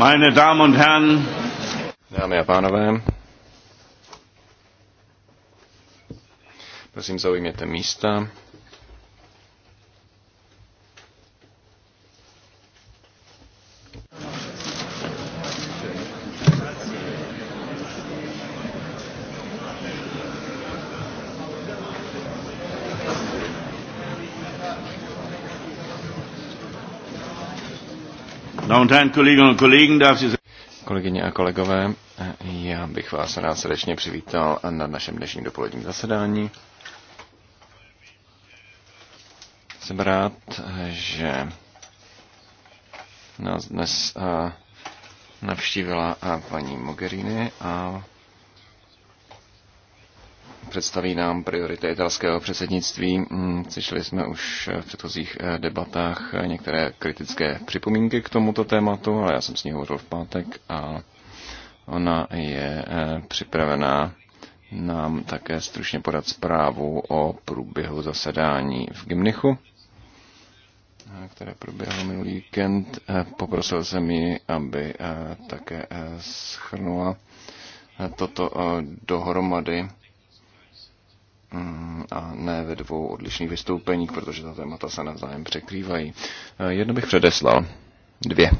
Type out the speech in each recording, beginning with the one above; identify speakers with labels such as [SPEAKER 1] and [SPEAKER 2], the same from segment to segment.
[SPEAKER 1] Meine Damen und Herren, Dámy a pánové, prosím zaujměte místa. Kolegyně a kolegové, já bych vás rád srdečně přivítal na našem dnešním dopoledním zasedání. Jsem rád, že nás dnes eh, navštívila eh, paní Mogherini a představí nám priority italského předsednictví. Mm, slyšeli jsme už v předchozích eh, debatách eh, některé kritické připomínky k tomuto tématu, ale já jsem s ní hovořil v pátek a ona je eh, připravená nám také stručně podat zprávu o průběhu zasedání v Gimnichu které proběhlo minulý víkend. Poprosil jsem ji, aby také schrnula toto dohromady Mm, a ne ve dvou odlišných vystoupeních, protože ta témata se navzájem překrývají. Eh, jedno bych předeslal. Dvě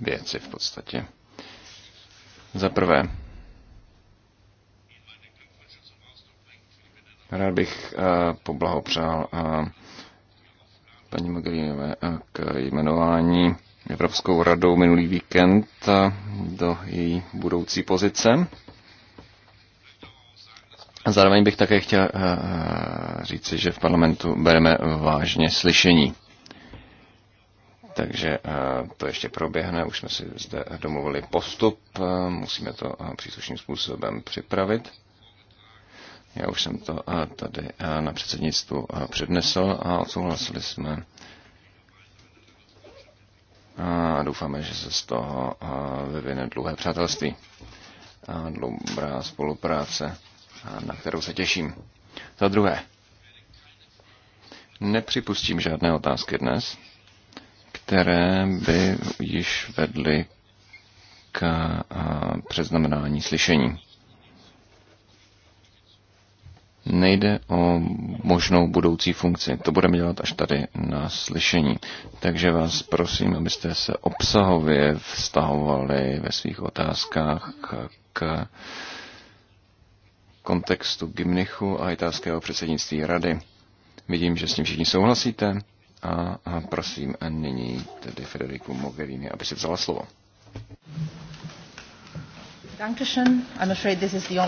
[SPEAKER 1] věci v podstatě. Za prvé, rád bych eh, poblahopřál eh, paní Mogherinové k jmenování Evropskou radou minulý víkend do její budoucí pozice. Zároveň bych také chtěl eh, eh, říci, že v parlamentu bereme vážně slyšení. Takže eh, to ještě proběhne, už jsme si zde domluvili postup, musíme to příslušným způsobem připravit. Já už jsem to tady na předsednictvu přednesl a odsouhlasili jsme. A doufáme, že se z toho vyvine dlouhé přátelství a dlouhá spolupráce na kterou se těším. Za druhé, nepřipustím žádné otázky dnes, které by již vedly k předznamenání slyšení. Nejde o možnou budoucí funkci. To budeme dělat až tady na slyšení. Takže vás prosím, abyste se obsahově vztahovali ve svých otázkách k kontextu Gimnichu a italského předsednictví rady. Vidím, že s tím všichni souhlasíte a, a prosím a nyní tedy Federiku Mogherini, aby si vzala slovo.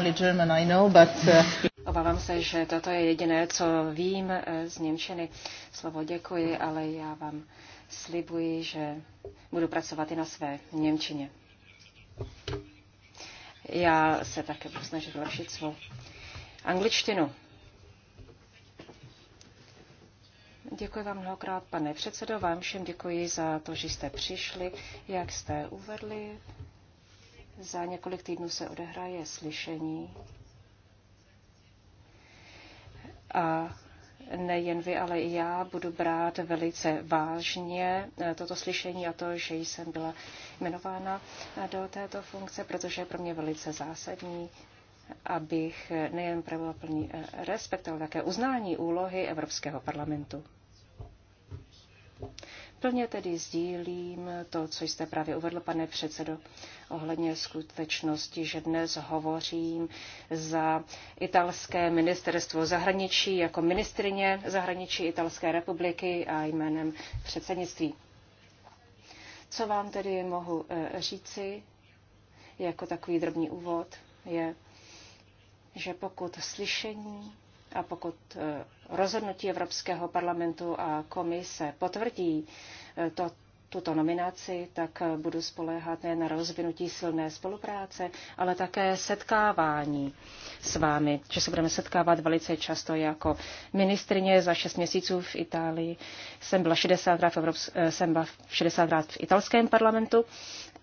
[SPEAKER 2] Uh, Obávám se, že toto je jediné, co vím eh, z Němčiny. Slovo děkuji, ale já vám slibuji, že budu pracovat i na své Němčině. Já se také budu snažit zlepšit svou angličtinu. Děkuji vám mnohokrát, pane předsedo. Vám všem děkuji za to, že jste přišli, jak jste uvedli. Za několik týdnů se odehraje slyšení. A nejen vy, ale i já budu brát velice vážně eh, toto slyšení a to, že jsem byla jmenována eh, do této funkce, protože je pro mě velice zásadní, abych eh, nejen projevila plný respekt, ale také uznání úlohy Evropského parlamentu. Plně tedy sdílím to, co jste právě uvedl, pane předsedo, ohledně skutečnosti, že dnes hovořím za italské ministerstvo zahraničí jako ministrině zahraničí Italské republiky a jménem předsednictví. Co vám tedy mohu eh, říci jako takový drobný úvod, je, že pokud slyšení a pokud eh, rozhodnutí Evropského parlamentu a komise potvrdí eh, to, tuto nominaci, tak eh, budu spoléhat ne na rozvinutí silné spolupráce, ale také setkávání s vámi, že se budeme setkávat velice často jako ministrině za šest měsíců v Itálii. Jsem byla 60 v, Evrop... jsem byla 60 krát v italském parlamentu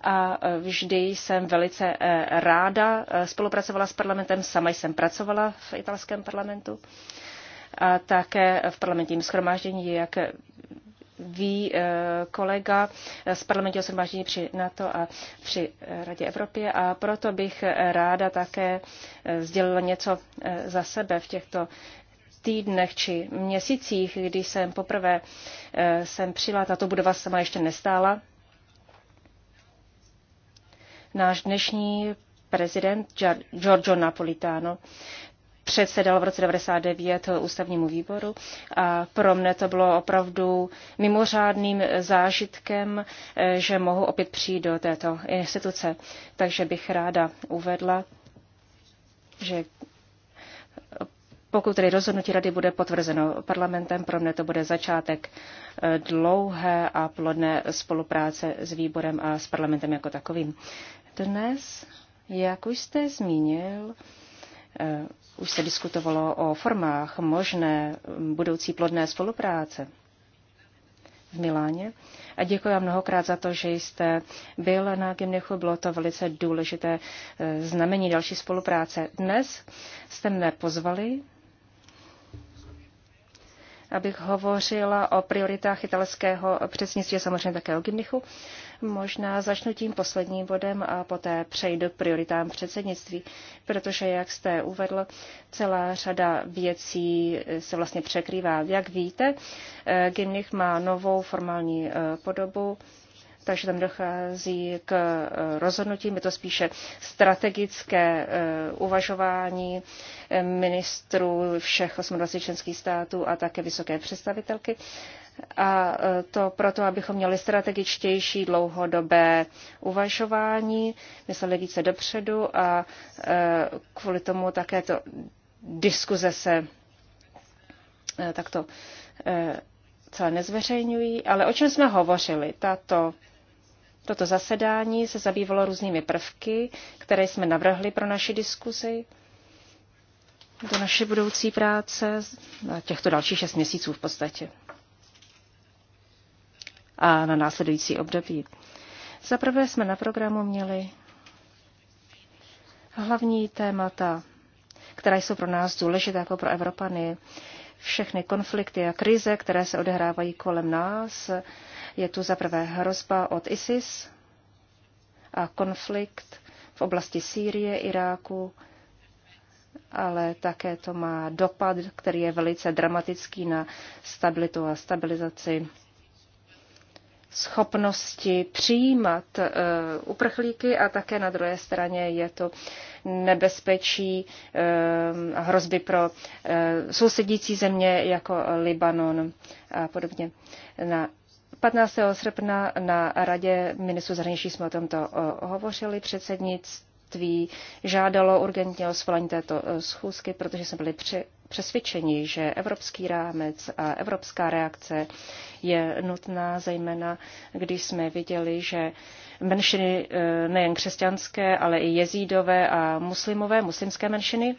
[SPEAKER 2] a e, vždy jsem velice e, ráda e, spolupracovala s parlamentem. Sama jsem pracovala v italském parlamentu a také v parlamentním schromáždění, jak ví kolega z parlamentního shromáždění při NATO a při Radě Evropě. a proto bych ráda také sdělila něco za sebe v těchto týdnech či měsících, kdy jsem poprvé jsem přijela, tato budova sama ještě nestála Náš dnešní prezident Giorgio Napolitano předsedal v roce 99 ústavnímu výboru a pro mne to bylo opravdu mimořádným zážitkem, eh, že mohu opět přijít do této instituce. Takže bych ráda uvedla, že pokud tedy rozhodnutí rady bude potvrzeno parlamentem, pro mne to bude začátek eh, dlouhé a plodné spolupráce s výborem a s parlamentem jako takovým. Dnes, jak už jste zmínil, eh, už se diskutovalo o formách možné budoucí plodné spolupráce v Miláně. A děkuji vám mnohokrát za to, že jste byl na Gymnichu. Bylo to velice důležité eh, znamení další spolupráce. Dnes jste mne pozvali abych hovořila o prioritách italského předsednictví a samozřejmě také o Gimnichu. Možná začnu tím posledním bodem a poté přejdu k prioritám předsednictví, protože, jak jste uvedl, celá řada věcí se vlastně překrývá. Jak víte, Gimnich má novou formální eh, podobu takže tam dochází k eh, rozhodnutím. Je to spíše strategické eh, uvažování eh, ministrů všech 28 členských států a také vysoké představitelky. A to proto, abychom měli strategičtější dlouhodobé uvažování, mysleli více dopředu a kvůli tomu také to diskuze se takto celé nezveřejňují, ale o čem jsme hovořili, tato Toto zasedání se zabývalo různými prvky, které jsme navrhli pro naši diskuzi do naší budoucí práce, na těchto dalších šest měsíců v podstatě a na následující období. Za prvé jsme na programu měli hlavní témata, která jsou pro nás důležitá jako pro Evropany, všechny konflikty a krize, které se odehrávají kolem nás, je tu zaprvé hrozba od ISIS a konflikt v oblasti Sýrie, Iráku, ale také to má dopad, který je velice dramatický na stabilitu a stabilizaci schopnosti přijímat eh, uprchlíky a také na druhé straně je to nebezpečí uh, hrozby pro eh, sousedící země jako Libanon a podobně. Na 15. srpna na Radě ministru zahraničí jsme o tomto hovořili. Předsednictví žádalo urgentně o svolení této schůzky, protože jsme byli při přesvědčeni, že evropský rámec a evropská reakce je nutná, zejména když jsme viděli, že menšiny e, nejen křesťanské, ale i jezídové a muslimové, muslimské menšiny,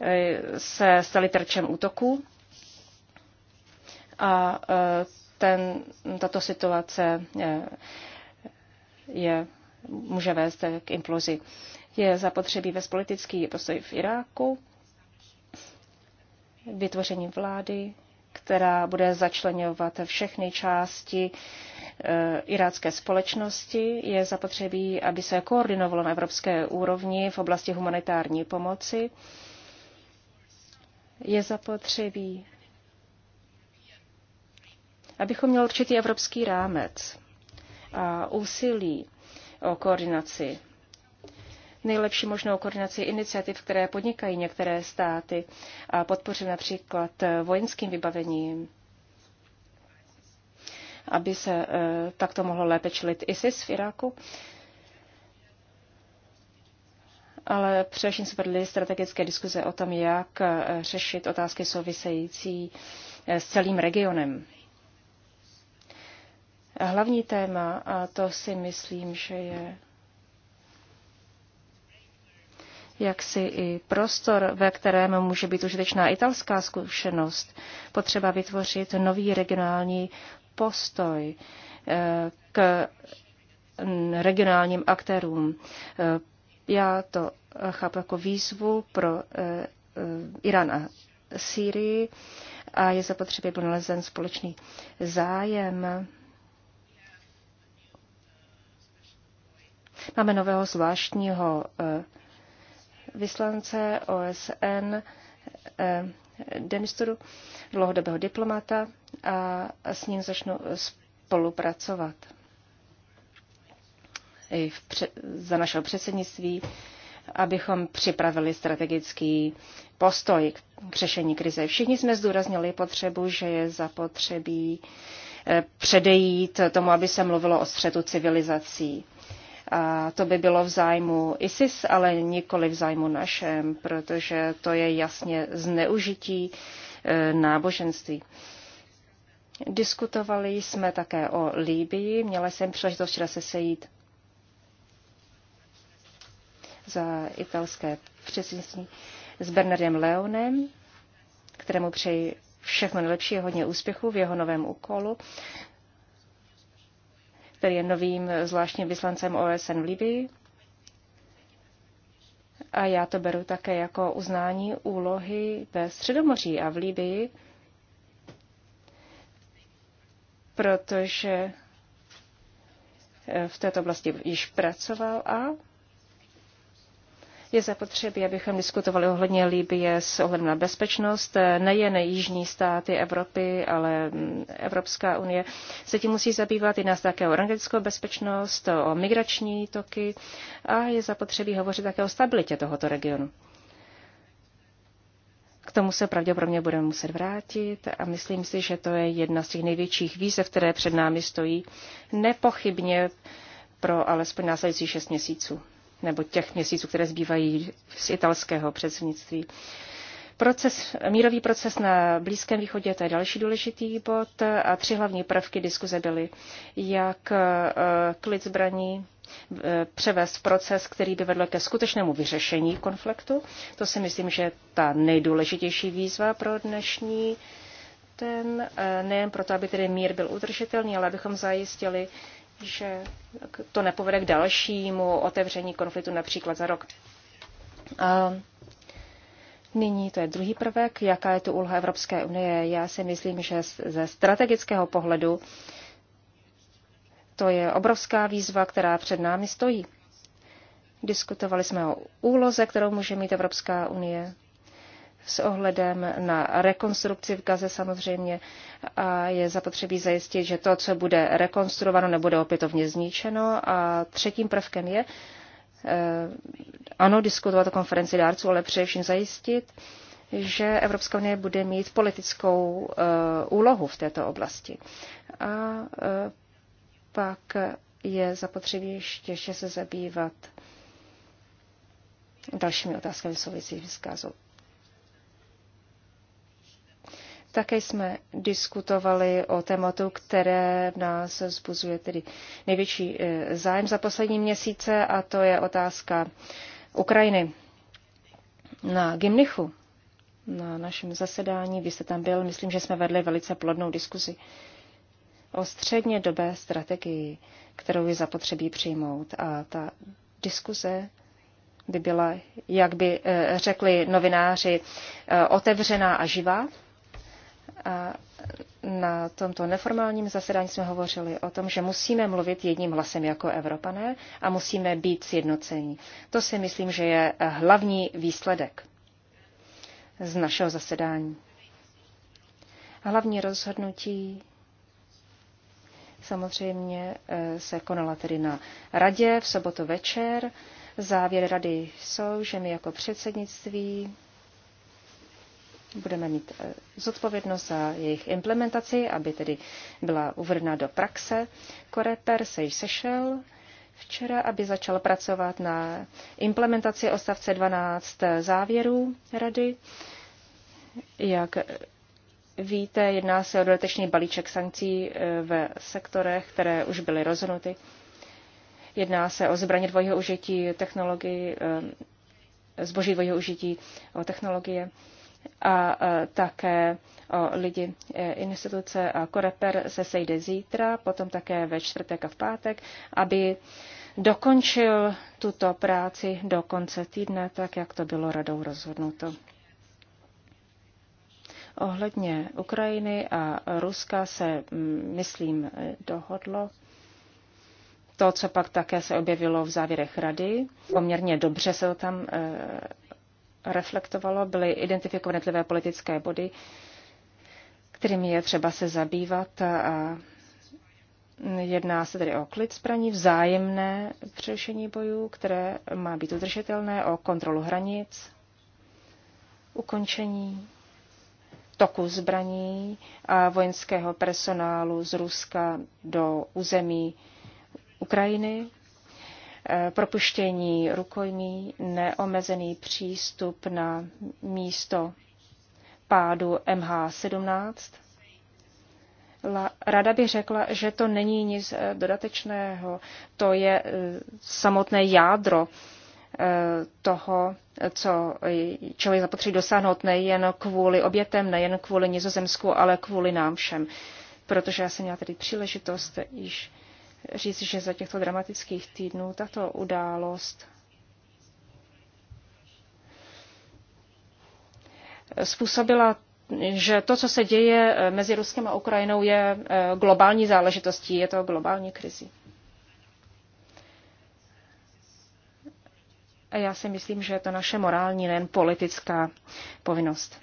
[SPEAKER 2] e, se staly terčem útoků. A e, ten, tato situace eh, je, může vést k implozi. Je zapotřebí ve politický postoj v Iráku, vytvoření vlády, která bude začlenovat všechny části eh, irácké společnosti. Je zapotřebí, aby se koordinovalo na evropské úrovni v oblasti humanitární pomoci. Je zapotřebí abychom měli určitý evropský rámec a úsilí o koordinaci nejlepší možnou koordinaci iniciativ, které podnikají některé státy a podpořím například vojenským vybavením, aby se eh, takto mohlo lépe čelit ISIS v Iráku. Ale především se vedly strategické diskuze o tom, jak eh, řešit otázky související eh, s celým regionem hlavní téma a to si myslím, že je jaksi i prostor, ve kterém může být užitečná italská zkušenost. Potřeba vytvořit nový regionální postoj eh, k regionálním aktérům. Eh, já to chápu jako výzvu pro eh, Irán a Sýrii a je zapotřebí byl nalezen společný zájem Máme nového zvláštního eh, vyslance OSN eh, Denisturu, dlouhodobého diplomata a s ním začnu spolupracovat. I v pře- za našeho předsednictví, abychom připravili strategický postoj k řešení krize. Všichni jsme zdůraznili potřebu, že je zapotřebí eh, předejít tomu, aby se mluvilo o střetu civilizací a to by bylo v zájmu ISIS, ale nikoli v zájmu našem, protože to je jasně zneužití e, náboženství. Diskutovali jsme také o Líbii. Měla jsem příležitost včera se sejít za italské předsednictví s Bernardem Leonem, kterému přeji všechno nejlepší a hodně úspěchu v jeho novém úkolu který je novým zvláštním vyslancem OSN v Libii. A já to beru také jako uznání úlohy ve Středomoří a v Libii, protože v této oblasti již pracoval a je zapotřebí, abychom diskutovali ohledně Líbie s ohledem na bezpečnost. Nejen jižní státy Evropy, ale mm, Evropská unie se tím musí zabývat. Jedná se také o energetickou bezpečnost, o migrační toky a je zapotřebí hovořit také o stabilitě tohoto regionu. K tomu se pravděpodobně budeme muset vrátit a myslím si, že to je jedna z těch největších výzev, které před námi stojí, nepochybně pro alespoň následující šest měsíců nebo těch měsíců, které zbývají z italského předsednictví. Proces, mírový proces na Blízkém východě, to je další důležitý bod a tři hlavní prvky diskuze byly, jak eh, klid zbraní eh, převést proces, který by vedl ke skutečnému vyřešení konfliktu. To si myslím, že je ta nejdůležitější výzva pro dnešní ten, eh, nejen proto, aby tedy mír byl udržitelný, ale abychom zajistili, že to nepovede k dalšímu otevření konfliktu například za rok. A nyní to je druhý prvek, jaká je tu úloha Evropské unie. Já si myslím, že ze strategického pohledu to je obrovská výzva, která před námi stojí. Diskutovali jsme o úloze, kterou může mít Evropská unie s ohledem na rekonstrukci v Gaze samozřejmě a je zapotřebí zajistit, že to, co bude rekonstruováno, nebude opětovně zničeno. A třetím prvkem je, eh, ano, diskutovat o konferenci dárců, ale především zajistit, že Evropská unie bude mít politickou eh, úlohu v této oblasti. A eh, pak je zapotřebí ještě, se zabývat dalšími otázkami souvisí s gazou. Také jsme diskutovali o tématu, které v nás vzbuzuje tedy největší eh, zájem za poslední měsíce, a to je otázka Ukrajiny. Na Gimnichu, na našem zasedání, vy jste tam byl, myslím, že jsme vedli velice plodnou diskuzi o středně dobé strategii, kterou je zapotřebí přijmout. A ta diskuze by byla, jak by eh, řekli novináři, eh, otevřená a živá. A na tomto neformálním zasedání jsme hovořili o tom, že musíme mluvit jedním hlasem jako Evropané a musíme být sjednocení. To si myslím, že je hlavní výsledek z našeho zasedání. Hlavní rozhodnutí samozřejmě eh, se konala tedy na radě v sobotu večer. Závěr rady jsou, že my jako předsednictví budeme mít eh, zodpovědnost za jejich implementaci, aby tedy byla uvedena do praxe. Koreper se již sešel včera, aby začal pracovat na implementaci ostavce 12 eh, závěrů rady. Jak víte, jedná se o dodatečný balíček sankcí eh, ve sektorech, které už byly rozhodnuty. Jedná se o zbraně dvojího užití, technologii, zboží dvojího užití, o technologie a také o lidi e, instituce a Koreper se sejde zítra, potom také ve čtvrtek a v pátek, aby dokončil tuto práci do konce týdne, tak jak to bylo radou rozhodnuto. Ohledně Ukrajiny a Ruska se, myslím, dohodlo to, co pak také se objevilo v závěrech rady. Poměrně dobře se to tam e, reflektovalo, byly identifikovány jednotlivé politické body, kterými je třeba se zabývat a Jedná se tedy o klid zbraní, vzájemné přerušení bojů, které má být udržitelné, o kontrolu hranic, ukončení toku zbraní a vojenského personálu z Ruska do území Ukrajiny propuštění rukojmí, neomezený přístup na místo pádu MH17. Rada by řekla, že to není nic eh, dodatečného, to je eh, samotné jádro eh, toho, co, člověk zapotřebí dosáhnout nejen kvůli obětem, nejen kvůli Nizozemsku, ale kvůli nám všem. Protože já jsem měla tedy příležitost již říct, že za těchto dramatických týdnů tato událost způsobila, že to, co se děje mezi Ruskem a Ukrajinou, je eh, globální záležitostí, je to globální krizi. A já si myslím, že je to naše morální, nejen politická povinnost.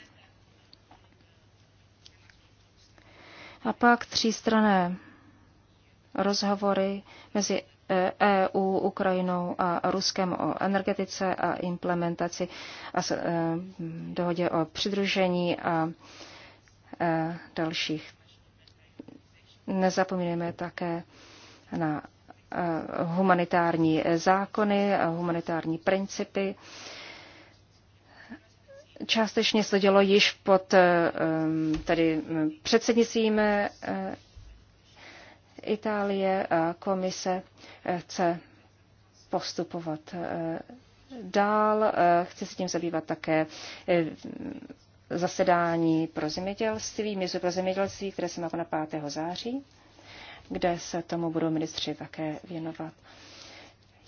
[SPEAKER 2] A pak třístrané rozhovory mezi EU, e Ukrajinou a Ruskem o energetice a implementaci a e, dohodě o přidružení a e, dalších. Nezapomínáme také na humanitární zákony a humanitární principy. Částečně se dělo již pod tedy předsednicím Itálie a komise eh, chce postupovat eh, dál. Eh, chce se tím zabývat také zasedání pro zemědělství, město pro zemědělství, které se má na 5. září, kde se tomu budou ministři také věnovat.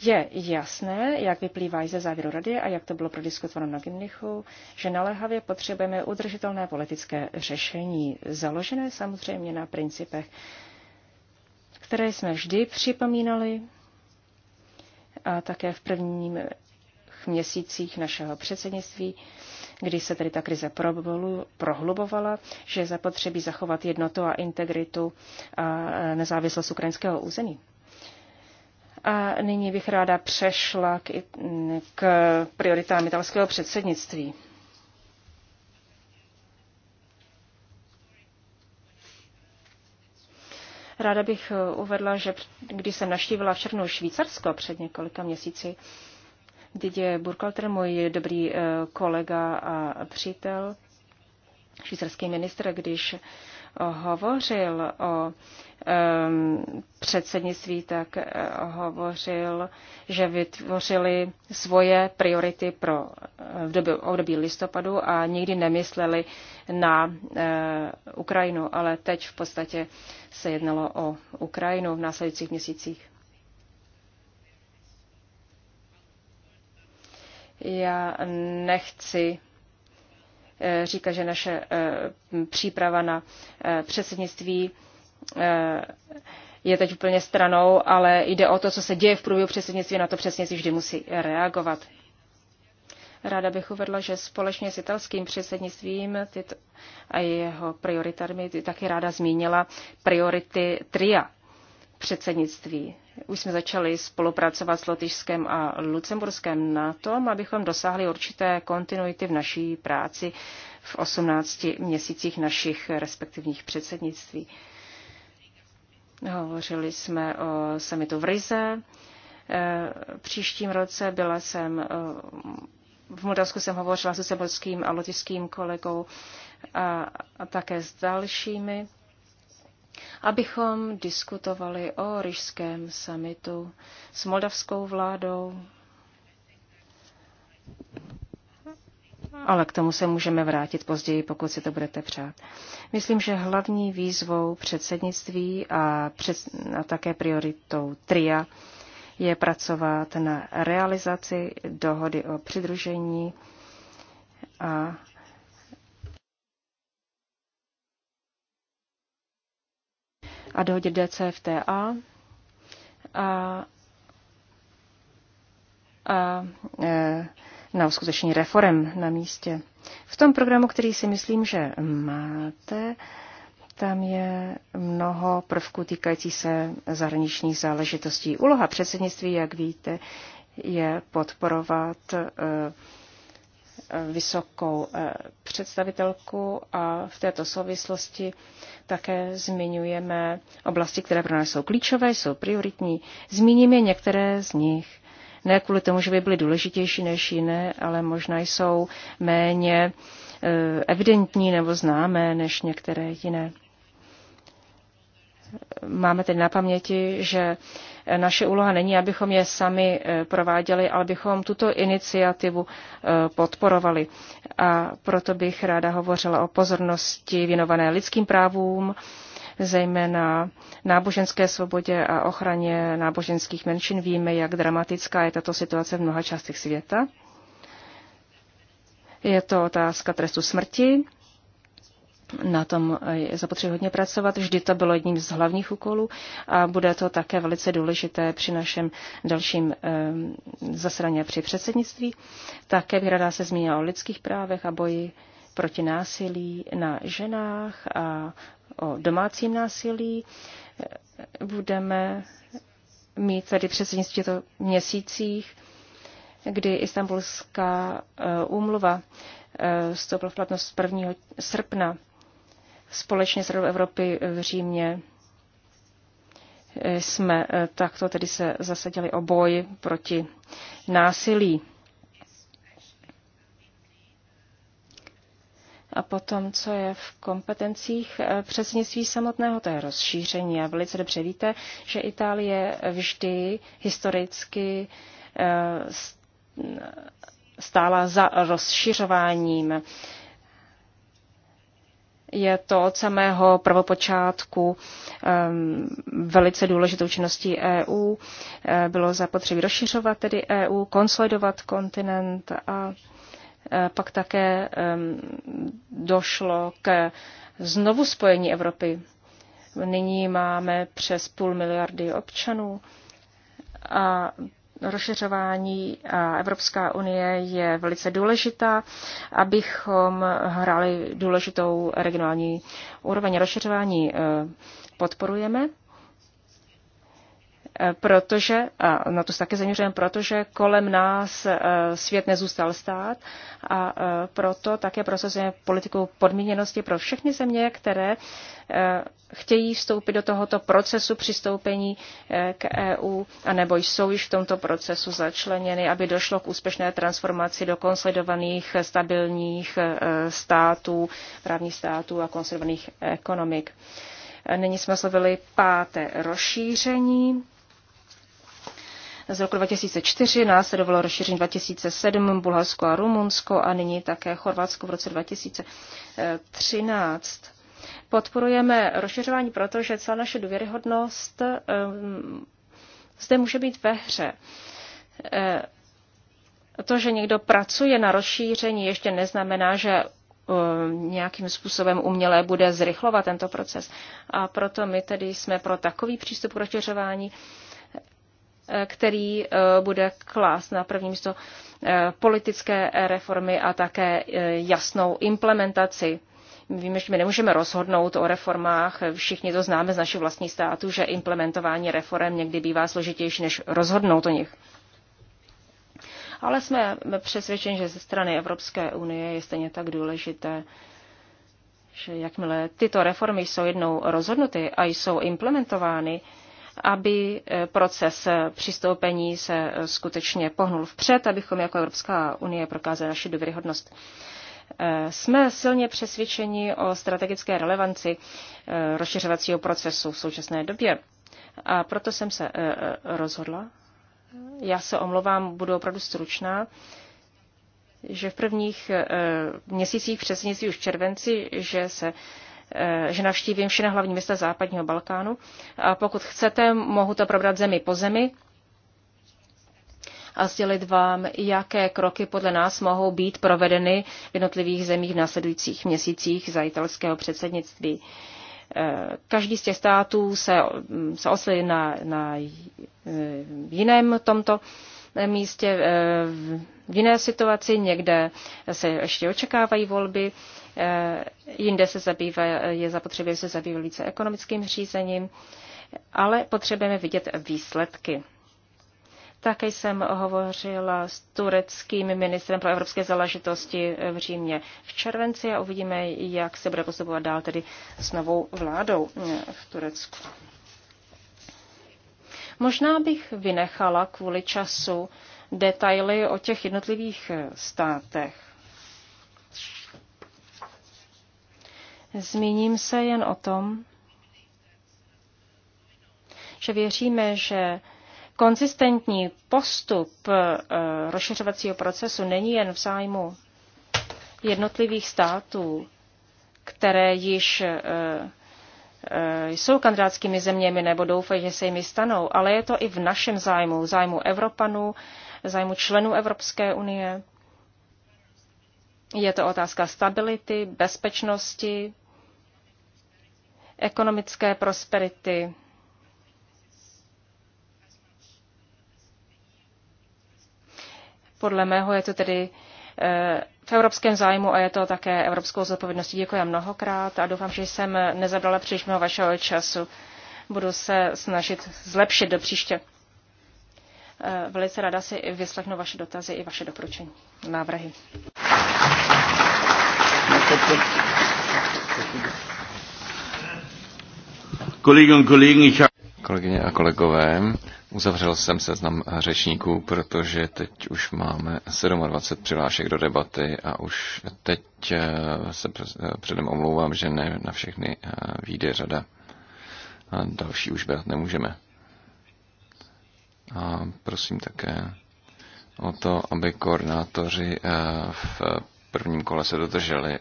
[SPEAKER 2] Je jasné, jak vyplývá ze závěru rady a jak to bylo prodiskutováno na Gimnichu, že naléhavě potřebujeme udržitelné politické řešení, založené samozřejmě na principech které jsme vždy připomínali a také v prvním měsících našeho předsednictví, kdy se tedy ta krize prohlubovala, že je zapotřebí zachovat jednotu a integritu a e, nezávislost ukrajinského území. A nyní bych ráda přešla k, k prioritám italského předsednictví. Ráda bych eh, uvedla, že když jsem naštívila v černou Švýcarsko před několika měsíci, Didier Burkhalter, můj dobrý eh, kolega a přítel, švýcarský ministr, když hovořil o předsednictví, tak eh, hovořil, že vytvořili svoje priority pro eh, v době, období listopadu a nikdy nemysleli na eh, Ukrajinu, ale teď v podstatě se jednalo o Ukrajinu v následujících měsících. Já nechci Eh, říká, že naše eh, příprava na eh, předsednictví je teď úplně stranou, ale jde o to, co se děje v průběhu předsednictví, na to předsednictví vždy musí reagovat. Ráda bych uvedla, že společně s italským předsednictvím a jeho prioritami také taky ráda zmínila priority TRIA, předsednictví. Už jsme začali spolupracovat s Lotyšskem a Lucemburskem na tom, abychom dosáhli určité kontinuity v naší práci v 18 měsících našich respektivních předsednictví. Hovořili jsme o samitu v Rize. E, příštím roce byla jsem e, v Moldavsku jsem hovořila s lucemburským a lotyšským kolegou a, a také s dalšími abychom diskutovali o ryžském samitu s moldavskou vládou. Ale k tomu se můžeme vrátit později, pokud si to budete přát. Myslím, že hlavní výzvou předsednictví a, před, a také prioritou TRIA je pracovat na realizaci dohody o přidružení a a dohodě DCFTA a, a e, na uskutečnění reform na místě. V tom programu, který si myslím, že máte, tam je mnoho prvků týkající se zahraničních záležitostí. Úloha předsednictví, jak víte, je podporovat e, vysokou eh, představitelku a v této souvislosti také zmiňujeme oblasti, které pro nás jsou klíčové, jsou prioritní. Zmíníme některé z nich. Ne kvůli tomu, že by byly důležitější než jiné, ale možná jsou méně eh, evidentní nebo známé než některé jiné máme teď na paměti, že naše úloha není, abychom je sami e, prováděli, ale abychom tuto iniciativu e, podporovali. A proto bych ráda hovořila o pozornosti věnované lidským právům, zejména náboženské svobodě a ochraně náboženských menšin. Víme, jak dramatická je tato situace v mnoha částech světa. Je to otázka trestu smrti, na tom eh, je zapotřebí hodně pracovat. Vždy to bylo jedním z hlavních úkolů a bude to také velice důležité při našem dalším eh, zasraně při předsednictví. Také bych rada se zmínila o lidských právech a boji proti násilí na ženách a o domácím násilí. Eh, budeme mít tady předsednictví to měsících, kdy Istanbulská úmluva vstoupila v platnost 1. srpna společně s Radou Evropy v Římě eh, jsme eh, takto tedy se zasadili o boj proti násilí. A potom, co je v kompetencích eh, předsednictví samotného, to je rozšíření. A velice dobře víte, že Itálie vždy historicky stála za rozšiřováním je to od samého prvopočátku ehm, velice důležitou činností EU. Eh, bylo zapotřebí rozšiřovat tedy EU, konsolidovat kontinent a eh, pak také ehm, došlo k znovu spojení Evropy. Nyní máme přes půl miliardy občanů a rozšiřování a Evropská unie je velice důležitá, abychom hráli důležitou regionální úroveň rozšiřování eh, podporujeme. Eh, protože, a na to se také zaměřujeme, protože kolem nás eh, svět nezůstal stát a eh, proto také prosazujeme politiku podmíněnosti pro všechny země, které chtějí vstoupit do tohoto procesu přistoupení k EU, anebo jsou již v tomto procesu začleněny, aby došlo k úspěšné transformaci do konsolidovaných stabilních států, právních států a konsolidovaných ekonomik. Nyní jsme slovili páté rozšíření z roku 2004, následovalo rozšíření 2007, Bulharsko a Rumunsko a nyní také Chorvatsko v roce 2013. Podporujeme rozšiřování proto, že celá naše důvěryhodnost eh, zde může být ve hře. Eh, to, že někdo pracuje na rozšíření, ještě neznamená, že eh, nějakým způsobem umělé bude zrychlovat tento proces. A proto my tedy jsme pro takový přístup k rozšiřování, Eh, který eh, bude klást na první místo eh, politické reformy a také jasnou implementaci. Víme, že my nemůžeme rozhodnout o reformách, všichni to známe z našich vlastních států, že implementování reform někdy bývá složitější, než rozhodnout o nich. Ale jsme přesvědčeni, že ze strany Evropské unie je stejně tak důležité, že jakmile tyto reformy jsou jednou rozhodnuty a jsou implementovány, aby eh, proces eh, přistoupení se eh, skutečně pohnul vpřed, abychom jako Evropská unie prokázali naši důvěryhodnost. Jsme silně přesvědčeni o strategické relevanci rozšiřovacího procesu v současné době. A proto jsem se rozhodla, já se omlouvám, budu opravdu stručná, že v prvních měsících předsednictví už v červenci, že se Eh, že navštívím všechny hlavní města západního Balkánu. A pokud chcete, mohu to probrat zemi po zemi a sdělit vám, jaké kroky podle nás mohou být provedeny v jednotlivých zemích v následujících měsících za italského předsednictví. Eh, každý z těch států se, mm, se oslí na, na eh, jiném tomto místě, v jiné situaci, někde se ještě očekávají volby. Eh, jinde se zabývá, je zapotřebí, se zabývat více ekonomickým řízením, ale potřebujeme vidět výsledky. Také jsem hovořila s tureckým ministrem pro evropské záležitosti eh, v Římě v červenci a uvidíme, jak se bude postupovat dál tedy s novou vládou eh, v Turecku. Možná bych vynechala kvůli času detaily o těch jednotlivých státech. Zmíním se jen o tom, že věříme, že konzistentní postup eh, rozšiřovacího procesu není jen v zájmu jednotlivých států, které již eh, eh, jsou kandidátskými zeměmi nebo doufají, že se jimi stanou, ale je to i v našem zájmu, zájmu Evropanů, zájmu členů Evropské unie. Je to otázka stability, bezpečnosti, ekonomické prosperity. Podle mého je to tedy v evropském zájmu a je to také evropskou zodpovědností. Děkuji mnohokrát a doufám, že jsem nezabrala příliš mnoho vašeho času. Budu se snažit zlepšit do příště. Velice ráda si vyslechnu vaše dotazy i vaše doporučení, návrhy.
[SPEAKER 3] Thank you.
[SPEAKER 1] Kolegyně a kolegové, uzavřel jsem seznam řečníků, protože teď už máme 27 přihlášek do debaty a už teď eh, se eh, předem omlouvám, že ne na všechny eh, výjde řada. A další už brát nemůžeme. A prosím také o to, aby koordinátoři v prvním kole se dodrželi eh,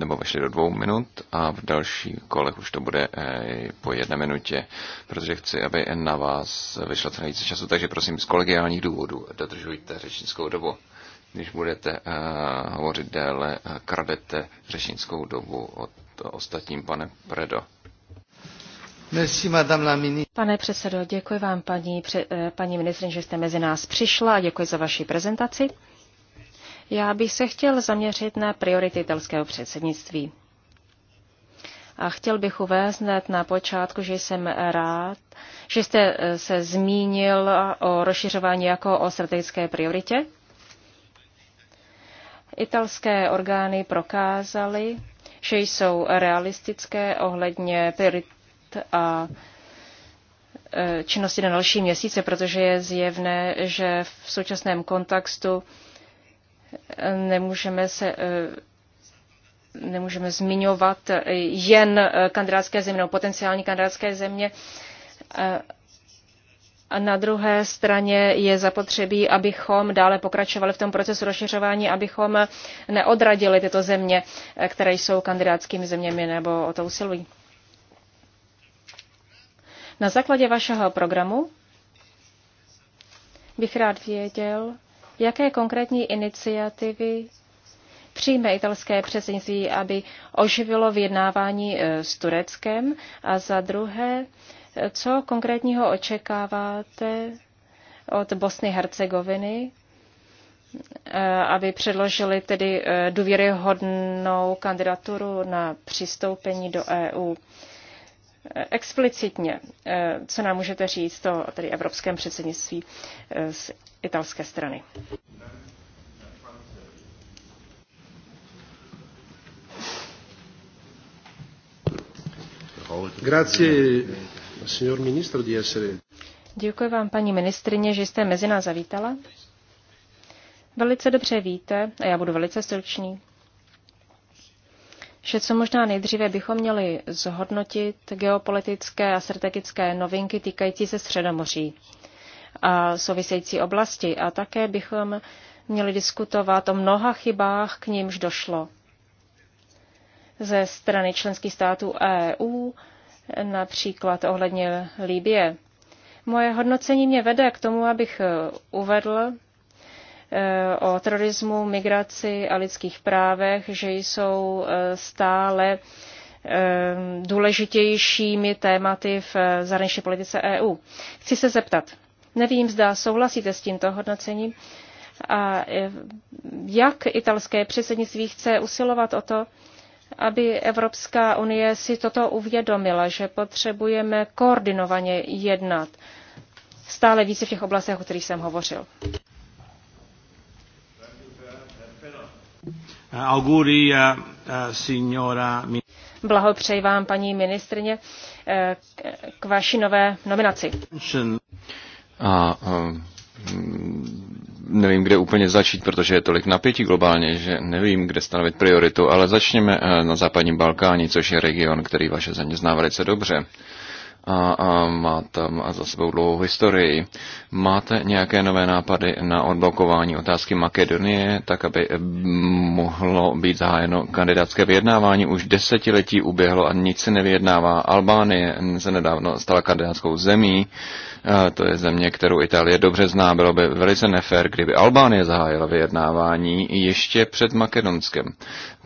[SPEAKER 1] nebo vešli do dvou minut a v další kolech už to bude eh, po jedné minutě, protože chci, aby na vás vyšlo co nejvíce času, takže prosím z kolegiálních důvodů dodržujte řečnickou dobu. Když budete eh, hovořit déle, kradete řečnickou dobu od ostatním, pane Predo.
[SPEAKER 2] Pane předsedo, děkuji vám, paní, paní ministrině, že jste mezi nás přišla a děkuji za vaši prezentaci. Já bych se chtěl zaměřit na priority italského předsednictví. A chtěl bych uvést hned na počátku, že jsem rád, že jste eh, se zmínil o rozšiřování jako o strategické prioritě. Italské orgány prokázaly, že jsou realistické ohledně priorit a eh, činnosti na další měsíce, protože je zjevné, že v současném kontextu nemůžeme se eh, nemůžeme zmiňovat jen eh, kandidátské země nebo potenciální kandidátské země. Eh, a na druhé straně je zapotřebí, abychom dále pokračovali v tom procesu rozšiřování, abychom neodradili tyto země, které jsou kandidátskými zeměmi nebo o to usilují. Na základě vašeho programu bych rád věděl, Jaké konkrétní iniciativy přijme italské předsednictví, aby oživilo vyjednávání e, s Tureckem? A za druhé, e, co konkrétního očekáváte od Bosny Hercegoviny, e, aby předložili tedy důvěryhodnou kandidaturu na přistoupení do EU? explicitně, eh, co nám můžete říct o tedy evropském předsednictví eh, z italské strany.
[SPEAKER 3] Grazie, signor ministro, di essere...
[SPEAKER 2] Děkuji vám, paní ministrině, že jste mezi nás zavítala. Velice dobře víte, a já budu velice stručný, že co možná nejdříve bychom měli zhodnotit geopolitické a strategické novinky týkající se Středomoří a související oblasti. A také bychom měli diskutovat o mnoha chybách, k nímž došlo ze strany členských států EU, například ohledně Líbie. Moje hodnocení mě vede k tomu, abych uvedl, o terorismu, migraci a lidských právech, že jsou e, stále e, důležitějšími tématy v e, zahraniční politice EU. Chci se zeptat, nevím, zda souhlasíte s tímto hodnocením a jak italské předsednictví chce usilovat o to, aby Evropská unie si toto uvědomila, že potřebujeme koordinovaně jednat stále více v těch oblastech, o kterých jsem hovořil.
[SPEAKER 3] Eh, auguri, eh, eh, signora.
[SPEAKER 2] Blahopřeji vám, paní ministrině, k vaší nové nominaci.
[SPEAKER 1] A, nevím, kde úplně začít, protože je tolik napětí globálně, že nevím, kde stanovit prioritu, ale začněme na západním Balkáni, což je region, který vaše země zná velice dobře a, a má tam za sebou dlouhou historii. Máte nějaké nové nápady na odblokování otázky Makedonie, tak aby eh, mohlo být zahájeno kandidátské vyjednávání? Už desetiletí uběhlo a nic se nevyjednává. Albánie se nedávno stala kandidátskou zemí. Uh, to je země, kterou Itálie dobře zná. Bylo by velice nefér, kdyby Albánie zahájila vyjednávání ještě před Makedonskem.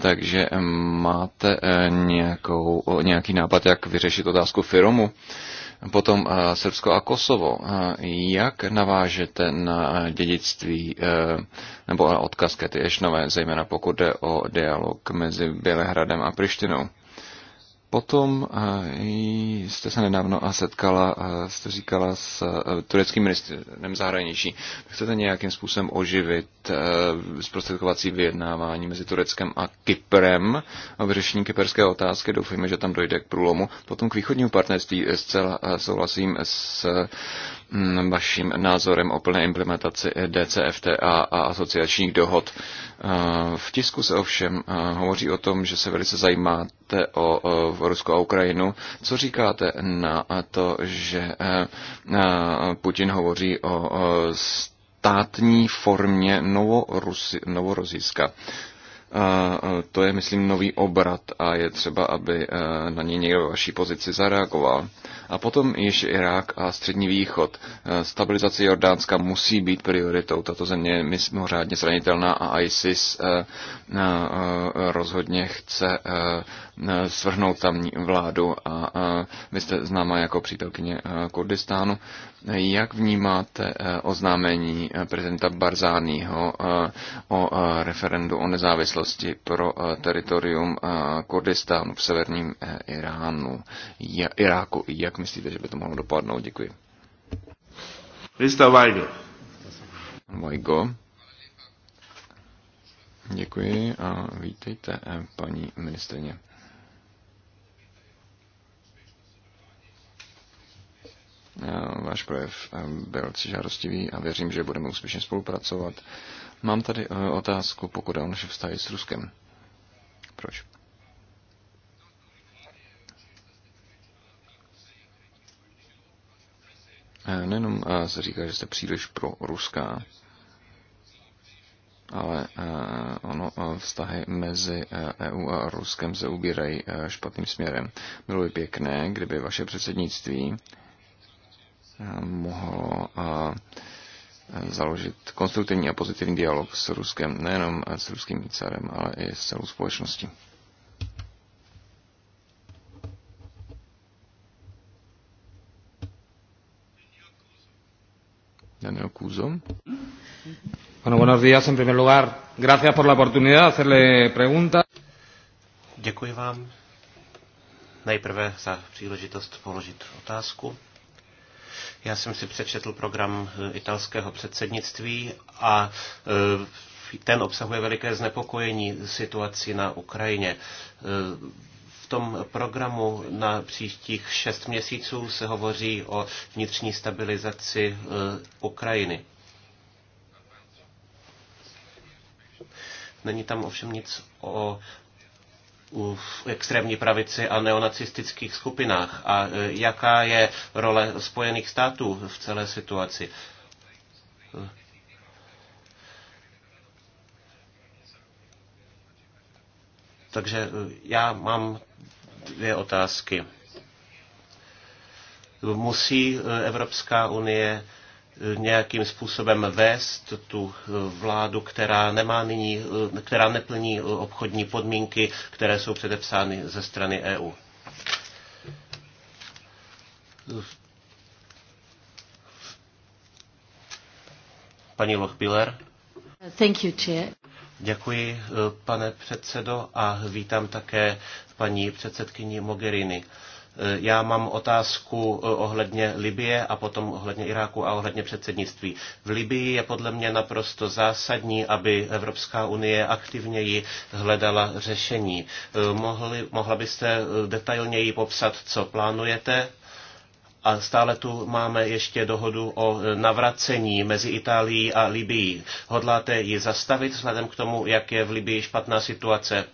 [SPEAKER 1] Takže eh, máte eh, nějakou, nějaký nápad, jak vyřešit otázku Firomu? Potom eh, Srbsko a Kosovo. Jak navážete na dědictví nebo na odkaz Kety Ešnové, zejména pokud jde o dialog mezi Bělehradem a Prištinou? Potom eh, jste se nedávno a setkala, eh, jste říkala s eh, tureckým ministrem zahraničí. Chcete nějakým způsobem oživit zprostředkovací vyjednávání mezi Tureckem a Kyprem a vyřešení kyperské otázky. Doufejme, že tam dojde k průlomu. Potom k východnímu partnerství zcela souhlasím s vaším názorem o plné implementaci DCFTA a asociačních dohod. Eh, v tisku se ovšem eh, hovoří o tom, že se velice zajímáte o Rusko a Ukrajinu. Co říkáte na to, že eh, Putin hovoří o státní formě Novoruzijska? To je, myslím, nový obrat a je třeba, aby e, na něj někdo ve vaší pozici zareagoval. A potom ještě Irák a Střední východ. E, stabilizace Jordánska musí být prioritou. Tato země je mimořádně zranitelná a ISIS e, rozhodně chce Eh, svrhnout tamní vládu a eh, vy jste známa jako přítelkyně eh, Kurdistánu. Jak vnímáte oznámení prezidenta Barzányho o referendu o nezávislosti pro teritorium Kurdistánu v severním Iránu, Iráku? Jak myslíte, že by to mohlo dopadnout? Děkuji. Vajgo. Děkuji a vítejte, paní ministrině. Váš projev eh, byl žádostivý a věřím, že budeme úspěšně spolupracovat. Mám tady eh, otázku, pokud je o naše vztahy s Ruskem. Proč? Eh, Nenom se říká, že jste příliš pro ruská, ale ono, vztahy mezi EU e a Ruskem se ubírají špatným směrem. Bylo by pěkné, kdyby vaše předsednictví mohlo založit konstruktivní a pozitivní dialog s Ruskem, nejenom s ruským cárem, ale i s celou společností. Daniel Kuzo. Bueno, buenos días. En primer lugar, gracias por la oportunidad de hacerle preguntas.
[SPEAKER 3] Děkuji vám nejprve za příležitost položit otázku. Já jsem si přečetl program eh, italského předsednictví a eh, ten obsahuje veliké znepokojení situací na Ukrajině. Eh, v tom programu na příštích šest měsíců se hovoří o vnitřní stabilizaci Ukrajiny. Není tam ovšem nic o v extrémní pravici a neonacistických skupinách a e, jaká je role Spojených států v celé situaci. Takže e, já mám dvě otázky. Musí e, Evropská unie nějakým způsobem vést tu eh, vládu, která nemá nyní, eh, která neplní eh, obchodní podmínky, které jsou předepsány ze strany EU. Paní Lochbiller.
[SPEAKER 1] Thank you, chair.
[SPEAKER 3] Děkuji, pane předsedo, a vítám také paní předsedkyni Mogherini. Já mám otázku eh, ohledně Libie a potom ohledně Iráku a ohledně předsednictví. V Libii je podle mě naprosto zásadní, aby Evropská unie aktivněji hledala řešení. Eh, mohli, mohla byste eh, detailněji popsat, co plánujete? a stále tu máme ještě dohodu o navracení mezi Itálií a Libií. Hodláte ji zastavit vzhledem k tomu, jak je v Libii špatná situace?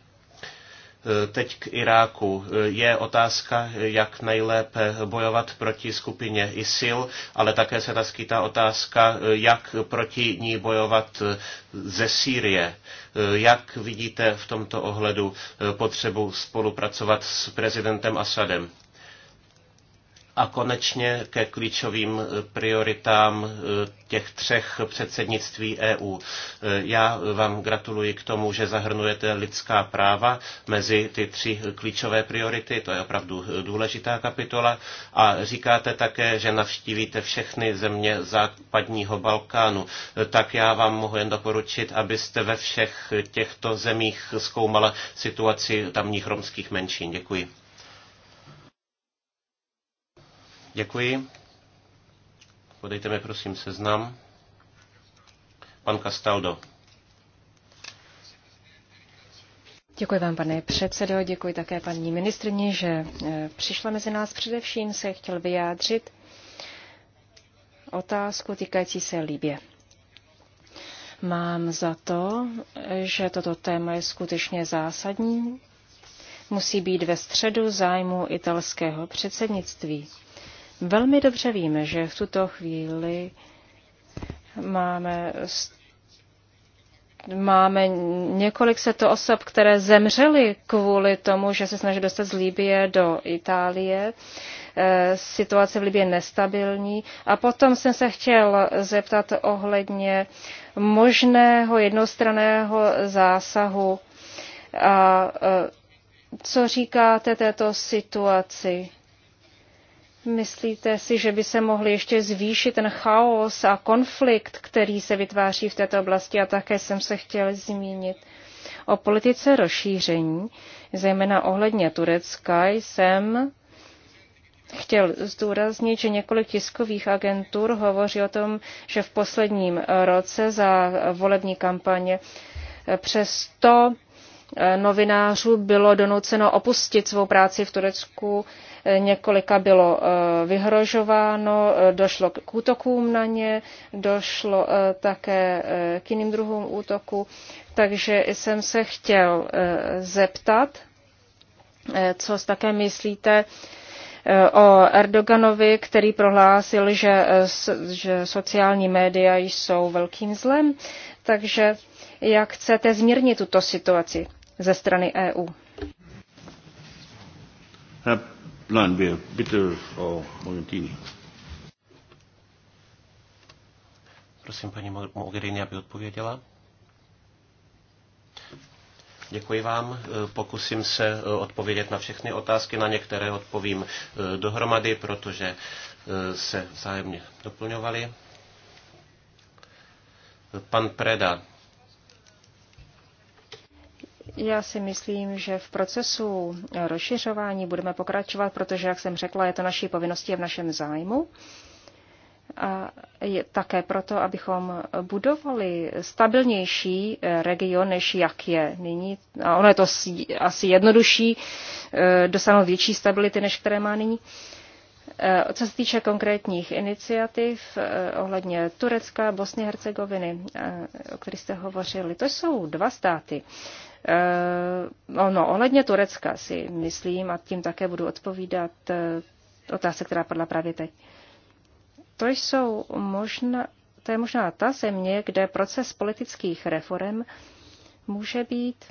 [SPEAKER 3] Teď k Iráku. Je otázka, jak nejlépe bojovat proti skupině ISIL, ale také se naskýtá otázka, jak proti ní bojovat ze Sýrie. Jak vidíte v tomto ohledu potřebu spolupracovat s prezidentem Asadem? A konečně ke klíčovým eh, prioritám eh, těch třech předsednictví EU. Eh, já vám gratuluji k tomu, že zahrnujete lidská práva mezi ty tři klíčové priority, to je opravdu důležitá kapitola. A říkáte také, že navštívíte všechny země západního Balkánu. Tak já vám mohu jen doporučit, abyste ve všech těchto zemích zkoumala situaci tamních romských menšin. Děkuji. Děkuji. Podejte mi prosím seznam. Pan Castaldo.
[SPEAKER 2] Děkuji vám, pane předsedo, děkuji také paní ministrně, že eh, přišla mezi nás. Především se chtěl vyjádřit otázku týkající se Libě. Mám za to, že toto téma je skutečně zásadní. Musí být ve středu zájmu italského předsednictví. Velmi dobře víme, že v tuto chvíli máme, máme několik set osob, které zemřely kvůli tomu, že se snaží dostat z Líbie do Itálie. Eh, situace v Libě je nestabilní. A potom jsem se chtěl zeptat ohledně možného jednostraného zásahu. A eh, co říkáte této situaci? Myslíte si, že by se mohl ještě zvýšit ten chaos a konflikt, který se vytváří v této oblasti? A také jsem se chtěl zmínit o politice rozšíření, zejména ohledně Turecka, jsem chtěl zdůraznit, že několik tiskových agentur hovoří o tom, že v posledním roce za volební kampaně přes to novinářů bylo donuceno opustit svou práci v Turecku několika bylo eh, vyhrožováno, eh, došlo k útokům na ně, došlo eh, také k jiným druhům útoku. Takže jsem se chtěl zeptat, co také myslíte o Erdoganovi, který prohlásil, že, že sociální média jsou velkým zlem. Takže jak chcete zmírnit tuto situaci ze strany EU?
[SPEAKER 3] Nein, wir, bitte, Frau Prosím paní Mogherini, aby odpověděla. Děkuji vám. Eh, pokusím se eh, odpovědět na všechny otázky, na některé odpovím eh, dohromady, protože se vzájemně doplňovaly. Pan Preda
[SPEAKER 2] já si myslím, že v procesu rozšiřování budeme pokračovat, protože, jak jsem řekla, je to naší povinnosti a v našem zájmu. A je také proto, abychom budovali stabilnější eh, region, než jak je nyní. A ono je to asi jednodušší eh, dosáhnout větší stability, než které má nyní. Eh, co se týče konkrétních iniciativ ohledně Turecka, Bosny, Hercegoviny, o kterých jste hovořili, to jsou dva státy, Eh, no, no, ohledně Turecka si myslím, a tím také budu odpovídat eh, otázce, která padla právě teď. To jsou možná, to je možná ta země, kde proces politických reform může být,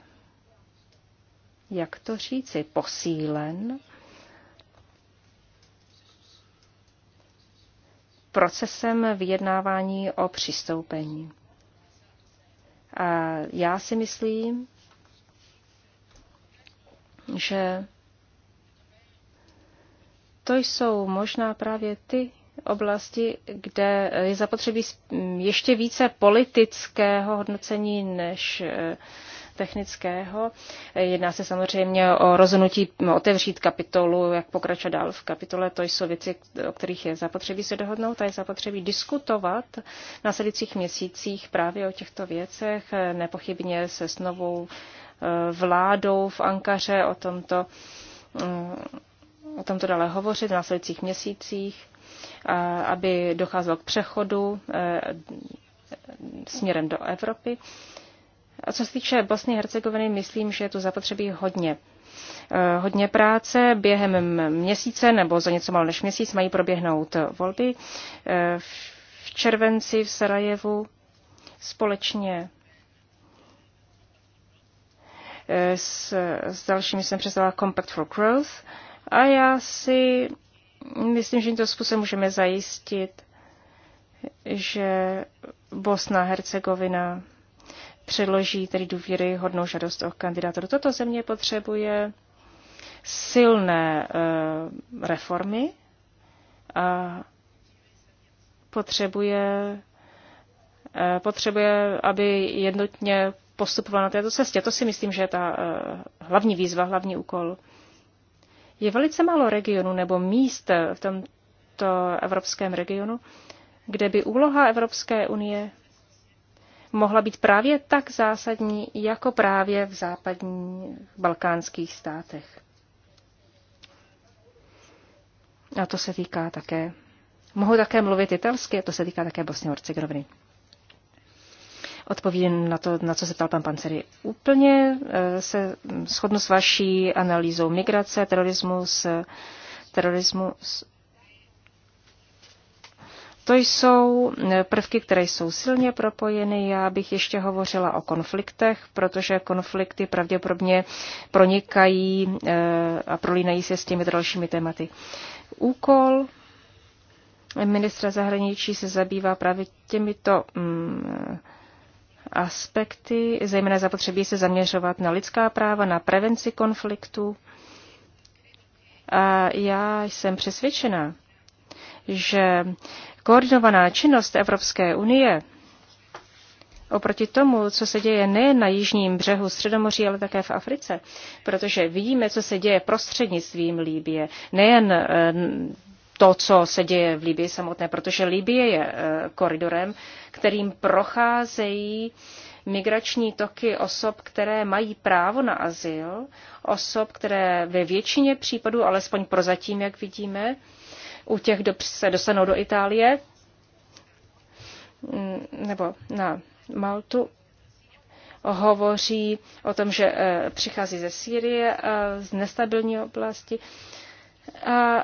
[SPEAKER 2] jak to říci, posílen procesem vyjednávání o přistoupení. A já si myslím, že to jsou možná právě ty oblasti, kde je zapotřebí ještě více politického hodnocení než eh, technického. Jedná se samozřejmě o rozhodnutí otevřít kapitolu, jak pokračovat dál v kapitole. To jsou věci, o kterých je zapotřebí se dohodnout a je zapotřebí diskutovat na následujících měsících právě o těchto věcech. Nepochybně se s novou vládou v Ankaře o tomto, mm, o tomto dále hovořit v následujících měsících, aby docházelo k přechodu eh, směrem do Evropy. A co se týče Bosny a Hercegoviny, myslím, že je tu zapotřebí hodně eh, hodně práce. Během měsíce nebo za něco málo než měsíc mají proběhnout volby. Eh, v červenci v Sarajevu společně Eh, s, s dalšími jsem představila Compact for Growth a já si myslím, že tímto způsobem můžeme zajistit, že Bosna a Hercegovina předloží tedy důvěry hodnou žádost o kandidátu. Toto země potřebuje silné uh, reformy a potřebuje, uh, potřebuje, aby jednotně postupoval na této cestě. To si myslím, že je ta eh, hlavní výzva, hlavní úkol. Je velice málo regionů nebo míst eh, v tomto evropském regionu, kde by úloha Evropské unie mohla být právě tak zásadní, jako právě v západních balkánských státech. A to se týká také. Mohu také mluvit italsky, a to se týká také Bosny a Hercegoviny. Odpovím na to, na co se ptal pan Panceri. Úplně eh, se shodnu s vaší analýzou migrace, terorismus, eh, terorismus. To jsou eh, prvky, které jsou silně propojeny. Já bych ještě hovořila o konfliktech, protože konflikty pravděpodobně pronikají a prolínají se s těmi dalšími tématy. Úkol ministra zahraničí se zabývá právě těmito mm, aspekty, zejména zapotřebí se zaměřovat na lidská práva, na prevenci konfliktu. A já jsem přesvědčena, že koordinovaná činnost Evropské unie oproti tomu, co se děje nejen na jižním břehu Středomoří, ale také v Africe, protože vidíme, co se děje prostřednictvím Líbie, nejen eh, to, co se děje v Libii samotné, protože Libie je eh, koridorem, kterým procházejí migrační toky osob, které mají právo na azyl, osob, které ve většině případů, alespoň prozatím, jak vidíme, u těch, kdo se dostanou do Itálie mm, nebo na Maltu, hovoří o tom, že eh, přichází ze Sýrie, eh, z nestabilní oblasti. A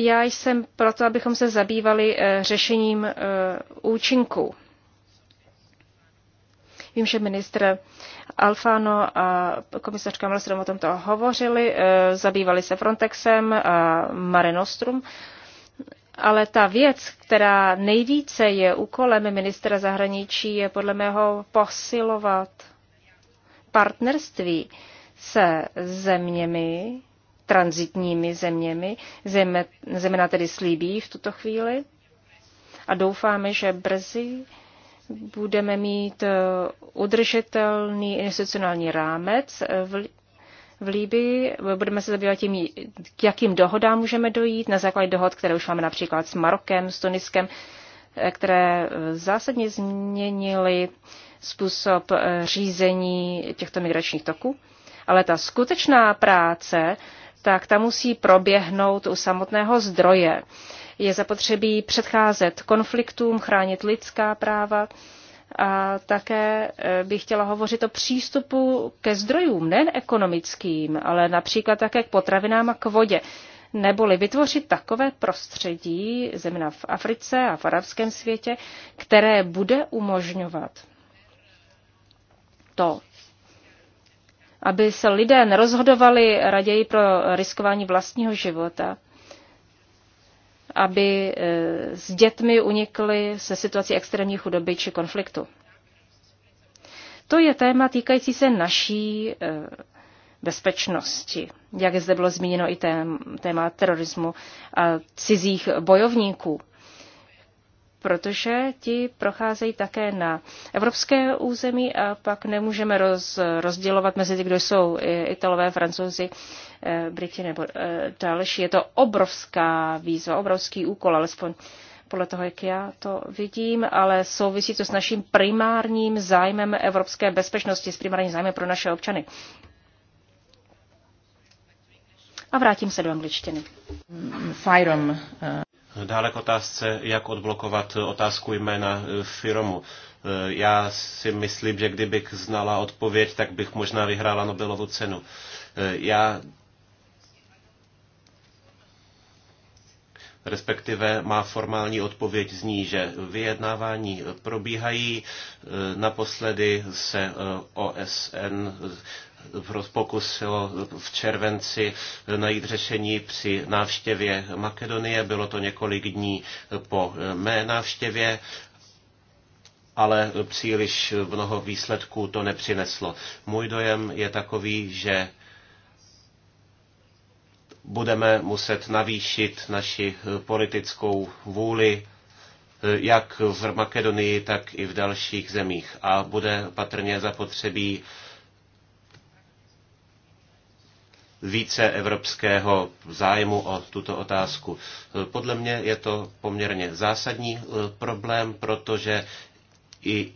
[SPEAKER 2] já jsem proto, abychom se zabývali eh, řešením eh, účinků. Vím, že ministr Alfano a komisařka Malstrom o tomto hovořili, eh, zabývali se Frontexem a Mare Nostrum, ale ta věc, která nejvíce je úkolem ministra zahraničí, je podle mého posilovat partnerství se zeměmi, transitními zeměmi, zejména tedy slíbí v tuto chvíli. A doufáme, že brzy budeme mít eh, udržitelný institucionální rámec eh, v, v Líbii. Budeme se zabývat tím, k jakým dohodám můžeme dojít na základě dohod, které už máme například s Marokem, s Tuniskem, eh, které zásadně změnily způsob řízení těchto migračních toků. Ale ta skutečná práce tak ta musí proběhnout u samotného zdroje. Je zapotřebí předcházet konfliktům, chránit lidská práva. A také eh, bych chtěla hovořit o přístupu ke zdrojům, nejen ekonomickým, ale například také k potravinám a k vodě. Neboli vytvořit takové prostředí, zejména v Africe a v arabském světě, které bude umožňovat to, aby se lidé nerozhodovali raději pro riskování vlastního života, aby e, s dětmi unikli se situací extrémní chudoby či konfliktu. To je téma týkající se naší e, bezpečnosti, jak zde bylo zmíněno i téma terorismu a cizích bojovníků protože ti procházejí také na evropské území a pak nemůžeme roz, rozdělovat mezi ty, kdo jsou Italové, Francouzi, eh, Briti nebo eh, další. Je to obrovská výzva, obrovský úkol, alespoň podle toho, jak já to vidím, ale souvisí to s naším primárním zájmem evropské bezpečnosti, s primárním zájmem pro naše občany. A vrátím se do angličtiny. Fajrom. uh... Eh,
[SPEAKER 3] Dále k otázce, jak odblokovat otázku jména eh, firmu. Eh, já si myslím, že kdybych znala odpověď, tak bych možná vyhrála Nobelovu cenu. Eh, já respektive má formální odpověď zní, že vyjednávání probíhají. Naposledy se OSN pokusilo v červenci najít řešení při návštěvě Makedonie. Bylo to několik dní po eh, mé návštěvě ale příliš mnoho výsledků to nepřineslo. Můj dojem je takový, že budeme muset navýšit naši eh, politickou vůli eh, jak v Makedonii, tak i v dalších zemích. A bude patrně zapotřebí více evropského zájmu o tuto otázku. Podle mě je to poměrně zásadní eh, problém, protože i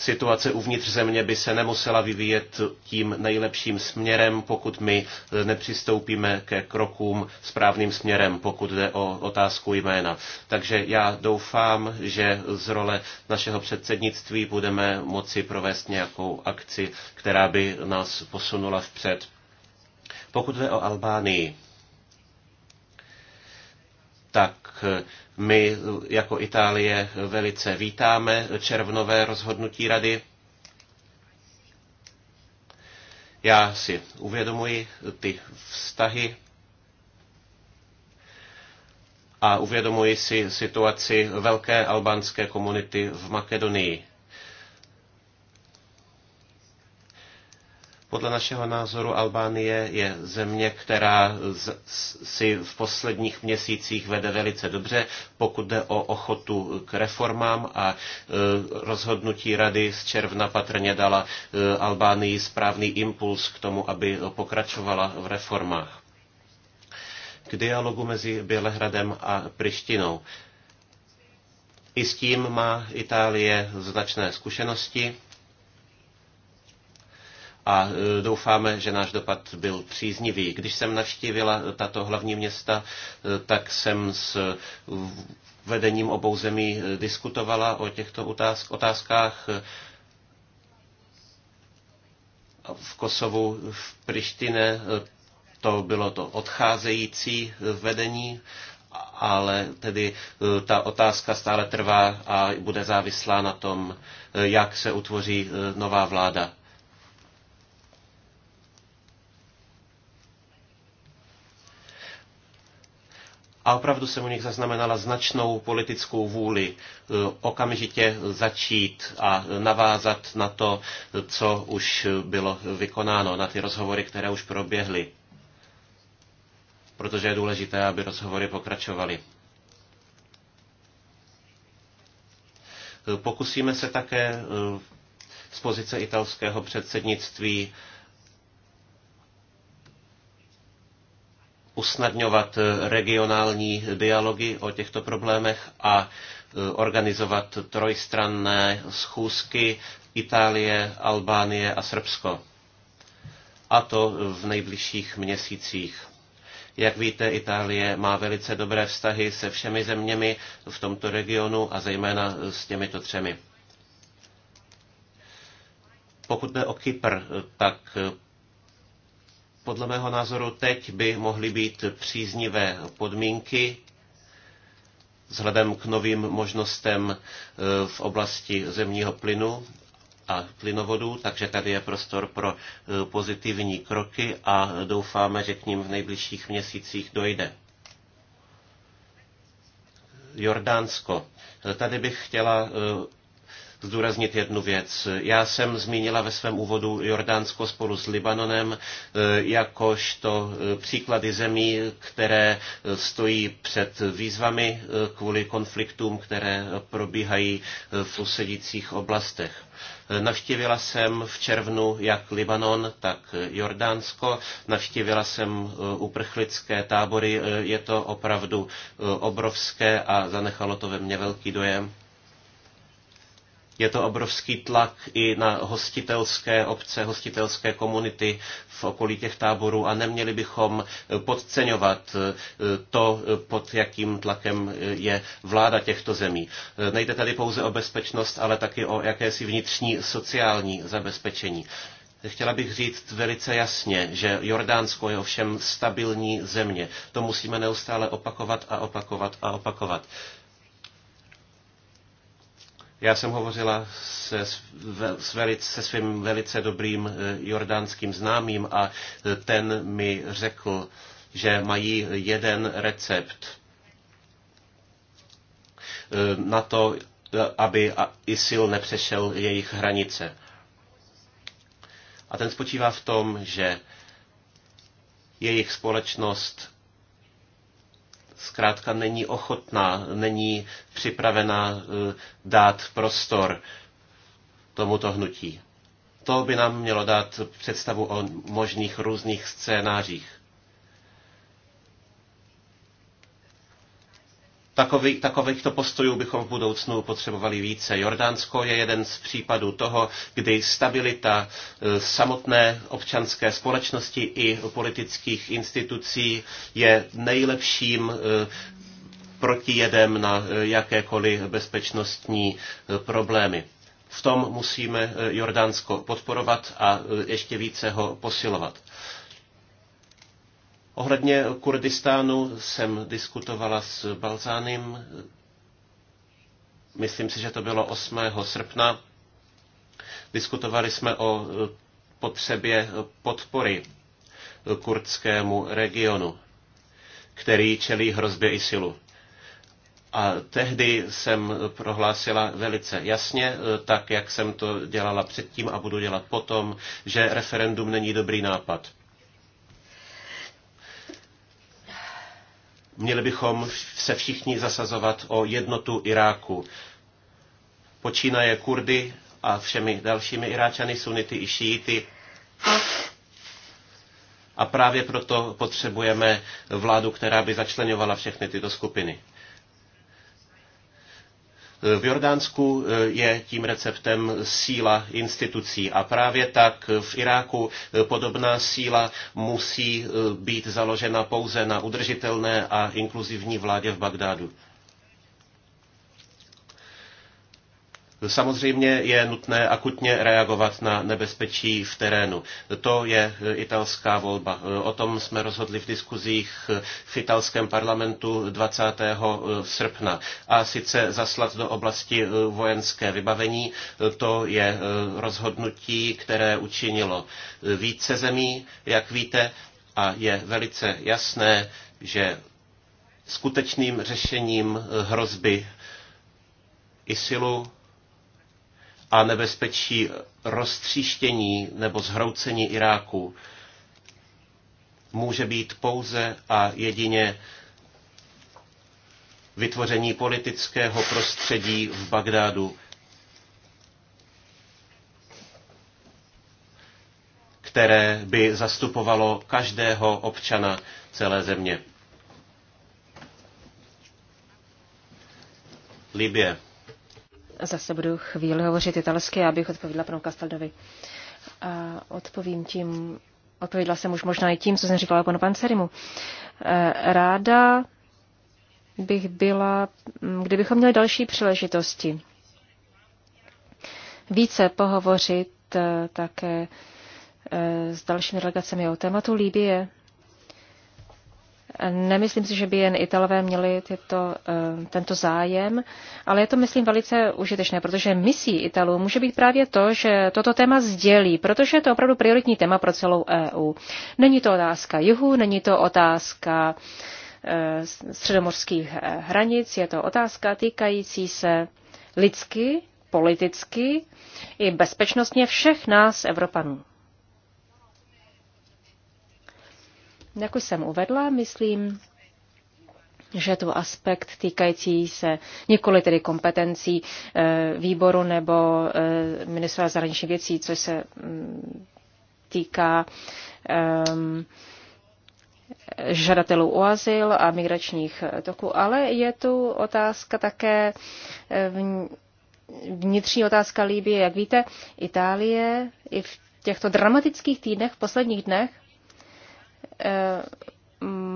[SPEAKER 3] situace uvnitř země by se nemusela vyvíjet tím nejlepším směrem, pokud my eh, nepřistoupíme ke krokům správným směrem, pokud jde o otázku jména. Takže já doufám, že z role našeho předsednictví budeme moci provést nějakou akci, která by nás posunula vpřed. Pokud jde o Albánii, tak my jako Itálie velice vítáme červnové rozhodnutí rady. Já si uvědomuji ty vztahy a uvědomuji si situaci velké albánské komunity v Makedonii. Podle našeho názoru Albánie je země, která si v posledních měsících vede velice dobře, pokud jde o ochotu k reformám a e, rozhodnutí rady z června patrně dala e, Albánii správný impuls k tomu, aby pokračovala v reformách. K dialogu mezi Bělehradem a Prištinou. I s tím má Itálie značné zkušenosti a e, doufáme, že náš dopad byl příznivý. Když jsem navštívila e, tato hlavní města, e, tak jsem s vedením obou zemí diskutovala o těchto otázkách v Kosovu, v Prištine, to bylo to odcházející vedení, ale tedy ta otázka stále trvá a bude závislá na tom, jak se utvoří nová vláda. a opravdu jsem u nich zaznamenala značnou politickou vůli e, okamžitě začít a navázat na to, co už bylo vykonáno, na ty rozhovory, které už proběhly. Protože je důležité, aby rozhovory pokračovaly. E, pokusíme se také e, z pozice italského předsednictví usnadňovat eh, regionální dialogy o těchto problémech a eh, organizovat trojstranné schůzky Itálie, Albánie a Srbsko. A to v nejbližších měsících. Jak víte, Itálie má velice dobré vztahy se všemi zeměmi v tomto regionu a zejména eh, s těmito třemi. Pokud jde o Kypr, tak podle mého názoru teď by mohly být příznivé podmínky vzhledem k novým možnostem e, v oblasti zemního plynu a plynovodů, takže tady je prostor pro e, pozitivní kroky a doufáme, že k ním v nejbližších měsících dojde. Jordánsko. Tady bych chtěla e, zdůraznit jednu věc. Já jsem zmínila ve svém úvodu Jordánsko spolu s Libanonem eh, jakožto eh, příklady zemí, které eh, stojí před výzvami kvůli konfliktům, které probíhají v sousedících oblastech. Navštívila jsem v červnu jak Libanon, tak Jordánsko. Navštívila jsem uprchlické tábory. Je to opravdu obrovské a zanechalo to ve mně velký dojem. Je to obrovský tlak i na hostitelské obce, hostitelské komunity v okolí těch táborů a neměli bychom podceňovat eh, to, eh, pod jakým tlakem eh, je vláda těchto zemí. Nejde tady pouze o bezpečnost, ale taky o jakési vnitřní sociální zabezpečení. Chtěla bych říct velice jasně, že Jordánsko je ovšem stabilní země. To musíme neustále opakovat a opakovat a opakovat. Já jsem hovořila se, se, se svým velice dobrým eh, jordánským známým a eh, ten mi řekl, že mají jeden recept eh, na to, aby ISIL nepřešel jejich hranice. A ten spočívá v tom, že jejich společnost zkrátka není ochotná, není připravena eh, dát prostor tomuto hnutí. To by nám mělo dát představu o možných různých scénářích. Takový, takovýchto postojů bychom v budoucnu potřebovali více. Jordánsko je jeden z případů toho, kdy stabilita e, samotné občanské společnosti i politických institucí je nejlepším e, protijedem na e, jakékoliv bezpečnostní problémy. V tom musíme Jordánsko podporovat a ještě více ho posilovat. Ohledně Kurdistánu jsem diskutovala s Balzánem, myslím si, že to bylo 8. srpna. Diskutovali jsme o eh, potřebě podpory kurdskému regionu, který čelí hrozbě ISILu. A tehdy jsem prohlásila velice jasně, eh, tak jak jsem to dělala předtím a budu dělat potom, že referendum není dobrý nápad. Měli bychom se všichni zasazovat o jednotu Iráku. Počínaje Kurdy a všemi dalšími Iráčany, sunity i šíity. A právě proto potřebujeme vládu, která by začlenovala všechny tyto skupiny. V Jordánsku e, je tím receptem síla institucí a právě tak v Iráku e, podobná síla musí e, být založena pouze na udržitelné a inkluzivní vládě v Bagdádu. Samozřejmě je nutné akutně reagovat na nebezpečí v terénu. To je italská volba. O tom jsme rozhodli v diskuzích v italském parlamentu 20. srpna. A sice zaslat do oblasti eh, vojenské vybavení, to je eh, rozhodnutí, které učinilo eh, více zemí, jak víte, a je velice jasné, že skutečným řešením hrozby ISILu a nebezpečí roztříštění nebo zhroucení Iráku může být pouze a jedině vytvoření politického prostředí v Bagdádu, které by zastupovalo každého občana celé země. Libie.
[SPEAKER 2] Zase budu chvíli hovořit italsky, abych odpověděla panu Castaldovi. A odpovím tím, odpověděla jsem už možná i tím, co jsem říkala panu Pancerimu. E, ráda bych byla, kdybychom měli další příležitosti více pohovořit e, také e, s dalšími delegacemi o tématu Líbie. Nemyslím si, že by jen Italové měli tyto, eh, tento zájem, ale je to, myslím, velice užitečné, protože misí Italů může být právě to, že toto téma sdělí, protože je to opravdu prioritní téma pro celou EU. Není to otázka jihu, není to otázka eh, středomorských eh, hranic, je to otázka týkající se lidsky, politicky i bezpečnostně všech nás, Evropanů. Jako jsem uvedla, myslím, že to aspekt týkající se nikoli tedy kompetencí eh, výboru nebo eh, ministra zahraničních věcí, což se mm, týká ehm, žadatelů o azyl a migračních toků, ale je tu otázka také eh, vnitřní otázka Líbie. Jak víte, Itálie i v těchto dramatických týdnech, v posledních dnech, Eh,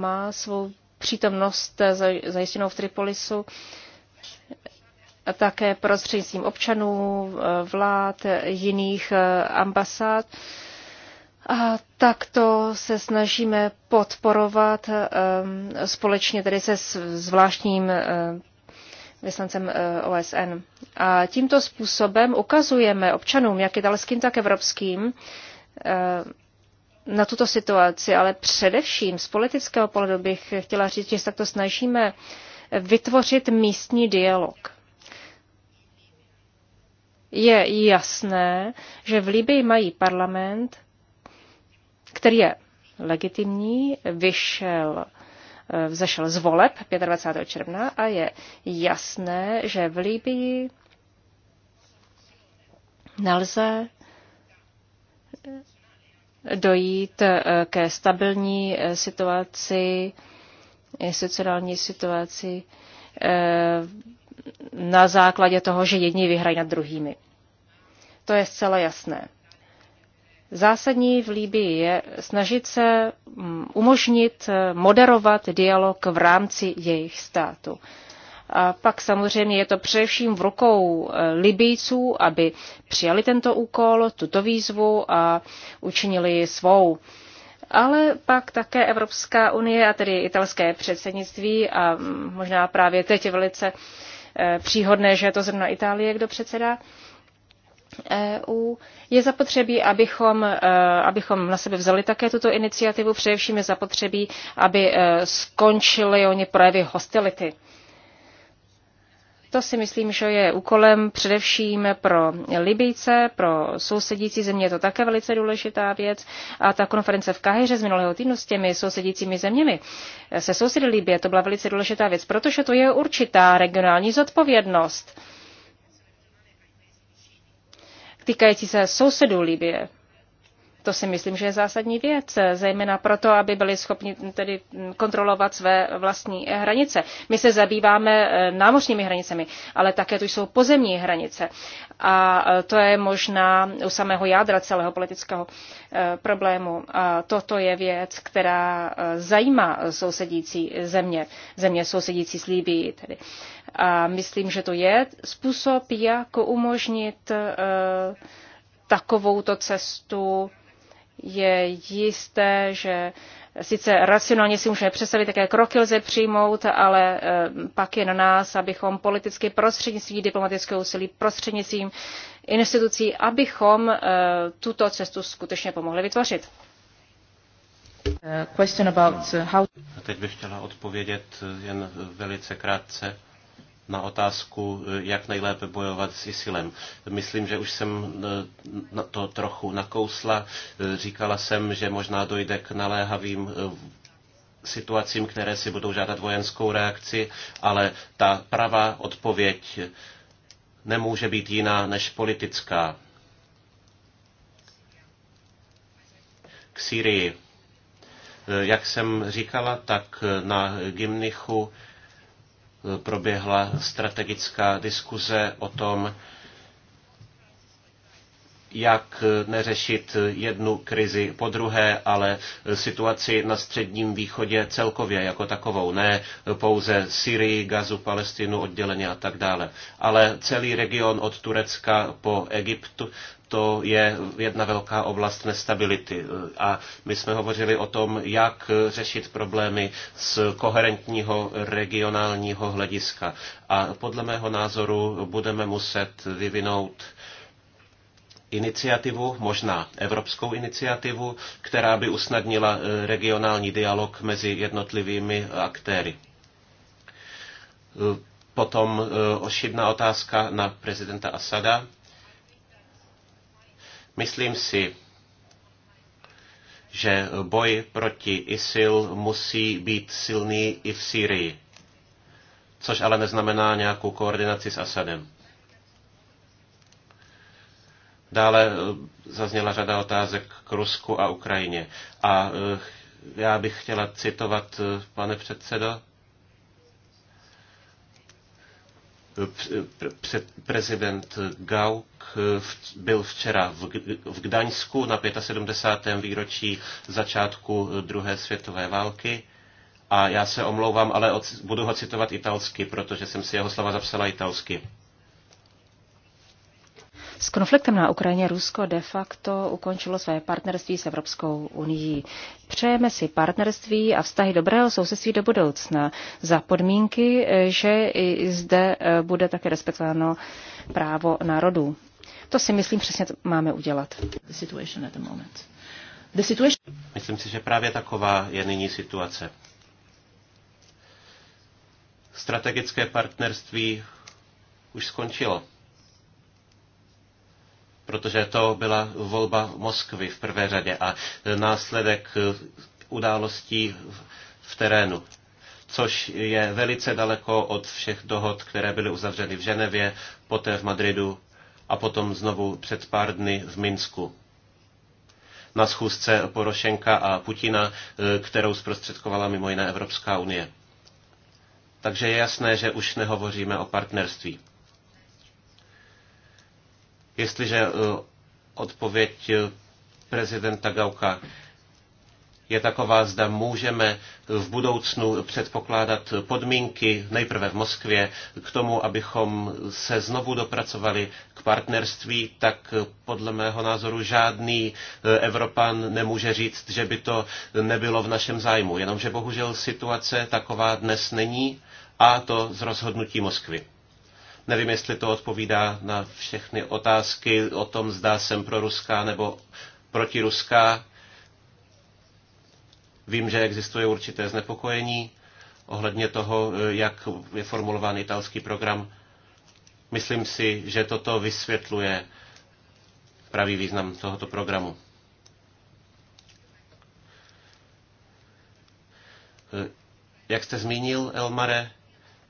[SPEAKER 2] má svou přítomnost eh, zajištěnou v Tripolisu a také prostřednictvím občanů, eh, vlád, jiných ambasád. A takto se snažíme podporovat společně tedy se zvláštním vyslancem OSN. A tímto způsobem ukazujeme občanům, jak italským, tak evropským, na tuto situaci, ale především z politického pohledu bych chtěla říct, že se takto snažíme vytvořit místní dialog. Je jasné, že v Libii mají parlament, který je legitimní, vyšel eh, vzešel z voleb 25. června a je jasné, že v Libii nelze dojít eh, ke stabilní eh, situaci, eh, sociální situaci na základě toho, že jedni vyhrají nad druhými. To je zcela jasné. Zásadní v Líbii je snažit se mm, umožnit moderovat dialog v rámci jejich státu. A pak samozřejmě je to především v rukou eh, Libijců, aby přijali tento úkol, tuto výzvu a učinili ji svou. Ale pak také Evropská unie, a tedy italské předsednictví, a mm, možná právě teď je velice eh, příhodné, že je to zrovna Itálie, kdo předsedá, EU. Je zapotřebí, abychom, eh, abychom na sebe vzali také tuto iniciativu. Především je zapotřebí, aby skončily oni projevy hostility to si myslím, že je úkolem především pro Libijce, pro sousedící země je to také velice důležitá věc. A ta konference v Kahiře z minulého týdnu s těmi sousedícími zeměmi eh, se sousedy Libie, to byla velice důležitá věc, protože to je určitá regionální zodpovědnost týkající se sousedů Libie. To si myslím, že je zásadní věc, zejména proto, aby byli schopni tedy kontrolovat své vlastní hranice. My se zabýváme eh, námořními hranicemi, ale také tu jsou pozemní hranice. A eh, to je možná u samého jádra celého politického eh, problému. A toto je věc, která zajímá sousedící země, země sousedící s Líbí. Tedy. A myslím, že to je způsob, jak umožnit takovouto cestu je jisté, že sice racionálně si můžeme představit, jaké kroky lze přijmout, ale eh, pak je na nás, abychom politicky prostřednictvím diplomatického úsilí, prostřednictvím institucí, abychom eh, tuto cestu skutečně pomohli vytvořit.
[SPEAKER 3] Eh, A teď bych chtěla odpovědět jen velice krátce na otázku, eh, jak nejlépe bojovat s ISILem. Myslím, že už jsem eh, na to trochu nakousla. Eh, říkala jsem, že možná dojde k naléhavým situacím, které si budou žádat vojenskou reakci, ale ta pravá odpověď nemůže být jiná než politická. K Syrii. Jak jsem říkala, tak na Gimnichu proběhla strategická diskuze o tom, jak neřešit jednu krizi po druhé, ale situaci na středním východě celkově jako takovou, ne pouze Syrii, Gazu, Palestinu odděleně a tak dále, ale celý region od Turecka po Egypt, to je jedna velká oblast nestability. A my jsme hovořili o tom, jak řešit problémy z koherentního regionálního hlediska. A podle mého názoru budeme muset vyvinout iniciativu, možná evropskou iniciativu, která by usnadnila eh, regionální dialog mezi jednotlivými aktéry. Eh, potom eh, ošidná otázka na prezidenta Asada. Myslím si, že boj proti ISIL musí být silný i v Sýrii, což ale neznamená nějakou koordinaci s Asadem. Dále eh, zazněla řada otázek k Rusku a Ukrajině. A eh, já bych chtěla citovat, eh, pane předsedo, prezident Gauk byl včera v Gdaňsku na 75. výročí začátku druhé světové války. A já se omlouvám, ale budu ho citovat italsky, protože jsem si jeho slova zapsala italsky.
[SPEAKER 2] S konfliktem na Ukrajině Rusko de facto ukončilo své partnerství s Evropskou unii. Přejeme si partnerství a vztahy dobrého sousedství do budoucna za podmínky, že i zde eh, bude také respektováno právo národů. To si myslím přesně máme udělat.
[SPEAKER 3] Myslím si, že právě taková je nyní situace. Strategické partnerství už skončilo protože to byla volba Moskvy v prvé řadě a následek eh, událostí v terénu což je velice daleko od všech dohod, které byly uzavřeny v Ženevě, poté v Madridu a potom znovu před pár dny v Minsku. Na schůzce Porošenka a Putina, eh, kterou zprostředkovala mimo jiné Evropská unie. Takže je jasné, že už nehovoříme o partnerství. Jestliže eh, odpověď eh, prezidenta Gauka je taková, zda můžeme eh, v budoucnu předpokládat podmínky nejprve v Moskvě k tomu, abychom se znovu dopracovali k partnerství, tak podle mého názoru žádný Evropan nemůže říct, že by to nebylo v našem zájmu. Jenomže bohužel situace taková dnes není a to z rozhodnutí Moskvy. Nevím, jestli to odpovídá na všechny otázky o tom, zda jsem pro ruská nebo proti ruská. Vím, že existuje určité znepokojení ohledně toho, jak je formulován italský program. Myslím si, že toto vysvětluje pravý význam tohoto programu. Jak jste zmínil, Elmare,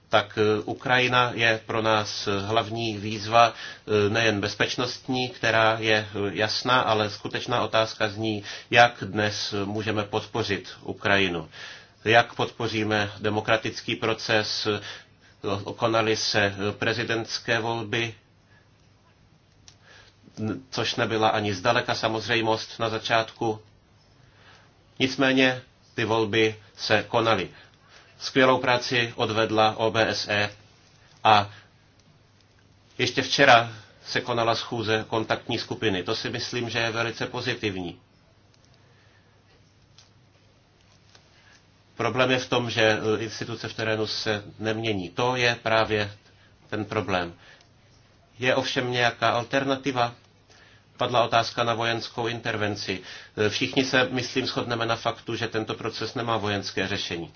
[SPEAKER 3] tak eh, Ukrajina je pro nás eh, hlavní výzva eh, nejen bezpečnostní, která je jasná, ale skutečná otázka zní, jak dnes můžeme podpořit Ukrajinu. Jak podpoříme demokratický proces, konaly se prezidentské volby, což nebyla ani zdaleka samozřejmost na začátku. Nicméně ty volby se konaly Skvělou práci odvedla OBSE a ještě včera se konala schůze kontaktní skupiny. To si myslím, že je velice pozitivní. Problém je v tom, že e, instituce v terénu se nemění. To je právě ten problém. Je ovšem nějaká alternativa? Padla otázka na vojenskou intervenci. E, všichni se, myslím, shodneme na faktu, že tento proces nemá vojenské řešení.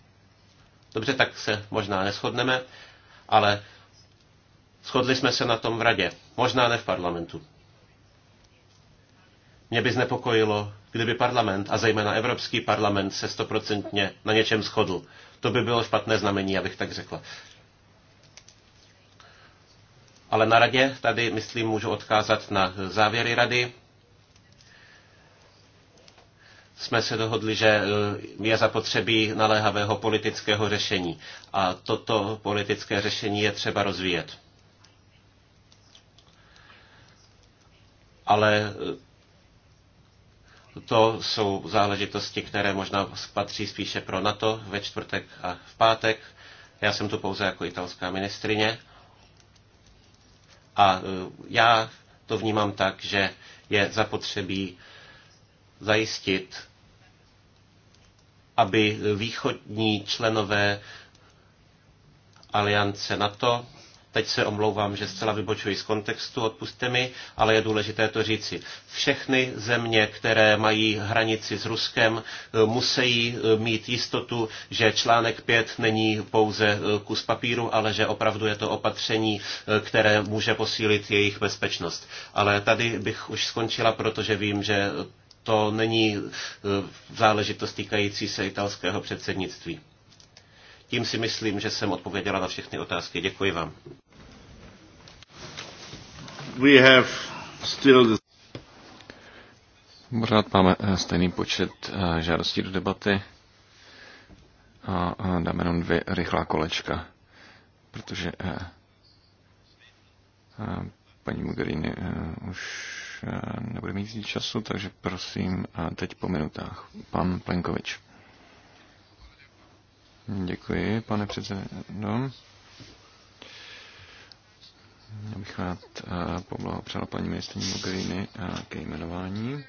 [SPEAKER 3] Dobře, tak se možná neschodneme, ale shodli jsme se na tom v radě. Možná ne v parlamentu. Mě by znepokojilo, kdyby parlament, a zejména Evropský parlament, se stoprocentně na něčem shodl. To by bylo špatné znamení, abych tak řekla. Ale na radě tady, myslím, můžu odkázat na závěry rady, jsme se dohodli, že e, je zapotřebí naléhavého politického řešení. A toto politické řešení je třeba rozvíjet. Ale e, to jsou záležitosti, které možná patří spíše pro NATO ve čtvrtek a v pátek. Já jsem tu pouze jako italská ministrině. A e, já to vnímám tak, že je zapotřebí zajistit aby východní členové aliance NATO teď se omlouvám, že zcela vybočuji z kontextu, odpuste mi, ale je důležité to říci. Všechny země, které mají hranici s Ruskem, eh, musí eh, mít jistotu, že článek 5 není pouze eh, kus papíru, ale že opravdu je to opatření, které může posílit jejich bezpečnost. Ale tady bych už skončila, protože vím, že to není eh, záležitost týkající se italského předsednictví. Tím si myslím, že jsem odpověděla na všechny otázky. Děkuji vám. We have still the...
[SPEAKER 1] Pořád máme eh, stejný počet eh, žádostí do debaty a dáme jenom dvě rychlá kolečka, protože paní Mogherini už Eh, nebude mít času, takže prosím teď po minutách. Pan Plenkovič. Děkuji, pane předsedo. Já bych rád eh, poblahopřál paní ministrní Mogherini eh, ke jmenování.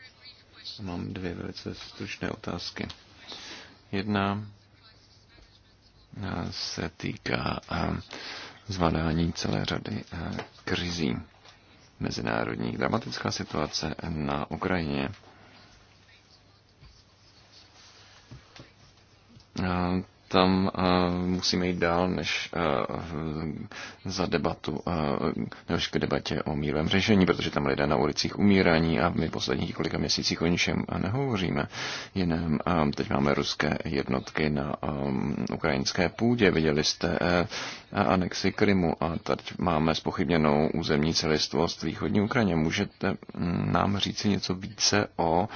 [SPEAKER 1] Mám dvě velice stručné otázky. Jedna se týká zvládání celé řady krizí mezinárodních. Dramatická situace na Ukrajině tam eh, musíme jít dál než eh, za debatu, eh, než k debatě o mírovém řešení, protože tam lidé na ulicích umírání a my posledních několika měsících o ničem nehovoříme jiném. Teď máme ruské jednotky na ukrajinské půdě. Viděli jste anexi Krymu a tady máme spochybněnou územní celistvost východní Ukrajině. Můžete hm, nám říci něco více o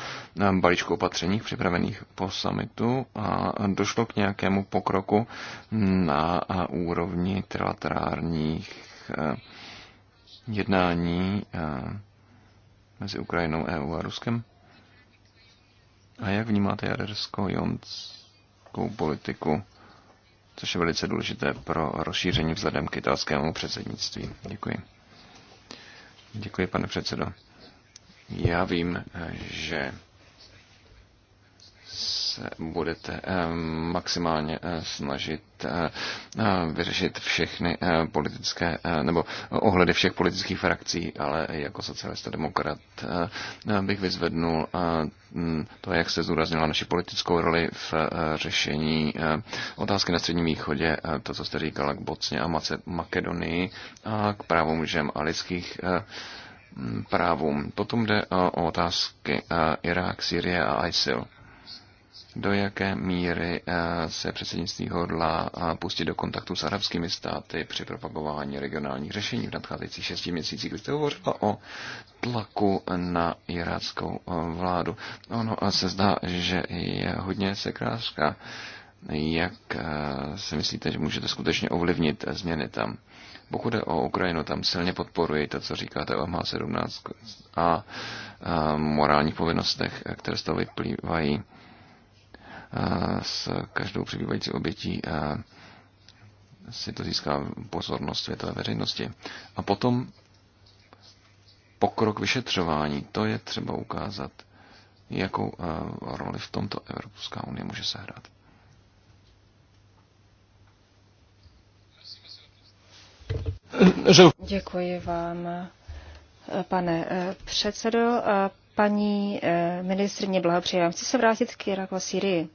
[SPEAKER 1] balíčku opatřeních připravených po summitu a došlo k nějakému pokroku na úrovni trilaterárních eh, jednání eh, mezi Ukrajinou, EU a Ruskem? A jak vnímáte jadersko-jonskou politiku, což je velice důležité pro rozšíření vzhledem k italskému předsednictví? Děkuji. Děkuji, pane předsedo. Já vím, eh, že se budete eh, maximálně eh, snažit eh, vyřešit všechny politické, nebo ohledy všech politických frakcí, ale jako socialista demokrat bych vyzvednul mm, to, jak se zúraznila naši politickou roli v řešení otázky na Středním východě, to, co jste říkala k Bocně a Makedonii a k právům žem a lidských mm, právům. Potom jde o otázky Irák, Syrie a ISIL do jaké míry eh, se předsednictví hodla eh, pustit do kontaktu s arabskými státy při propagování regionálních řešení v nadcházejících šesti měsících. kdy jste hovořila o tlaku na iráckou eh, vládu. Ono se zdá, že je hodně sekrářská. Jak si myslíte, že můžete skutečně ovlivnit změny tam? Pokud jde o Ukrajinu, tam silně podporuji to, co říkáte o MH17 a morálních povinnostech, které z toho vyplývají s každou přibývající obětí si to získá pozornost světové veřejnosti. A potom pokrok vyšetřování, to je třeba ukázat, jakou roli v tomto Evropská unie může sehrát.
[SPEAKER 2] Děkuji vám, pane e, předsedo paní e, ministrině blahopřeji. Chci se vrátit k Iraku a Syrii.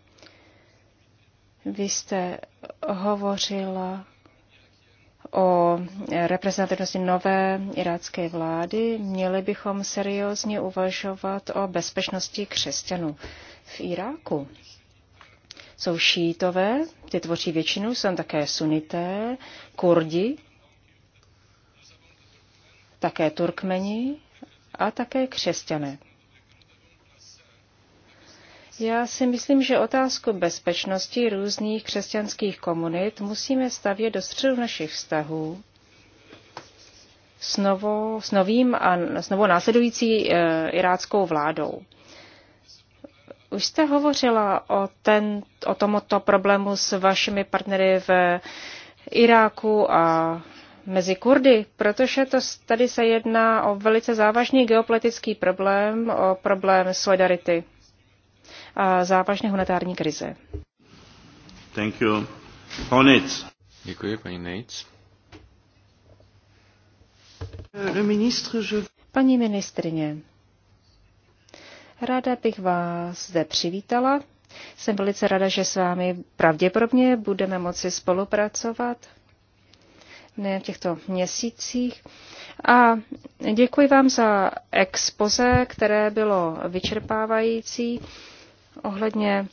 [SPEAKER 2] Vy jste hovořila o reprezentativnosti nové irácké vlády, měli bychom seriózně uvažovat o bezpečnosti křesťanů v Iráku. Jsou šítové, ty tvoří většinu, jsou také sunité, kurdi, také turkmeni a také křesťané. Já si myslím, že otázku bezpečnosti různých křesťanských komunit musíme stavět do středu našich vztahů s, novo, s, novým a, s novou následující e, iráckou vládou. Už jste hovořila o, ten, o tomto problému s vašimi partnery v Iráku a mezi Kurdy, protože to, tady se jedná o velice závažný geopolitický problém, o problém solidarity a závažné humanitární krize.
[SPEAKER 3] Thank you. Honec.
[SPEAKER 1] Děkuji, paní Nejc.
[SPEAKER 2] Paní ministrině, ráda bych vás zde přivítala. Jsem velice ráda, že s vámi pravděpodobně budeme moci spolupracovat ne v těchto měsících. A děkuji vám za expoze, které bylo vyčerpávající ohledně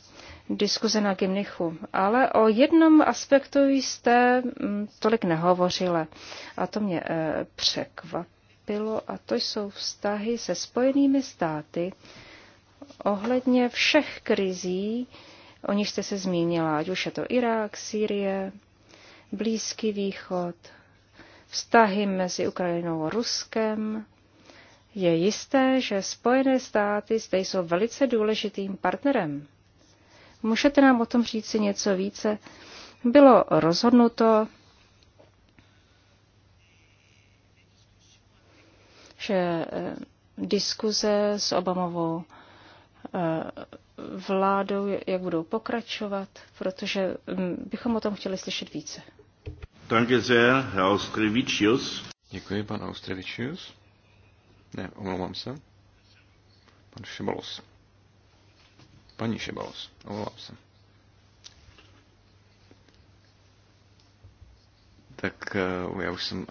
[SPEAKER 2] diskuze na Gimnichu, ale o jednom aspektu jste mm, tolik nehovořila a to mě eh, překvapilo a to jsou vztahy se spojenými státy ohledně všech krizí, o nich jste se zmínila, ať už je to Irák, Sýrie, Blízký východ, vztahy mezi Ukrajinou a Ruskem, je jisté, že Spojené státy zde jsou velice důležitým partnerem. Můžete nám o tom říci něco více? Bylo rozhodnuto, že eh, diskuze s Obamovou eh, vládou, jak budou pokračovat, protože hm, bychom o tom chtěli slyšet více.
[SPEAKER 1] Danke sehr, Herr Děkuji, pan Austrivičius. Ne, omlouvám se. Pan Šebalos. Paní Šebalos, omlouvám se. Tak uh, já už jsem uh,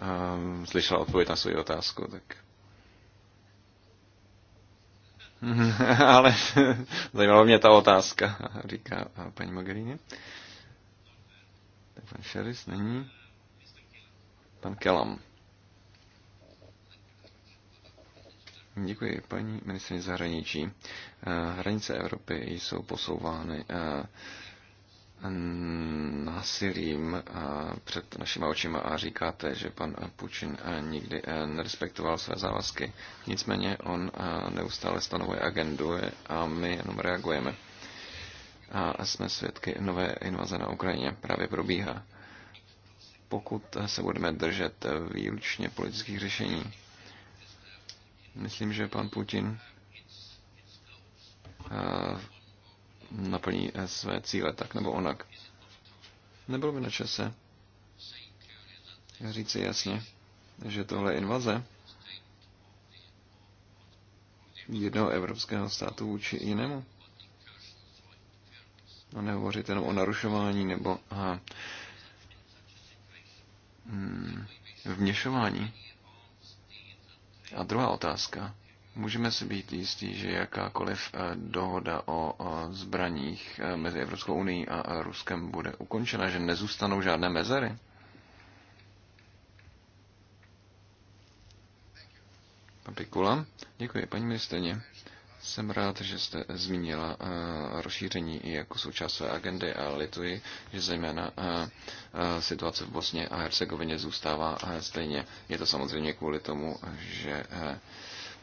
[SPEAKER 1] eh, slyšel odpověď na svou otázku, tak... Ale zajímala mě ta otázka, říká eh, paní Mogherini. Tak pan Šeris není. Pan Kelam. Děkuji, paní ministrině zahraničí. Eh, hranice Evropy jsou posouvány eh, násilím eh, před našima očima a říkáte, že pan Putin nikdy nerespektoval své závazky. Nicméně on neustále stanovuje agendu a my jenom reagujeme. A jsme svědky nové invaze na Ukrajině. Právě probíhá. Pokud se budeme držet výlučně politických řešení, Myslím, že pan Putin eh, naplní eh, své cíle tak nebo onak. Nebylo by na čase říci jasně, že tohle invaze jednoho evropského státu vůči jinému. A nehovořit jenom o narušování nebo a, eh, mm, hm, vměšování. A druhá otázka. Můžeme si být jistí, že jakákoliv eh, dohoda o zbraních eh, mezi Evropskou unii a Ruskem bude ukončena, že nezůstanou žádné mezery? Pan Pikula. Děkuji, paní ministrině. Jsem rád, že jste zmínila eh, rozšíření i jako součást své agendy a lituji, že zejména eh, eh, situace v Bosně a Hercegovině zůstává stejně. Je to samozřejmě kvůli tomu, že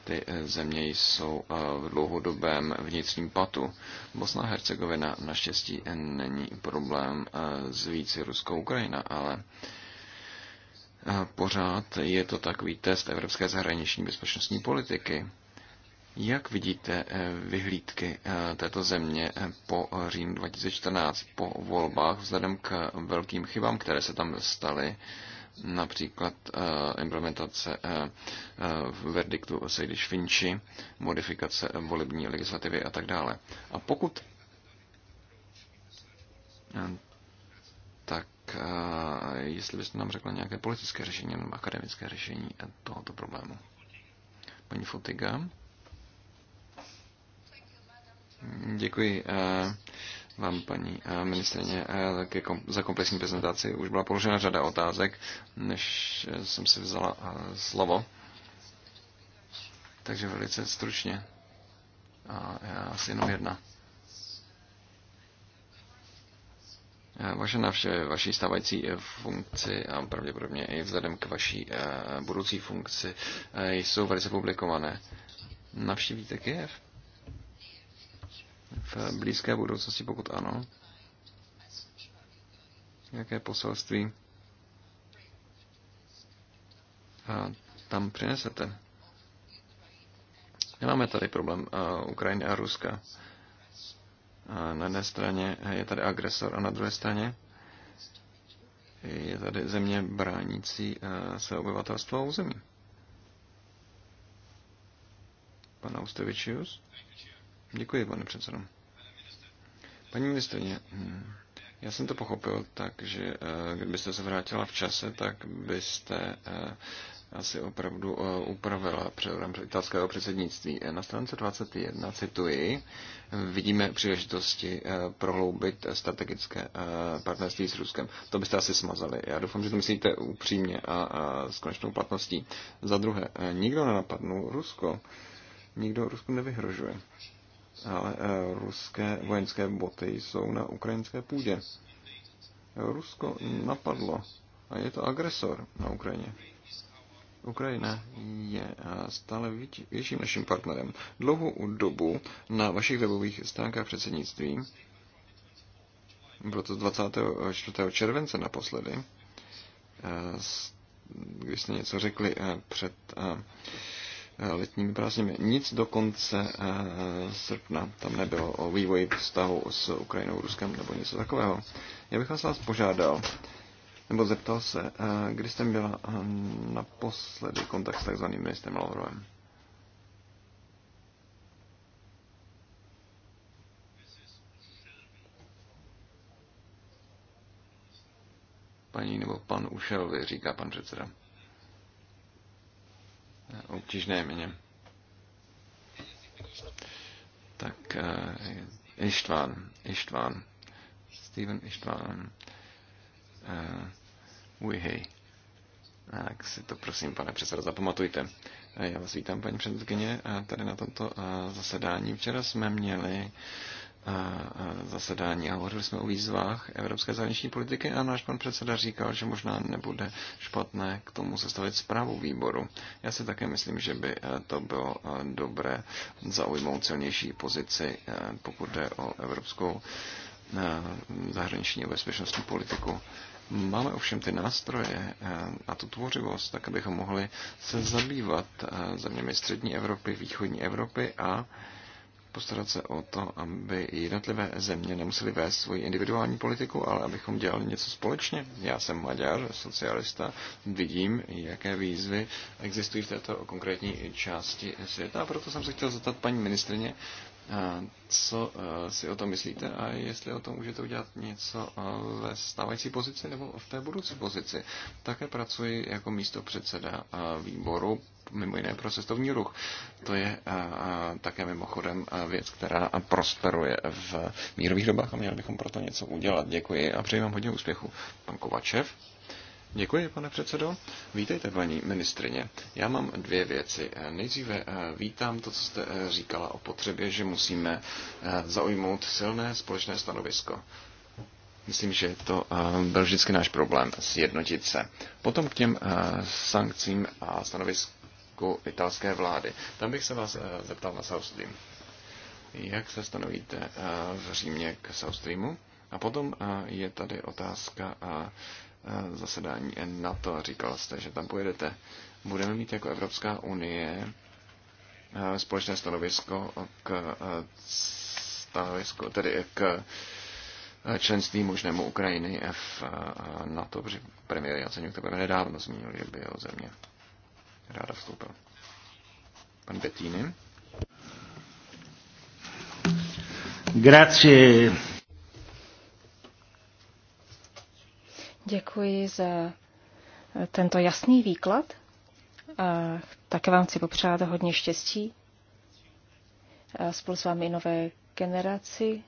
[SPEAKER 1] ty země jsou v dlouhodobém vnitřním patu. Bosna a Hercegovina naštěstí není problém víci Ruskou Ukrajina, ale pořád je to takový test evropské zahraniční bezpečnostní politiky jak vidíte eh, vyhlídky eh, této země eh, po říjnu 2014, po volbách, vzhledem k velkým chybám, které se tam staly, například implementace verdiktu Sejdiš Finči, modifikace volební legislativy a tak dále. A pokud tak jestli byste nám řekla nějaké politické řešení nebo akademické řešení tohoto problému. Paní Fotiga. Děkuji eh, vám, paní eh, ministrině, eh, za komplexní prezentaci. Už byla položena řada otázek, než jsem si vzala slovo. Takže velice stručně. A asi jenom jedna. Vaše návštěva vaší stávající funkci a pravděpodobně i vzhledem k vaší budoucí funkci jsou velice publikované. Navštívíte Kiev? v blízké budoucnosti, pokud ano, jaké poselství a tam přinesete. Nemáme tady problém Ukrajiny a Ruska. A na jedné straně je tady agresor a na druhé straně je tady země bránící se obyvatelstvo a území. Pan Austevičius. Děkuji, pane předsedo. Paní ministrině, hm, já jsem to pochopil tak, že eh, kdybyste se vrátila v čase, tak byste eh, asi opravdu eh, upravila program italského předsednictví. Na stránce 21 cituji, vidíme příležitosti prohloubit strategické partnerství s Ruskem. To byste asi smazali. Já doufám, že to myslíte upřímně a, a s konečnou platností. Za druhé, nikdo nenapadnul Rusko. Nikdo Rusku nevyhrožuje ale eh, ruské vojenské boty jsou na ukrajinské půdě. Rusko napadlo a je to agresor na Ukrajině. Ukrajina je eh, stále větším naším partnerem. Dlouhou dobu na vašich webových stránkách předsednictví, bylo to 24. července naposledy, eh, když jste něco řekli před Eh, letními prázdnými. Nic do konce eh, srpna tam nebylo o vývoji vztahu s Ukrajinou, Ruskem nebo něco takového. Já bych vás vás požádal, nebo zeptal se, eh, kdy jste měla naposledy kontakt s takzvaným ministrem Lavrovem? Paní nebo pan ušelvy říká pan předseda obtížné jméně. Tak uh, eh, Ištván, Ištván, Steven Ištván, uh, eh, Uihej. Tak si to prosím, pane předsedo, zapamatujte. Eh, já vás vítám, paní předsedkyně, tady na tomto zasedání. Včera jsme měli zasedání a hovořili jsme o výzvách evropské zahraniční politiky a náš pan předseda říkal, že možná nebude špatné k tomu sestavit zprávu výboru. Já si také myslím, že by e, to bylo e, dobré zaujmout silnější pozici, e, pokud jde o evropskou zahraniční a bezpečnostní politiku. Máme ovšem ty nástroje a tu tvořivost, tak abychom mohli se zabývat zeměmi střední Evropy, východní Evropy a postarat se o to, aby jednotlivé země nemuseli vést svoji individuální politiku, ale abychom dělali něco společně. Já jsem Maďar, socialista, vidím, jaké výzvy existují v této konkrétní části světa a proto jsem se chtěl zeptat paní ministrině, co e, si o tom myslíte a jestli o tom můžete udělat něco e, ve stávající pozici nebo v té budoucí pozici. Také pracuji jako místo předseda e, výboru mimo jiné pro cestovní ruch. To je také mimochodem věc, která prosperuje v mírových dobách a měli bychom proto něco udělat. Děkuji a přeji vám hodně úspěchu. Pan Kovačev. Děkuji, pane předsedo. Vítejte, paní ministrině. Já mám dvě věci. Nejdříve vítám to, co jste říkala o potřebě, že musíme zaujmout silné společné stanovisko. Myslím, že to byl vždycky náš problém sjednotit se. Potom k těm sankcím a stanoviskům stanovisku italské vlády. Tam bych se vás eh, zeptal na South Stream. Jak se stanovíte eh, v Římě k South Streamu? A potom eh, je tady otázka zasedání NATO. Říkal jste, že tam pojedete. Budeme mít jako Evropská unie společné stanovisko k stanovisko, tedy k členství možnému Ukrajiny F na to že premiér Jaceňuk to nedávno zmínil, že by jeho země ráda vstoupil. Pan Bettini. Grazie.
[SPEAKER 2] Děkuji za tento jasný výklad. A také vám chci popřát hodně štěstí a spolu s vámi nové generaci,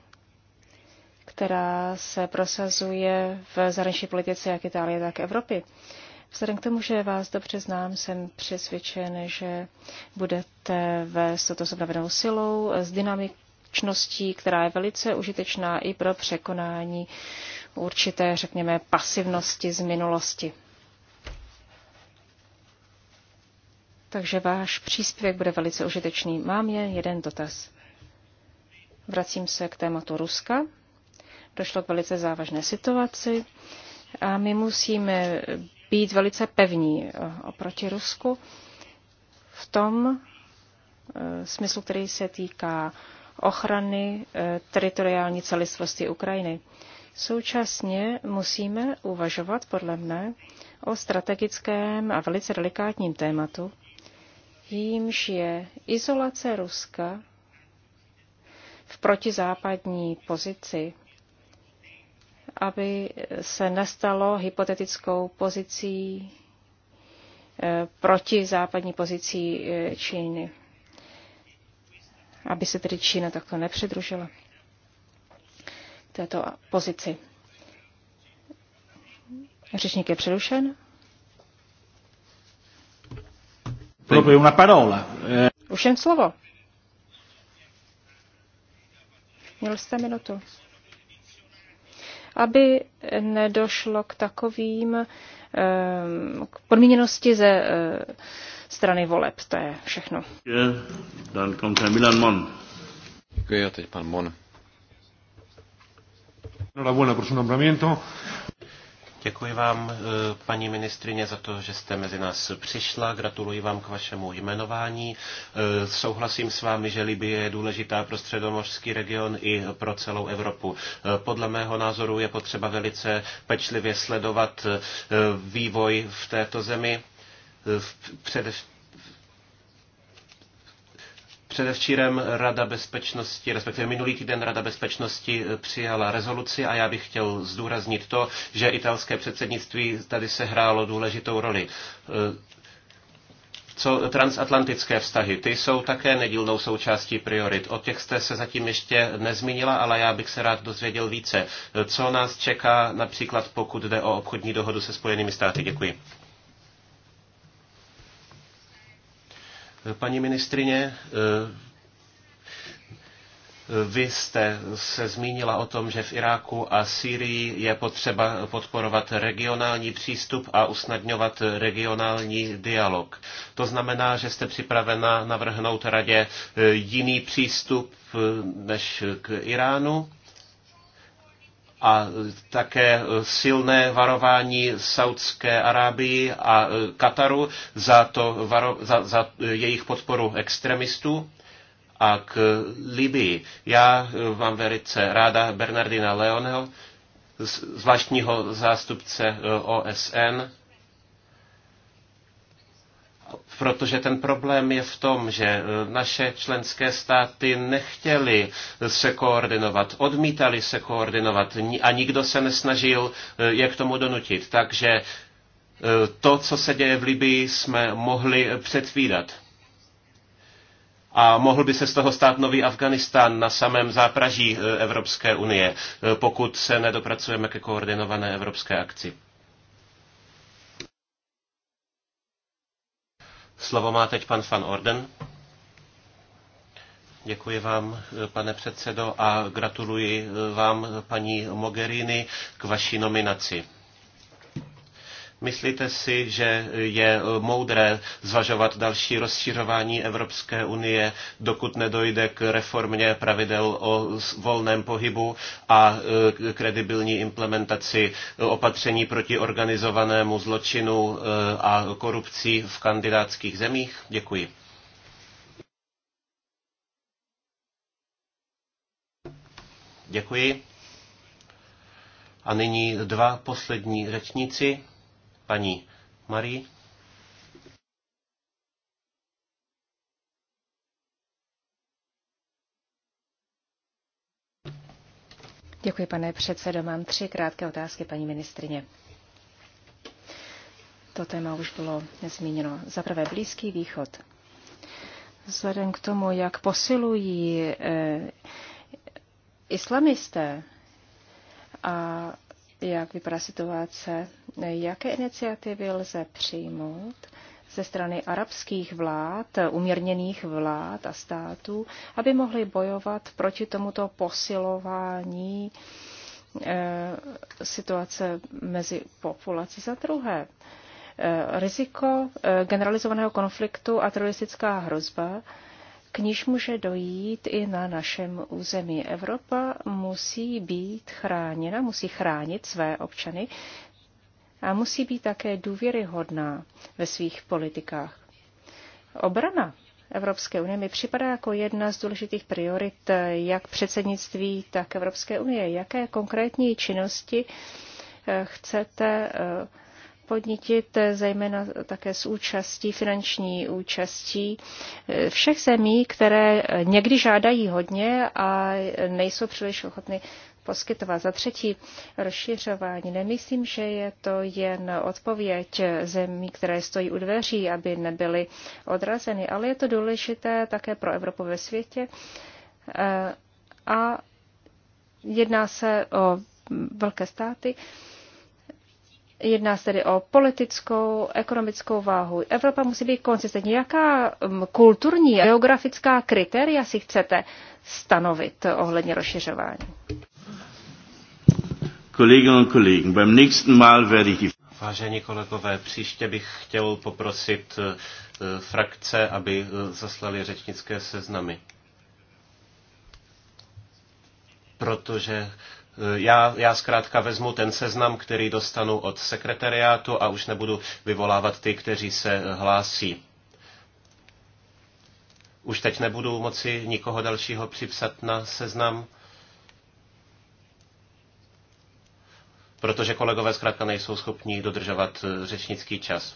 [SPEAKER 2] která se prosazuje v zahraniční politice jak Itálie, tak Evropy. Vzhledem k tomu, že vás dobře znám, jsem přesvědčen, že budete vést toto s obnovenou silou, s dynamičností, která je velice užitečná i pro překonání určité, řekněme, pasivnosti z minulosti. Takže váš příspěvek bude velice užitečný. Mám jen jeden dotaz. Vracím se k tématu Ruska. Došlo k velice závažné situaci a my musíme být velice pevní eh, oproti Rusku v tom eh, smyslu, který se týká ochrany eh, teritoriální celistvosti Ukrajiny. Současně musíme uvažovat, podle mne, o strategickém a velice delikátním tématu, jímž je izolace Ruska v protizápadní pozici aby se nestalo hypotetickou pozicí eh, proti západní pozicí eh, Číny. Aby se tedy Čína takto nepřidružila této pozici. Řečník je přerušen. Už jen slovo. Měl jste minutu aby nedošlo k takovým eh, k podmíněnosti ze eh, strany voleb. To je všechno.
[SPEAKER 1] Děkuji a teď pan Mon.
[SPEAKER 3] Enhorabuena por su nombramiento. Děkuji vám, eh, paní ministrině, za to, že jste mezi nás přišla. Gratuluji vám k vašemu jmenování. Eh, souhlasím s vámi, že Libie je důležitá pro středomořský region i pro celou Evropu. Eh, podle mého názoru je potřeba velice pečlivě sledovat vývoj v této zemi. Před, Předevčírem Rada bezpečnosti, respektive minulý týden Rada bezpečnosti eh, přijala rezoluci a já bych chtěl zdůraznit to, že italské předsednictví tady se hrálo důležitou roli eh, co transatlantické vztahy, ty jsou také nedílnou součástí priorit. O těch jste se zatím ještě nezmínila, ale já bych se rád dozvěděl více. Eh, co nás čeká například, pokud jde o obchodní dohodu se Spojenými státy? Děkuji. Paní ministrině, eh, vy jste se zmínila o tom, že v Iráku a Sýrii je potřeba podporovat regionální přístup a usnadňovat regionální dialog. To znamená, že jste připravena navrhnout radě eh, jiný přístup eh, než k Iránu? a také silné varování Saudské Arábii a Kataru za, to, varo, za, za jejich podporu extremistů a k Libii. Já vám velice ráda Bernardina Leoneho, zvláštního zástupce OSN, protože ten problém je v tom, že e, naše členské státy nechtěly se koordinovat, odmítali se koordinovat a nikdo se nesnažil e, je k tomu donutit. Takže e, to, co se děje v Libii, jsme mohli předvídat. A mohl by se z toho stát nový Afganistán na samém zápraží Evropské unie, pokud se nedopracujeme ke koordinované evropské akci. Slovo má teď pan Van Orden. Děkuji vám, pane předsedo, a gratuluji vám, paní Mogherini, k vaší nominaci. Myslíte si, že je moudré zvažovat další rozšiřování Evropské unie, dokud nedojde k reformě pravidel o volném pohybu a e, kredibilní implementaci opatření proti organizovanému zločinu e, a korupci v kandidátských zemích? Děkuji. Děkuji. A nyní dva poslední řečníci paní Marie.
[SPEAKER 2] Děkuji, pane předsedo. Mám tři krátké otázky, paní ministrině. To téma už bylo zmíněno. Za prvé Blízký východ. Vzhledem k tomu, jak posilují eh, islamisté a jak vypadá situace, jaké iniciativy lze přijmout ze strany arabských vlád, umírněných vlád a států, aby mohly bojovat proti tomuto posilování eh, situace mezi populací. Za druhé, eh, riziko eh, generalizovaného konfliktu a teroristická hrozba k níž může dojít i na našem území. Evropa musí být chráněna, musí chránit své občany a musí být také důvěryhodná ve svých politikách. Obrana Evropské unie mi připadá jako jedna z důležitých priorit jak předsednictví, tak Evropské unie. Jaké konkrétní činnosti eh, chcete eh, podnítit eh, zejména také s účastí, finanční účastí eh, všech zemí, které eh, někdy žádají hodně a nejsou příliš ochotny poskytovat. Za třetí, rozšiřování. Nemyslím, že je to jen odpověď zemí, které stojí u dveří, aby nebyly odrazeny, ale je to důležité také pro Evropu ve světě. A jedná se o velké státy. Jedná se tedy o politickou, ekonomickou váhu. Evropa musí být konzistentní. Jaká mm, kulturní a geografická kritéria si chcete stanovit ohledně rozšiřování?
[SPEAKER 3] Kolleginnen und beim nächsten Mal werde ich Vážení kolegové, příště bych chtěl poprosit eh, frakce, aby eh, zaslali řečnické seznamy. Protože já, já zkrátka vezmu ten seznam, který dostanu od sekretariátu a už nebudu vyvolávat ty, kteří se hlásí. Už teď nebudu moci nikoho dalšího připsat na seznam, protože kolegové zkrátka nejsou schopni dodržovat eh, řečnický čas.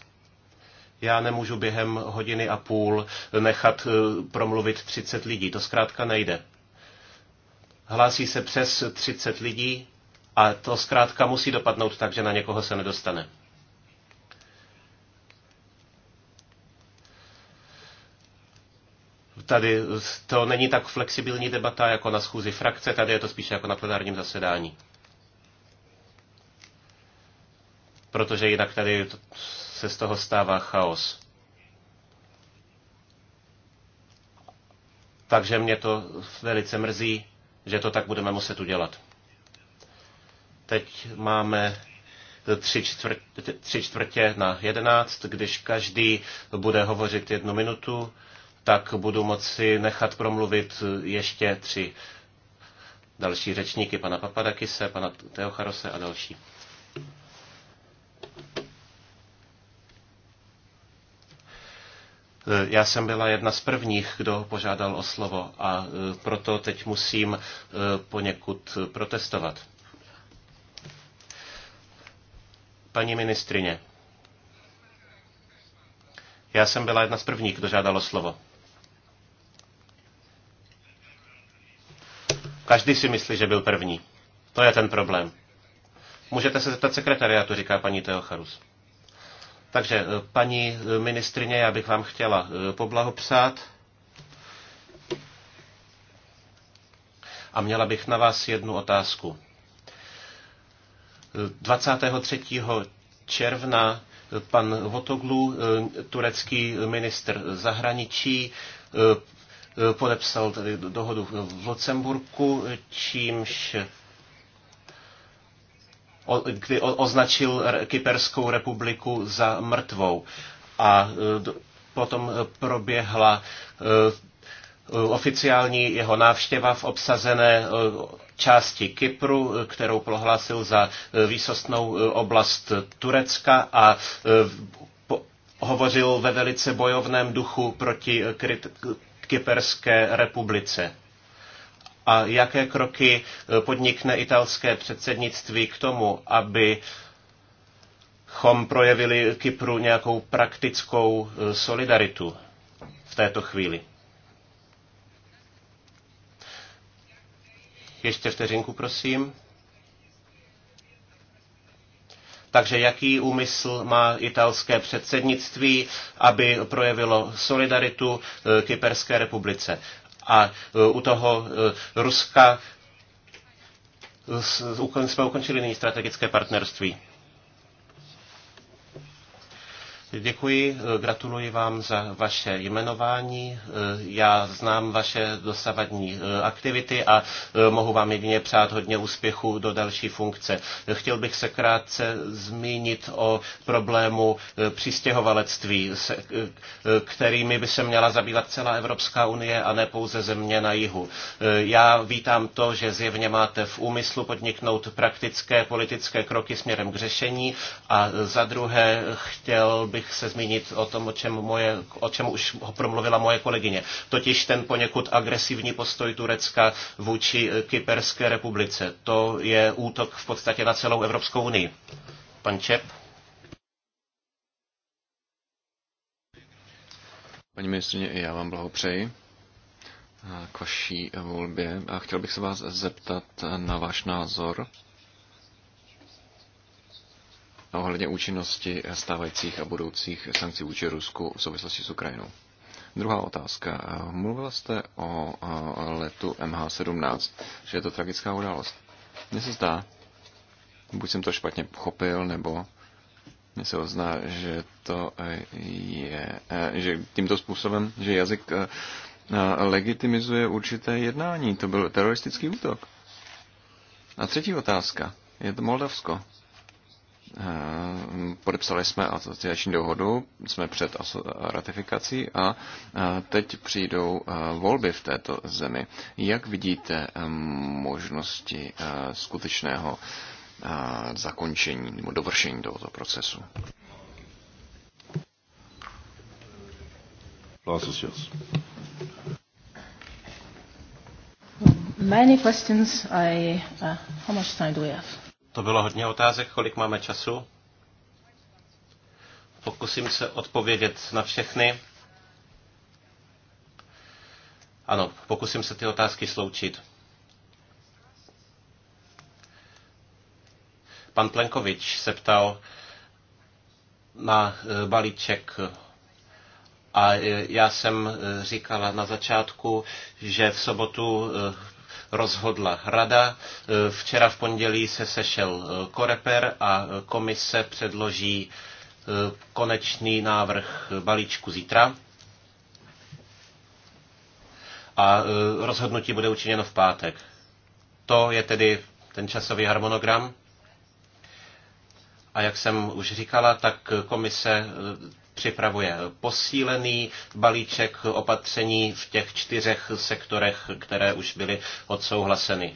[SPEAKER 3] Já nemůžu během hodiny a půl nechat eh, promluvit 30 lidí, to zkrátka nejde. Hlásí se přes 30 lidí a to zkrátka musí dopadnout tak, že na někoho se nedostane. Tady to není tak flexibilní debata jako na schůzi frakce, tady je to spíše jako na plenárním zasedání. Protože jinak tady se z toho stává chaos. Takže mě to velice mrzí že to tak budeme muset udělat. Teď máme tři, čtvrt, tři čtvrtě na jedenáct, když každý bude hovořit jednu minutu, tak budu moci nechat promluvit ještě tři další řečníky, pana Papadakise, pana Teocharose a další. Eh, já jsem byla jedna z prvních, kdo požádal o slovo a eh, proto teď musím eh, poněkud protestovat. Paní ministrině, já jsem byla jedna z prvních, kdo žádalo slovo. Každý si myslí, že byl první. To je ten problém. Můžete se zeptat sekretariátu, říká paní Teocharus. Takže eh, paní eh, ministrině, já bych vám chtěla eh, poblahopřát. A měla bych na vás jednu otázku. 23. června pan Votoglu, turecký ministr zahraničí, podepsal dohodu v Lucemburku, čímž kdy označil Kyperskou republiku za mrtvou. A e, potom e, proběhla e, oficiální jeho návštěva v obsazené části Kypru, kterou prohlásil za výsostnou oblast Turecka a hovořil ve velice bojovném duchu proti Kyperské republice a jaké kroky eh, podnikne italské předsednictví k tomu, aby chom projevili Kypru nějakou praktickou eh, solidaritu v této chvíli. Ještě vteřinku, prosím. Takže jaký úmysl má italské předsednictví, aby projevilo solidaritu eh, Kyperské republice? a eh, u toho eh, Ruska jsme ukončili nyní strategické partnerství. Děkuji, gratuluji vám za vaše jmenování. Já znám vaše dosavadní eh, aktivity a eh, mohu vám jedině přát hodně úspěchu do další funkce. Chtěl bych se krátce zmínit o problému eh, přistěhovalectví, kterými by se měla zabývat celá Evropská unie a ne pouze země na jihu. Já vítám to, že zjevně máte v úmyslu podniknout praktické politické kroky směrem k řešení a za druhé chtěl bych bych se zmínit o tom, o čem, moje, o čem už promluvila moje kolegyně. Totiž ten poněkud agresivní postoj Turecka vůči eh, Kyperské republice. To je útok v podstatě na celou Evropskou unii. Pan Čep.
[SPEAKER 1] Paní ministrině, i já vám blahopřeji eh, k vaší eh, volbě a chtěl bych se vás zeptat na váš názor ohledně účinnosti stávajících a budoucích sankcí vůči Rusku v souvislosti s Ukrajinou. Druhá otázka. Mluvila jste o letu MH17, že je to tragická událost. Mně se zdá, buď jsem to špatně pochopil, nebo mně se ozná, že to je, že tímto způsobem, že jazyk eh, legitimizuje určité jednání. To byl teroristický útok. A třetí otázka. Je to Moldavsko. Eh, podepsali jsme asociační dohodu, jsme před ratifikací a eh, teď přijdou eh, volby v této zemi. Jak vidíte možnosti skutečného zakončení nebo dovršení tohoto procesu?
[SPEAKER 2] Many questions. I, uh, how much time do we have?
[SPEAKER 3] To bylo hodně otázek, kolik máme času. Pokusím se odpovědět na všechny. Ano, pokusím se ty otázky sloučit. Pan Plenkovič se ptal na e, balíček a e, já jsem e, říkala na začátku, že v sobotu rozhodla rada. E, včera v pondělí se sešel e, Koreper a e, komise předloží konečný návrh balíčku zítra. A rozhodnutí bude učiněno v pátek. To je tedy ten časový harmonogram. A jak jsem už říkala, tak komise připravuje posílený balíček opatření v těch čtyřech sektorech, které už byly odsouhlaseny.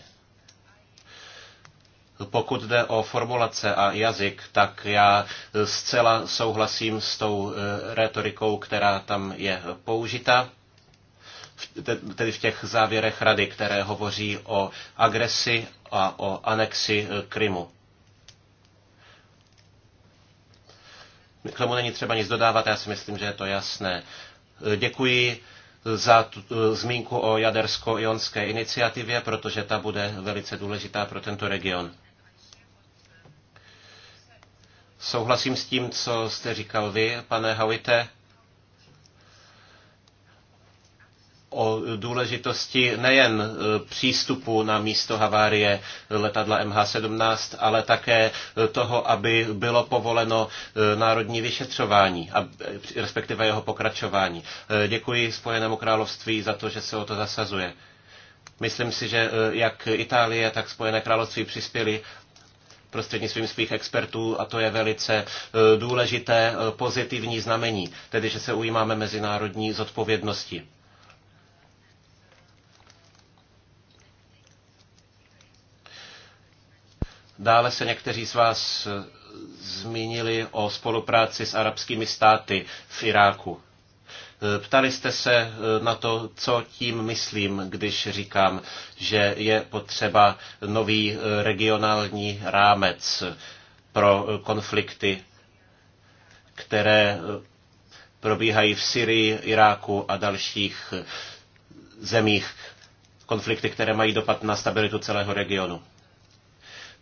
[SPEAKER 3] Pokud jde o formulace a jazyk, tak já zcela souhlasím s tou eh, retorikou, která tam je použita tedy v těch závěrech rady, které hovoří o agresi a o anexi eh, Krymu. K tomu není třeba nic dodávat, já si myslím, že je to jasné. Děkuji za tu, eh, zmínku o jadersko-ionské iniciativě, protože ta bude velice důležitá pro tento region. Souhlasím s tím, co jste říkal vy, pane Hawite. o důležitosti nejen e, přístupu na místo havárie letadla MH17, ale také e, toho, aby bylo povoleno e, národní vyšetřování, respektive jeho pokračování. Děkuji Spojenému království za to, že se o to zasazuje. Myslím si, že jak Itálie, tak Spojené království přispěli prostřednictvím svých expertů a to je velice důležité pozitivní znamení, tedy že se ujímáme mezinárodní zodpovědnosti. Dále se někteří z vás eh, zmínili o spolupráci s arabskými státy v Iráku. Eh, ptali jste se eh, na to, co tím myslím, když říkám, že je potřeba nový regionální rámec pro konflikty, které probíhají v Syrii, Iráku a dalších zemích. Konflikty, které mají dopad na stabilitu celého regionu.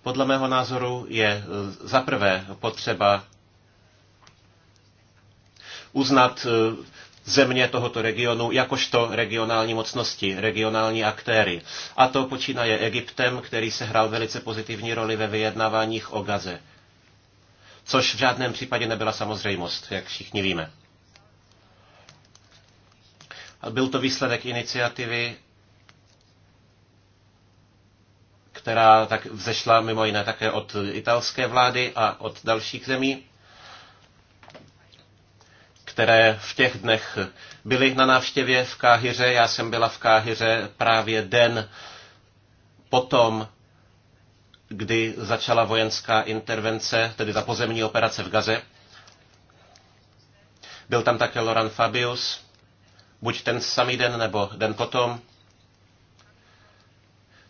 [SPEAKER 3] Podle mého názoru je e, zaprvé potřeba uznat e, země tohoto regionu jakožto regionální mocnosti, regionální aktéry. A to počínaje Egyptem, který se hrál velice pozitivní roli ve vyjednáváních o Gaze. Což v žádném případě nebyla samozřejmost, jak všichni víme. Byl to výsledek iniciativy která tak vzešla mimo jiné také od italské vlády a od dalších zemí, které v těch dnech byly na návštěvě v Káhyře. Já jsem byla v Káhyře právě den potom, kdy začala vojenská intervence, tedy za pozemní operace v Gaze. Byl tam také Loran Fabius, buď ten samý den nebo den potom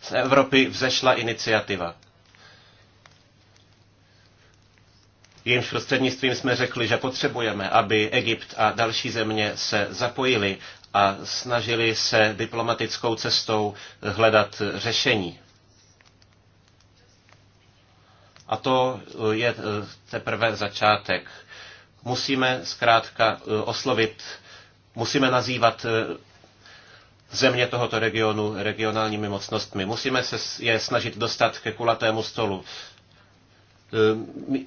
[SPEAKER 3] z Evropy vzešla iniciativa. jejímž prostřednictvím jsme řekli, že potřebujeme, aby Egypt a další země se zapojili a snažili se diplomatickou cestou hledat řešení. A to eh, je eh, teprve začátek. Musíme zkrátka eh, oslovit, musíme nazývat země tohoto regionu regionálními mocnostmi. Musíme se je snažit dostat ke kulatému stolu. Ehm,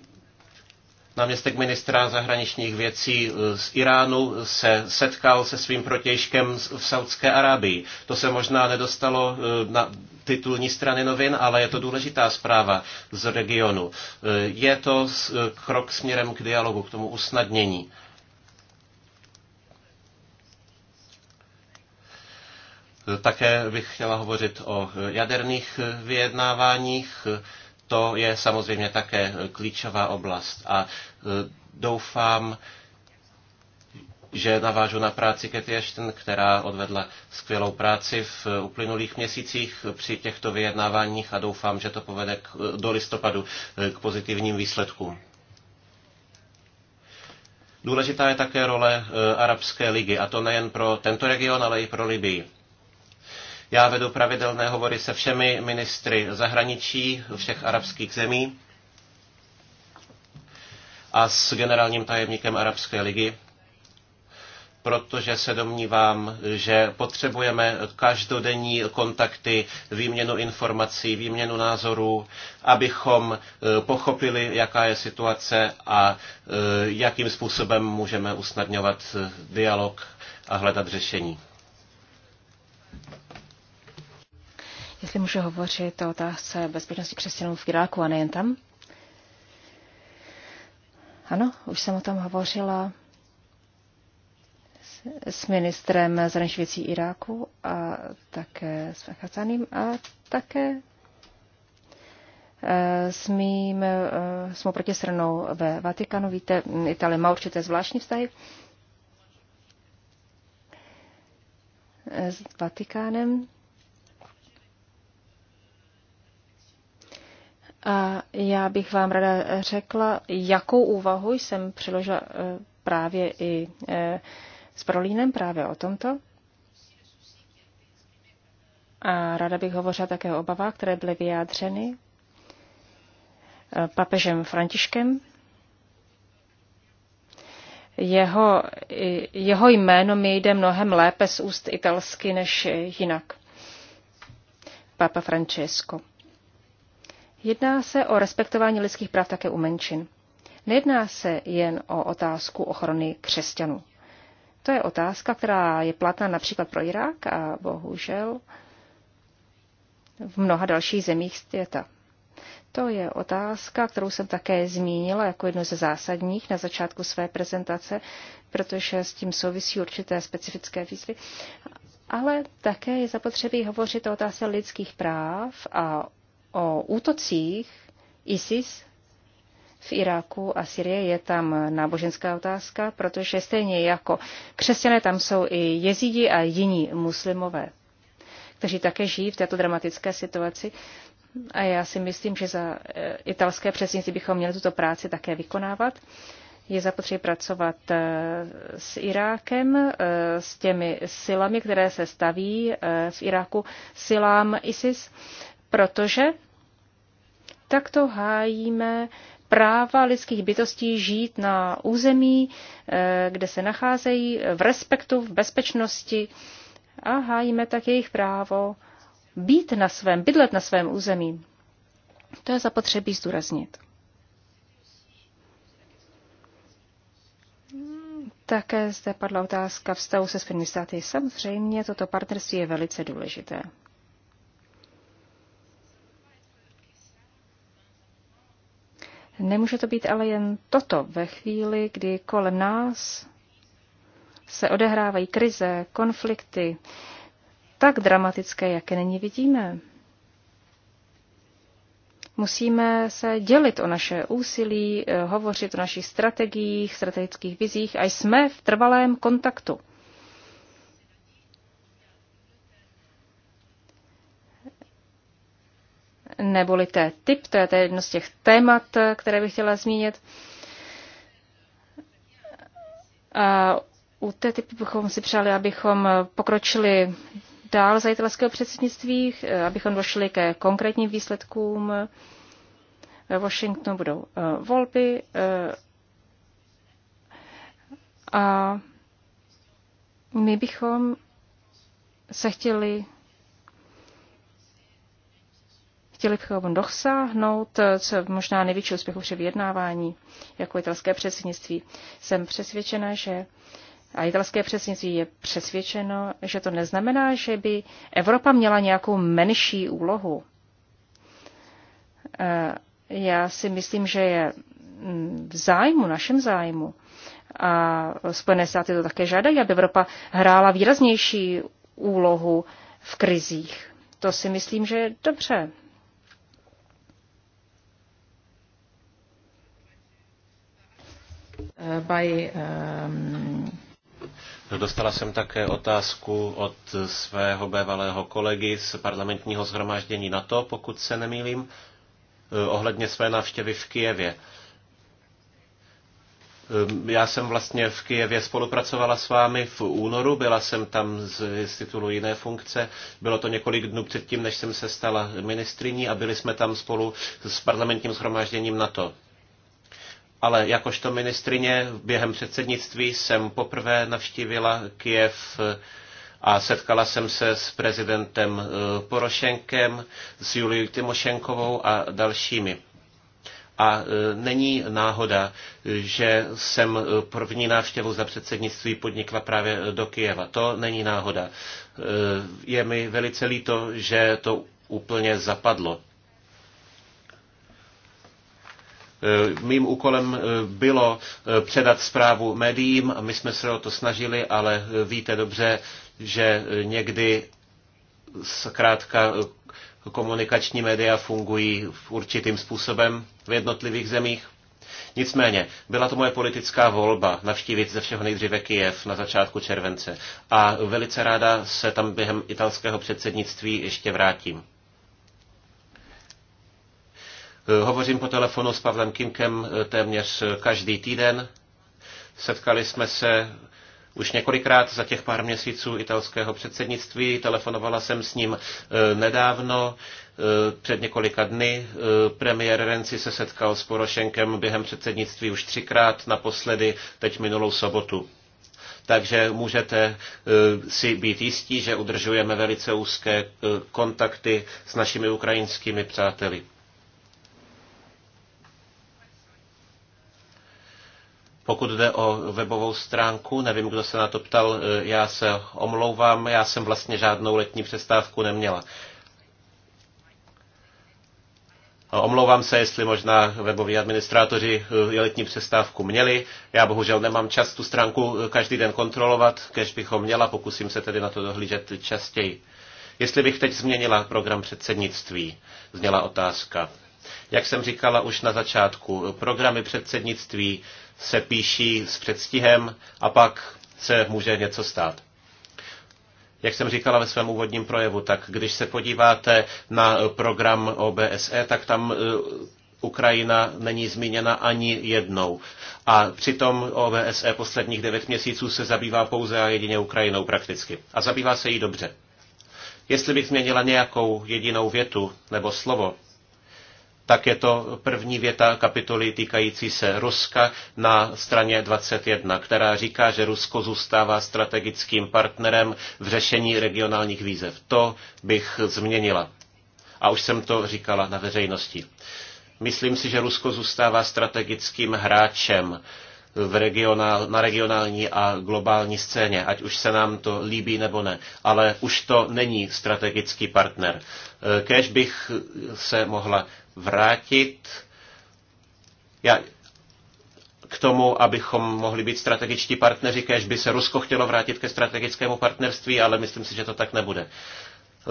[SPEAKER 3] náměstek ministra zahraničních věcí eh, z Iránu se setkal se svým protějškem v Saudské Arábii. To se možná nedostalo eh, na titulní strany novin, ale je to důležitá zpráva z regionu. Eh, je to krok směrem k dialogu, k tomu usnadnění. Také bych chtěla hovořit o jaderných vyjednáváních. To je samozřejmě také klíčová oblast a e, doufám, že navážu na práci Cathy Ashton, která odvedla skvělou práci v uplynulých měsících při těchto vyjednáváních a doufám, že to povede k, do listopadu e, k pozitivním výsledkům. Důležitá je také role e, Arabské ligy, a to nejen pro tento region, ale i pro Libii. Já vedu pravidelné hovory se všemi ministry zahraničí všech arabských zemí a s generálním tajemníkem Arabské ligy, protože se domnívám, že potřebujeme každodenní kontakty, výměnu informací, výměnu názorů, abychom e, pochopili, jaká je situace a e, jakým způsobem můžeme usnadňovat e, dialog a hledat řešení
[SPEAKER 2] jestli můžu hovořit o otázce bezpečnosti křesťanů v Iráku a nejen tam. Ano, už jsem o tom hovořila s ministrem zahraničních věcí Iráku a také s Fachacanem a také eh, s, mým, eh, s mou protistranou ve Vatikanu. Víte, Itálie má určité zvláštní vztahy s Vatikánem. A já bych vám ráda řekla, jakou úvahu jsem přiložila e, právě i e, s Prolínem právě o tomto. A ráda bych hovořila také o obavách, které byly vyjádřeny e, papežem Františkem. Jeho, jeho jméno mi jde mnohem lépe z úst italsky než jinak. Papa Francesco. Jedná se o respektování lidských práv také u menšin. Nejedná se jen o otázku ochrany křesťanů. To je otázka, která je platná například pro Irák a bohužel v mnoha dalších zemích světa. To je otázka, kterou jsem také zmínila jako jednu ze zásadních na začátku své prezentace, protože s tím souvisí určité specifické výzvy. Ale také je zapotřebí hovořit o otázce lidských práv a o útocích ISIS v Iráku a Syrie je tam náboženská otázka, protože stejně jako křesťané tam jsou i jezidi a jiní muslimové, kteří také žijí v této dramatické situaci. A já si myslím, že za eh, italské předsednictví bychom měli tuto práci také vykonávat. Je zapotřebí pracovat eh, s Irákem, eh, s těmi silami, které se staví v Iráku silám ISIS, protože Takto hájíme práva lidských bytostí žít na území, eh, kde se nacházejí, v respektu, v bezpečnosti a hájíme tak jejich právo být na svém, bydlet na svém území. To je zapotřebí zdůraznit. Také zde padla otázka vztahu se Spojenými státy. Samozřejmě toto partnerství je velice důležité. Nemůže to být ale jen toto ve chvíli, kdy kolem nás se odehrávají krize, konflikty, tak dramatické, jaké není vidíme. Musíme se dělit o naše úsilí, eh, hovořit o našich strategiích, strategických vizích a jsme v trvalém kontaktu. neboli té typ, to je jedno z těch témat, které bych chtěla zmínit. A u té typy bychom si přáli, abychom pokročili dál za italského předsednictví, abychom došli ke konkrétním výsledkům. Ve Washingtonu budou e, volby e, a my bychom se chtěli Chtěli bychom dosáhnout eh, co možná největší úspěchu při vyjednávání jako italské předsednictví. Jsem přesvědčena, že a italské předsednictví je přesvědčeno, že to neznamená, že by Evropa měla nějakou menší úlohu. Eh, já si myslím, že je mm, v zájmu, našem zájmu, a Spojené státy to také žádají, aby Evropa hrála výraznější úlohu v krizích. To si myslím, že je dobře. Eh, by, um...
[SPEAKER 3] Dostala jsem také otázku od svého bývalého kolegy z parlamentního zhromáždění NATO, pokud se nemýlím, eh, ohledně své návštěvy v Kijevě. Ehm, já jsem vlastně v Kijevě spolupracovala s vámi v únoru, byla jsem tam z, z titulu jiné funkce. Bylo to několik dnů předtím, než jsem se stala ministriní a byli jsme tam spolu s parlamentním shromážděním NATO ale jakožto ministrině během předsednictví jsem poprvé navštívila Kiev a setkala jsem se s prezidentem eh, Porošenkem, s Julií Timošenkovou a dalšími. A eh, není náhoda, že jsem eh, první návštěvu za předsednictví podnikla právě do Kijeva. To není náhoda. Je mi velice líto, že to úplně zapadlo. Eh, mým úkolem eh, bylo eh, předat zprávu médiím a my jsme se o to snažili, ale víte dobře, že někdy zkrátka komunikační média fungují v určitým způsobem v jednotlivých zemích. Nicméně, byla to moje politická volba navštívit ze všeho nejdříve Kijev na začátku července a velice ráda se tam během italského předsednictví ještě vrátím. Hovořím po telefonu s Pavlem Kimkem eh, téměř eh, každý týden. Setkali jsme se už několikrát za těch pár měsíců italského předsednictví. Telefonovala jsem s ním eh, nedávno, před několika dny. Premiér Renzi se setkal s Porošenkem během předsednictví už třikrát, naposledy teď minulou sobotu. Takže můžete si být jistí, že udržujeme velice úzké kontakty s našimi ukrajinskými přáteli. Pokud jde o webovou stránku, nevím, kdo se na to ptal, e, já se omlouvám, já jsem vlastně žádnou letní přestávku neměla. Omlouvám se, jestli možná weboví administrátoři e, letní přestávku měli. Já bohužel nemám čas tu stránku e, každý den kontrolovat, kež bych ho měla, pokusím se tedy na to dohlížet častěji. Jestli bych teď změnila program předsednictví, zněla otázka. Jak jsem říkala už na začátku, programy předsednictví se píší s předstihem a pak se může něco stát jak jsem říkala ve svém úvodním projevu, tak když se podíváte na program OBSE, tak tam e, Ukrajina není zmíněna ani jednou. A přitom OBSE posledních devět měsíců se zabývá pouze a jedině Ukrajinou prakticky. A zabývá se jí dobře. Jestli bych změnila nějakou jedinou větu nebo slovo, tak je to první věta kapitoly týkající se Ruska na straně 21, která říká, že Rusko zůstává strategickým partnerem v řešení regionálních výzev. To bych změnila. A už jsem to říkala na veřejnosti. Myslím si, že Rusko zůstává strategickým hráčem v regionál, na regionální a globální scéně, ať už se nám to líbí nebo ne, ale už to není strategický partner. E, Kež bych se mohla vrátit já, k tomu, abychom mohli být strategičtí partneři, kež by se Rusko chtělo vrátit ke strategickému partnerství, ale myslím si, že to tak nebude.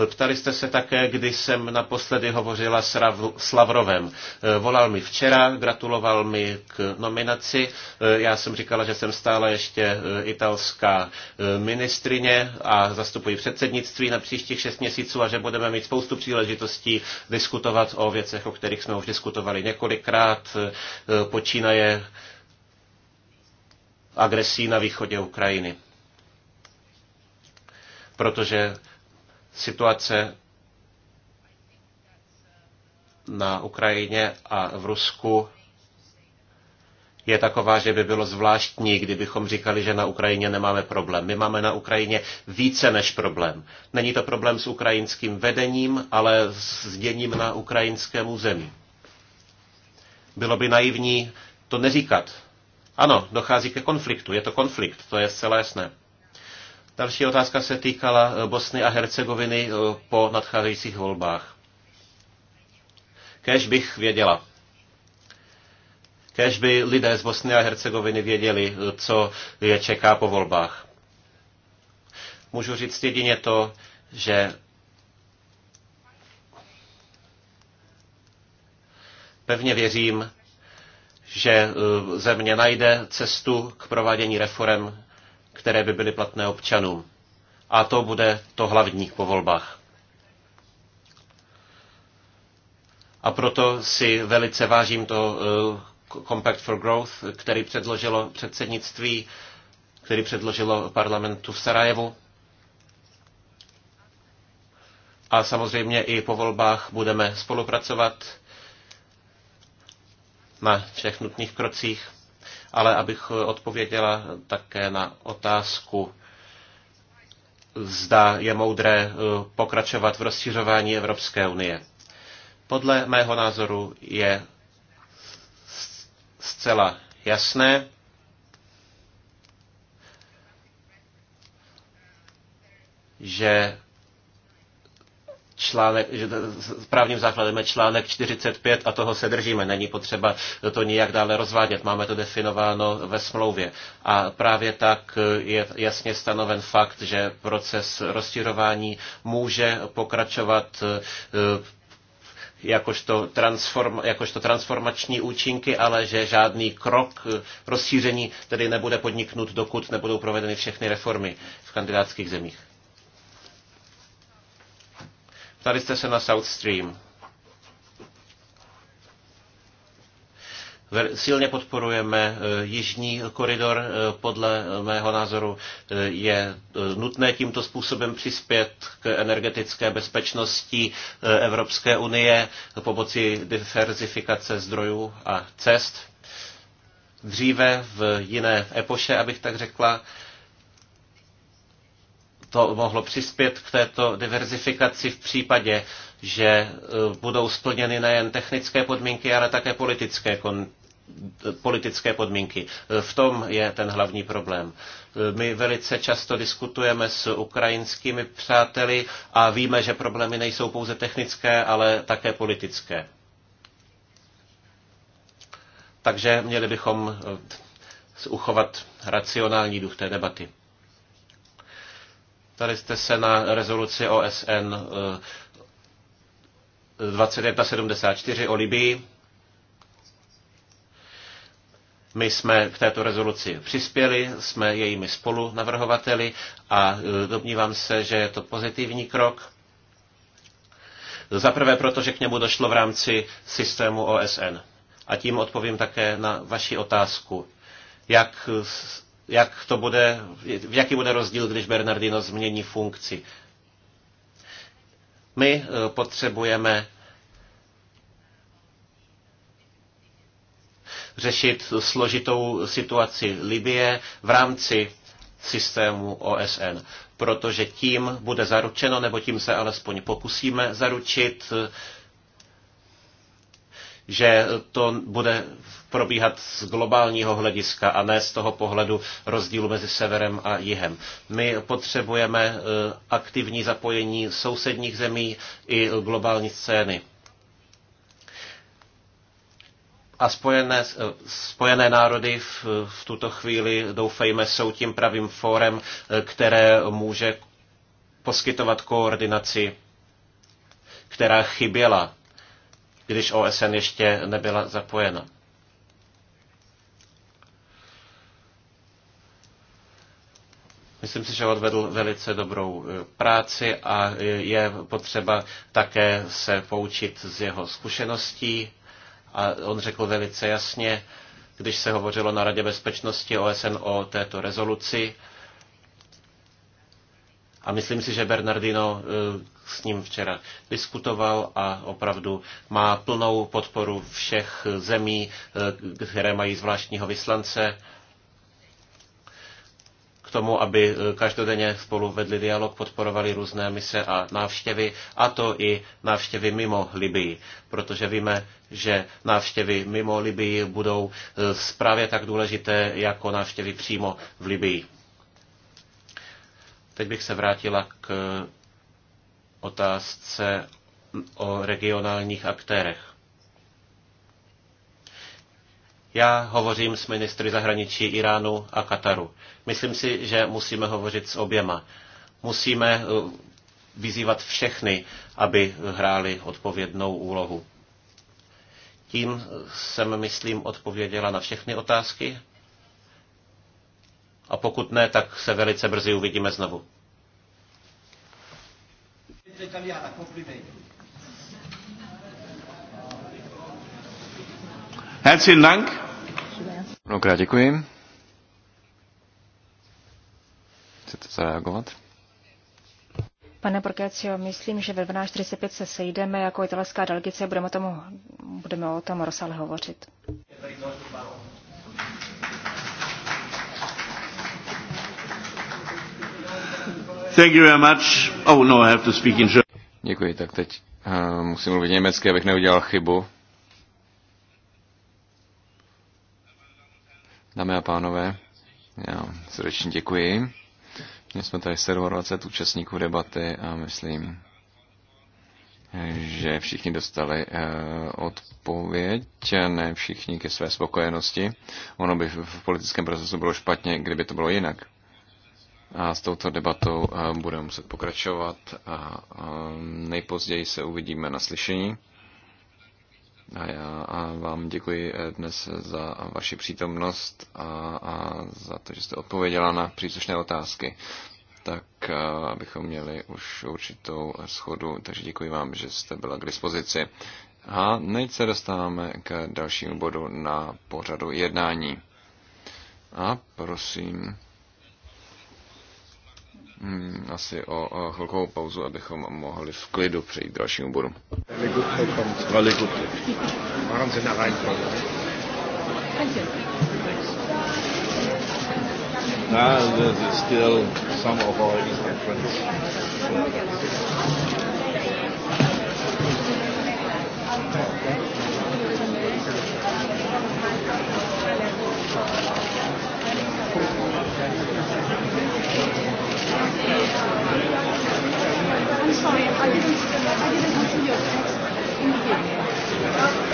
[SPEAKER 3] Ptali jste se také, kdy jsem naposledy hovořila s, Rav, s Lavrovem. E, volal mi včera, gratuloval mi k nominaci. E, já jsem říkala, že jsem stále ještě e, italská ministrině a zastupuji předsednictví na příštích šest měsíců a že budeme mít spoustu příležitostí diskutovat o věcech, o kterých jsme už diskutovali několikrát. Počínaje agresí na východě Ukrajiny. Protože Situace na Ukrajině a v Rusku je taková, že by bylo zvláštní, kdybychom říkali, že na Ukrajině nemáme problém. My máme na Ukrajině více než problém. Není to problém s ukrajinským vedením, ale s děním na ukrajinském území. Bylo by naivní to neříkat. Ano, dochází ke konfliktu, je to konflikt, to je zcela jasné. Další otázka se týkala eh, Bosny a Hercegoviny eh, po nadcházejících volbách. Kež bych věděla. Kež by lidé z Bosny a Hercegoviny věděli, eh, co je čeká po volbách. Můžu říct jedině to, že pevně věřím, že země najde cestu k provádění reform které by byly platné občanům. A to bude to hlavní po volbách. A proto si velice vážím to eh, Compact for Growth, který předložilo předsednictví, který předložilo parlamentu v Sarajevu. A samozřejmě i po volbách budeme spolupracovat na všech nutných krocích ale abych odpověděla také na otázku, zda je moudré eh, pokračovat v rozšiřování Evropské unie. Podle mého názoru je zcela jasné, že článek, že právním základem je článek 45 a toho se držíme. Není potřeba to nijak dále rozvádět. Máme to definováno ve smlouvě. A právě tak eh, je jasně stanoven fakt, že proces rozširování může pokračovat eh, jakožto, transform, jakožto transformační účinky, ale že žádný krok eh, rozšíření tedy nebude podniknut, dokud nebudou provedeny všechny reformy v kandidátských zemích. Tady jste se na South Stream. Silně podporujeme eh, jižní koridor. Eh, podle mého názoru eh, je nutné tímto způsobem přispět k energetické bezpečnosti Evropské unie pomocí diverzifikace zdrojů a cest. Dříve v jiné epoše, abych tak řekla, to mohlo přispět k této diverzifikaci v případě, že e, budou splněny nejen technické podmínky, ale také politické, kon, politické podmínky. E, v tom je ten hlavní problém. E, my velice často diskutujeme s ukrajinskými přáteli a víme, že problémy nejsou pouze technické, ale také politické. Takže měli bychom uchovat racionální duch té debaty. Tady jste se na rezoluci OSN 2174 eh, o Libii. My jsme k této rezoluci přispěli, jsme jejími spolu navrhovateli a eh, domnívám se, že je to pozitivní krok. Za prvé proto, že k němu došlo v rámci systému OSN. A tím odpovím také na vaši otázku, jak jak to bude, v jaký bude rozdíl, když Bernardino změní funkci. My eh, potřebujeme řešit složitou situaci Libie v rámci systému OSN, protože tím bude zaručeno, nebo tím se alespoň pokusíme zaručit, že to bude probíhat z globálního hlediska a ne z toho pohledu rozdílu mezi severem a jihem. My potřebujeme e, aktivní zapojení sousedních zemí i globální scény. A spojené, e, spojené národy v, v tuto chvíli, doufejme, jsou tím pravým fórem, e, které může poskytovat koordinaci, která chyběla když OSN ještě nebyla zapojena. Myslím si, že odvedl velice dobrou e, práci a je potřeba také se poučit z jeho zkušeností. A on řekl velice jasně, když se hovořilo na Radě bezpečnosti OSN o této rezoluci. A myslím si, že Bernardino e, s ním včera diskutoval a opravdu má plnou podporu všech zemí, eh, které mají zvláštního vyslance k tomu, aby eh, každodenně spolu vedli dialog, podporovali různé mise a návštěvy, a to i návštěvy mimo Libii, protože víme, že návštěvy mimo Libii budou eh, právě tak důležité jako návštěvy přímo v Libii. Teď bych se vrátila k otázce o regionálních aktérech. Já hovořím s ministry zahraničí Iránu a Kataru. Myslím si, že musíme hovořit s oběma. Musíme eh, vyzývat všechny, aby hráli odpovědnou úlohu. Tím eh, jsem, myslím, odpověděla na všechny otázky. A pokud ne, tak se velice brzy uvidíme znovu italiana, complimenti.
[SPEAKER 1] Herzlichen Dank. Mnohokrát děkuji. Chcete zareagovat?
[SPEAKER 2] Pane Prokecio, myslím, že ve 12.45 se sejdeme jako italská delegace a budeme, tomu, budeme o tom rozsále hovořit.
[SPEAKER 1] Oh no, Děkuji, tak teď uh, musím mluvit německy, abych neudělal chybu. Dámy a pánové, já srdečně děkuji. My jsme tady 27 účastníků debaty a myslím, že všichni dostali eh, odpověď, ne všichni ke své spokojenosti. Ono by v politickém procesu bylo špatně, kdyby to bylo jinak a s touto debatou eh, budeme muset pokračovat a eh, nejpozději se uvidíme na slyšení. A já vám děkuji eh, dnes za vaši přítomnost a, za to, že jste odpověděla na příslušné otázky, tak abychom měli už určitou schodu. Takže děkuji vám, že jste byla k dispozici. A teď se dostáváme k dalšímu bodu na pořadu jednání. A prosím asi o chvilkovou pauzu, abychom mohli v klidu přejít k dalšímu bodu. Thank you.
[SPEAKER 2] I'm sorry, I didn't, I didn't hear you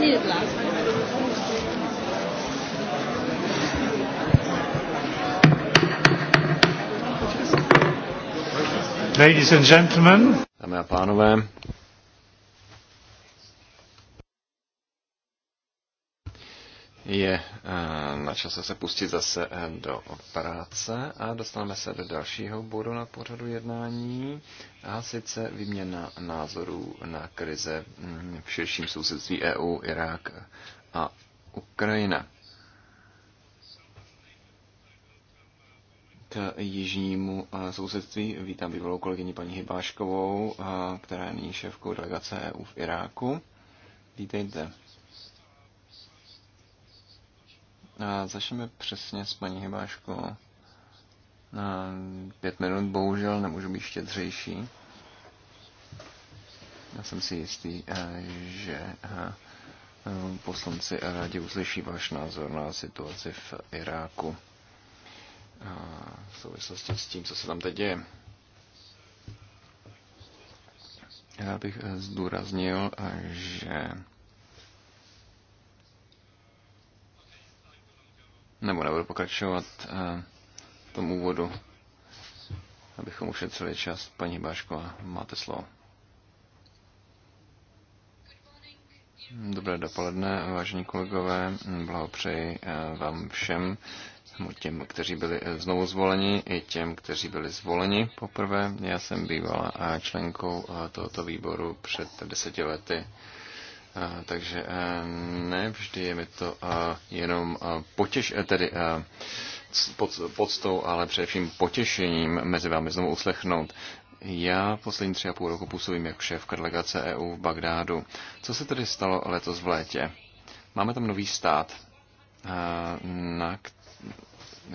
[SPEAKER 2] Ladies
[SPEAKER 3] and gentlemen. Dámy
[SPEAKER 1] a pánové. je eh, na čase se pustit zase eh, do práce a dostaneme se do dalšího bodu na pořadu jednání a sice výměna názorů na krize mm, v širším sousedství EU, Irák a Ukrajina. K jižnímu eh, sousedství vítám bývalou kolegyni paní Hybáškovou, která je nyní šéfkou delegace EU v Iráku. Vítejte. Začneme přesně s paní Hybáškou. Pět minut, bohužel, nemůžu být štědřejší. Já jsem si jistý, eh, že eh, poslanci rádi uslyší váš názor na situaci v Iráku eh, v souvislosti s tím, co se tam teď děje. Já bych zdůraznil, že nebo nebudu pokračovat eh, v tom úvodu, abychom ušetřili čas. Paní Baško, máte slovo. Dobré dopoledne, vážení kolegové, blahopřeji eh, vám všem, těm, kteří byli eh, znovu zvoleni, i těm, kteří byli zvoleni poprvé. Já jsem bývala členkou tohoto výboru před deseti lety takže ne vždy je mi to jenom potěš, e, tedy podstou, ale především potěšením mezi vámi znovu uslechnout. Já poslední tři a půl roku působím jako šéf delegace EU v Bagdádu. Co se tedy stalo letos v létě? Máme tam nový stát, na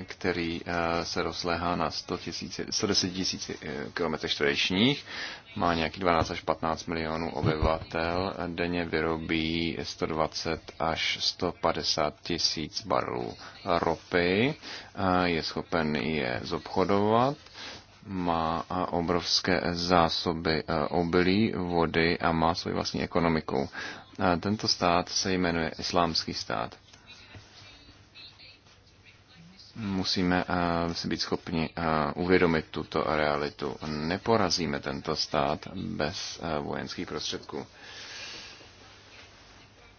[SPEAKER 1] který eh, se rozléhá na 100 000, 110 tisíc km čtverečních, má nějaký 12 až 15 milionů obyvatel, denně vyrobí 120 až 150 tisíc barů ropy, eh, je schopen je zobchodovat, má eh, obrovské zásoby obilí, vody a má svoji vlastní ekonomiku. Tento stát se jmenuje Islámský stát musíme eh, si být schopni eh, uvědomit tuto realitu. Neporazíme tento stát bez eh, vojenských prostředků.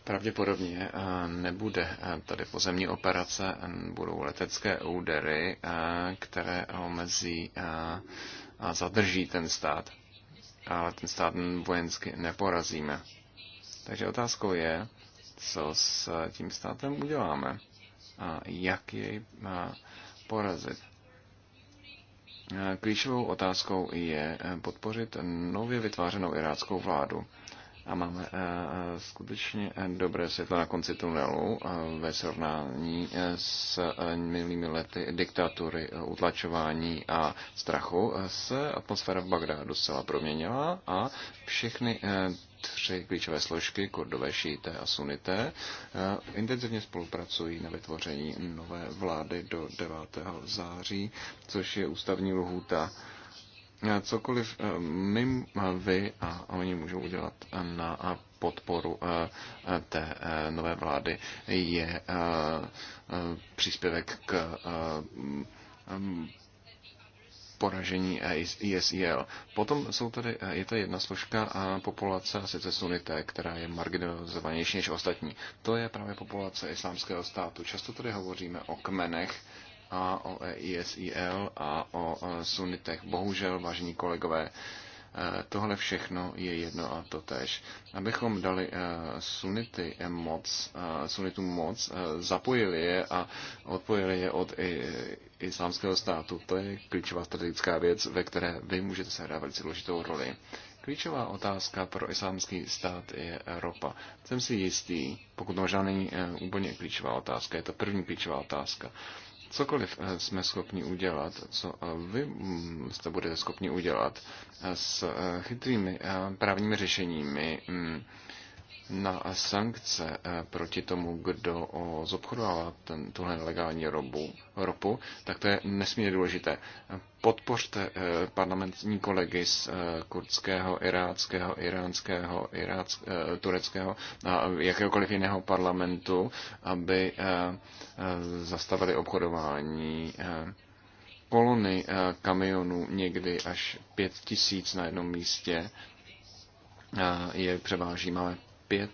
[SPEAKER 1] Pravděpodobně nebude tady pozemní operace, budou letecké údery, které omezí a zadrží ten stát. Ale ten stát vojensky neporazíme. Takže otázkou je, co s tím státem uděláme a jak jej porazit. Klíčovou otázkou je podpořit nově vytvářenou iráckou vládu. A máme eh, skutečně dobré světlo na konci tunelu eh, ve srovnání eh, s minulými lety diktatury, utlačování a strachu. Se atmosféra v Bagdádu zcela proměnila a všechny tři klíčové složky, kurdové, šíité a sunité, intenzivně spolupracují na vytvoření nové vlády do 9. září, což je ústavní lhůta cokoliv e, my, vy a oni můžou udělat na podporu e, e, té nové vlády je příspěvek k poražení e ISIL. Potom jsou tady, eh, je to jedna složka a populace, a sice sunité, která je marginalizovanější než ostatní. To je právě populace islámského státu. Často tady hovoříme o kmenech a o e ISIL a o eh, sunitech. Bohužel, vážení kolegové, Eh, tohle všechno je jedno a to tež. Abychom dali eh, sunity eh, moc, sunitům moc, zapojili je a odpojili je od islámského státu, to je klíčová strategická věc, ve které vy můžete sehrát velice důležitou roli. Klíčová otázka pro islámský stát je ropa. Jsem si jistý, pokud možná není úplně klíčová otázka, je to první klíčová otázka cokoliv eh, jsme schopni udělat, co eh, vy mm, jste budete schopni udělat eh, s chytrými právními řešeními, mm, na sankce eh, proti tomu, kdo zobchodovává ten, tuhle nelegální robu, ropu, tak to je nesmírně důležité. Podpořte eh, parlamentní kolegy z eh, kurdského, iráckého, iránského, iráck, tureckého a jakéhokoliv jiného parlamentu, aby zastavili obchodování kolony kamionů někdy až pět tisíc na jednom místě je převáží. Máme pět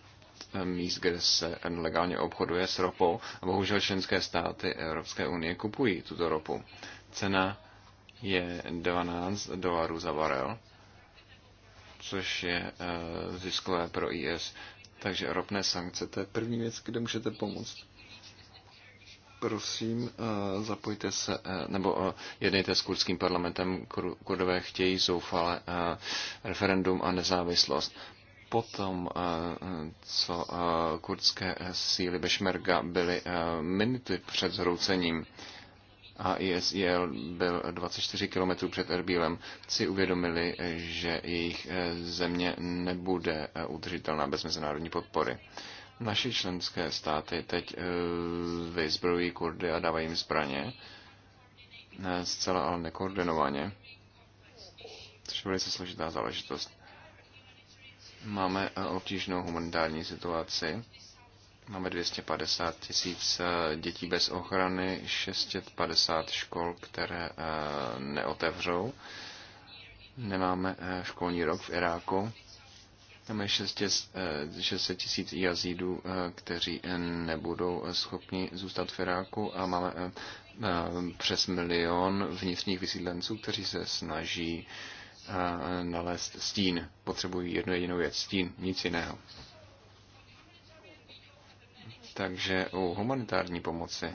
[SPEAKER 1] eh, míst, kde se legálně obchoduje s ropou a bohužel členské státy Evropské unie kupují tuto ropu. Cena je 12 dolarů za barel, což je eh, ziskové pro IS. Takže ropné sankce, to je první věc, kde můžete pomoct. Prosím, eh, zapojte se, nebo jednejte s kurdským parlamentem. Kurdové chtějí zoufale referendum a nezávislost potom, eh, eh, co eh, kurdské síly Bešmerga byly minuty před zhroucením a ISIL byl 24 kilometrů před Erbílem, si uvědomili, že jejich země nebude udržitelná bez mezinárodní podpory. Naše členské státy teď vyzbrojují Kurdy a dávají jim zbraně, zcela ale nekoordinovaně, což je velice složitá záležitost. Máme eh, obtížnou humanitární situaci. Máme 250 tisíc eh, dětí bez ochrany, 650 škol, které eh, neotevřou. Nemáme školní rok v Iráku. Máme 600 tisíc jazídů, kteří nebudou schopni zůstat v Iráku a máme přes milion vnitřních vysídlenců, kteří se snaží uh, nalézt stín. Potřebují jednu jedinou věc, stín, nic jiného. Takže u humanitární pomoci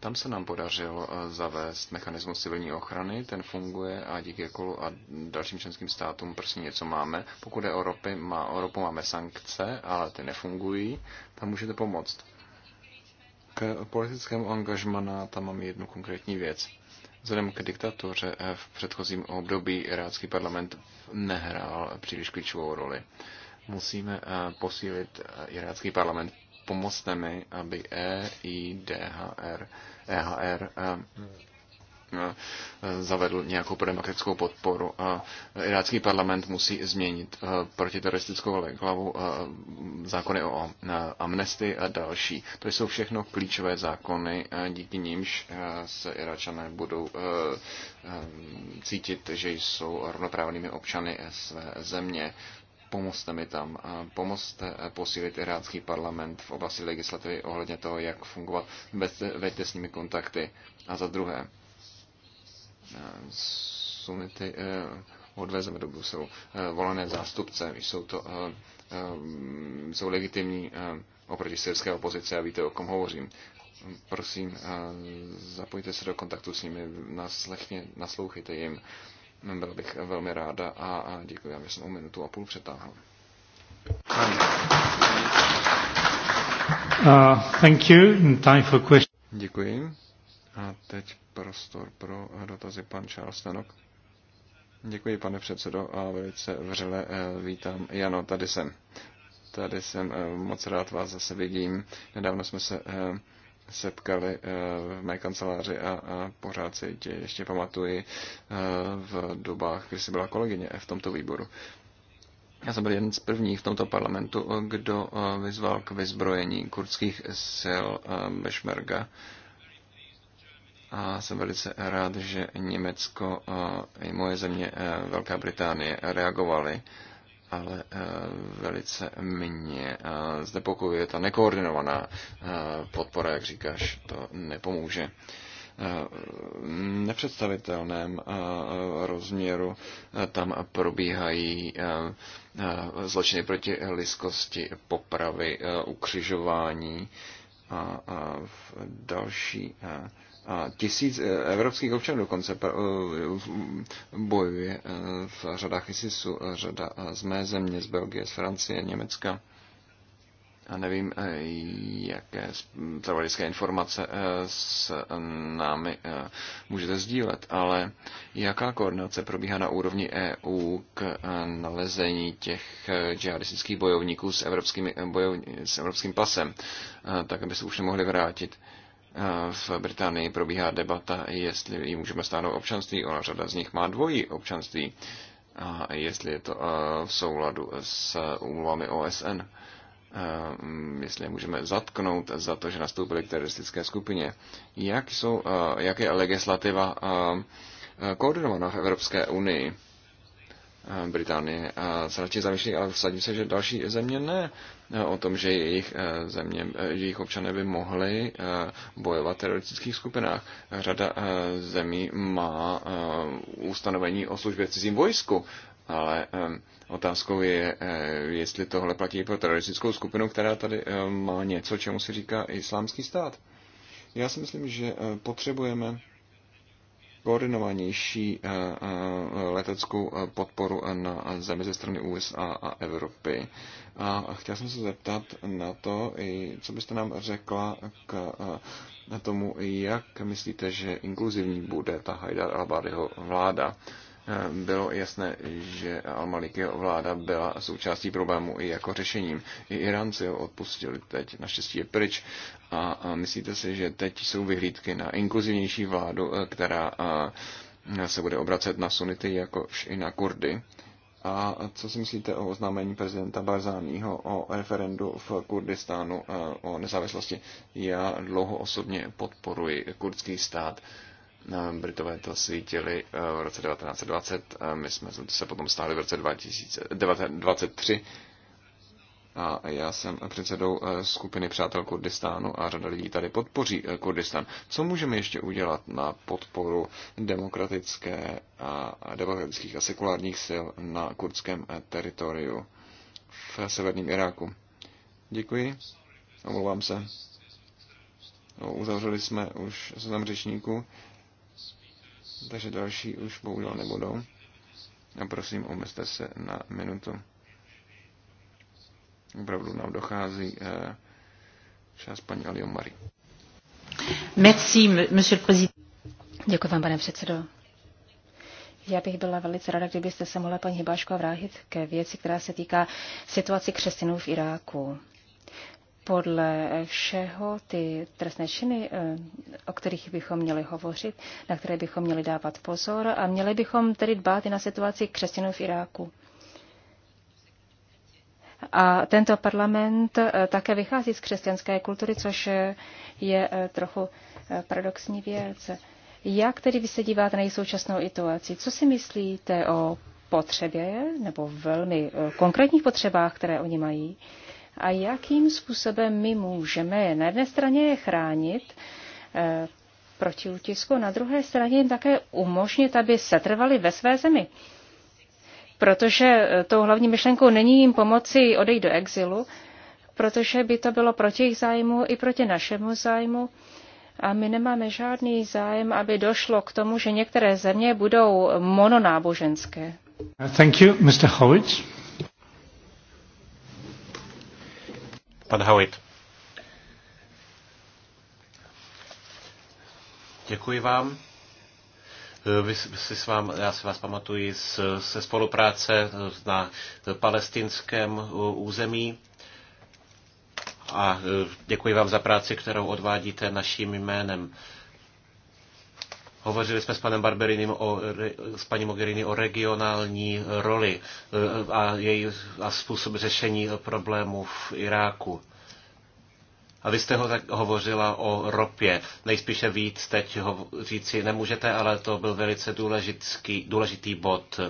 [SPEAKER 1] tam se nám podařilo zavést mechanismus civilní ochrany, ten funguje a díky kolu a dalším členským státům prostě něco máme. Pokud je o, ropy, má, o ropu, máme sankce, ale ty nefungují, tam můžete pomoct. K politickému angažmana tam mám jednu konkrétní věc. Vzhledem k diktatuře eh, v předchozím období irácký parlament nehrál příliš klíčovou roli. Musíme eh, posílit eh, irácký parlament. Pomocte mi, aby EIDHR e EHR Eh, zavedl nějakou demokratickou podporu. Eh, irácký parlament musí změnit eh, protiteroristickou hlavu zákony o amnesty a další. To jsou všechno klíčové zákony, díky nímž se Iráčané budou cítit, že jsou rovnoprávnými občany své země pomozte mi tam, pomozte posílit irácký parlament v oblasti legislativy ohledně toho, jak fungovat, veďte s nimi kontakty. A za druhé, Eh, sunity eh, odvezeme do Bruselu. Eh, volené zástupce jsou to jsou legitimní oproti syrské opozici a víte, o kom hovořím. Prosím, zapojte se do kontaktu s nimi, naslechně, naslouchejte jim. Byl bych velmi ráda a děkuji já že jsem o minutu a půl přetáhl.
[SPEAKER 3] Uh, thank you. Time for question.
[SPEAKER 1] Děkuji. A teď prostor pro dotazy pan Charles Tenok. Děkuji, pane předsedo, a velice vřele eh, vítám. Jano, tady jsem. Tady jsem, eh, moc rád vás zase vidím. Nedávno jsme se eh, setkali v mé kanceláři a, pořád si tě ještě pamatuji v dobách, kdy jsi byla kolegyně v tomto výboru. Já jsem byl jeden z prvních v tomto parlamentu, kdo vyzval k vyzbrojení kurdských sil Bešmerga a jsem velice rád, že Německo i moje země Velká Británie reagovaly, ale velice mě zde je ta nekoordinovaná podpora, jak říkáš, to nepomůže nepředstavitelném rozměru tam probíhají zločiny proti lidskosti, popravy, ukřižování a další a tisíc eh, evropských občanů dokonce eh, bojuje eh, v řadách ISISu, řada z mé země, z Belgie, z Francie, Německa. A nevím, jaké zpravodajské informace s námi můžete sdílet, ale jaká koordinace probíhá na úrovni EU k nalezení těch džihadistických bojovníků s, bojovní, s evropským pasem, tak aby se už nemohli vrátit v Británii probíhá debata, jestli jim můžeme stáhnout občanství. Ona řada z nich má dvojí občanství. A jestli je to v souladu s úmluvami OSN. Mm, jestli je můžeme zatknout za to, že nastoupili k teroristické skupině. Jak, jsou, jak je legislativa koordinovaná v Evropské unii? Eh, Británie se radši zamýšlí, ale vsadím se, že další země ne eh, o tom, že jejich, eh, země, že jejich občané by mohli bojovat v teroristických skupinách. Řada zemí má ustanovení o službě v cizím vojsku, ale otázkou je, jestli tohle platí pro teroristickou skupinu, která tady má něco, čemu se říká islámský stát. Já si myslím, že potřebujeme koordinovanější eh, eh, leteckou eh, podporu na zemi ze strany USA a Evropy. A chtěl jsem se zeptat na to, co byste nám řekla k tomu, jak myslíte, že inkluzivní bude ta Haidar al vláda bylo jasné, že Al-Malikiho vláda byla součástí problému i jako řešením. I Iránci ho odpustili teď, naštěstí je pryč. A, myslíte si, že teď jsou vyhlídky na inkluzivnější vládu, eh, která eh, se bude obracet na sunity jakož i na kurdy? A co si myslíte o oznámení prezidenta Barzáního o referendu v Kurdistánu eh, o nezávislosti? Já dlouho osobně podporuji kurdský stát. Eh, Britové to svítili eh, v roce 1920, eh, my jsme se potom stáli v roce 2023. A já jsem předsedou skupiny Přátel Kurdistánu a řada lidí tady podpoří Kurdistán. Co můžeme ještě udělat na podporu demokratické a demokratických a sekulárních sil na kurdském teritoriu v severním Iráku? Děkuji. Omlouvám se. No, uzavřeli jsme už seznam řečníků takže další už bohužel nebudou. A prosím, omezte se na minutu. Opravdu nám dochází eh, čas paní Alio Mari.
[SPEAKER 2] Merci, monsieur le président. Děkuji vám, pane předsedo. Já bych byla velice ráda, kdybyste se mohla paní Hibáško vrátit ke věci, která se týká situaci křesťanů v Iráku. Podle všeho ty trestné činy, eh, o kterých bychom měli hovořit, na které bychom měli dávat pozor a měli bychom tedy dbát i na situaci křesťanů v Iráku. A tento parlament eh, také vychází z křesťanské kultury, což je eh, trochu paradoxní věc. Jak tedy vy se díváte na její současnou situaci? Co si myslíte o potřebě nebo velmi konkrétních potřebách, které oni mají? a jakým způsobem my můžeme na jedné straně je chránit e, proti útisku, na druhé straně jim také umožnit, aby setrvali ve své zemi. Protože eh, tou hlavní myšlenkou není jim pomoci odejít do exilu, protože by to bylo proti jejich zájmu i proti našemu zájmu. A my nemáme žádný zájem, aby došlo k tomu, že některé země budou mononáboženské.
[SPEAKER 3] Thank you, Mr. Pan Děkuji vám. Vy, si s vám, já si vás pamatuji z, se spolupráce na palestinském uh, území a uh, děkuji vám za práci, kterou odvádíte naším jménem. Hovořili jsme s panem Barberinem o, s paní Mogherini o regionální roli eh, a, její, a způsob řešení problémů v Iráku. A vy jste ho tak hovořila o ropě. Nejspíše víc teď ho říci nemůžete, ale to byl velice důležitý, důležitý bod.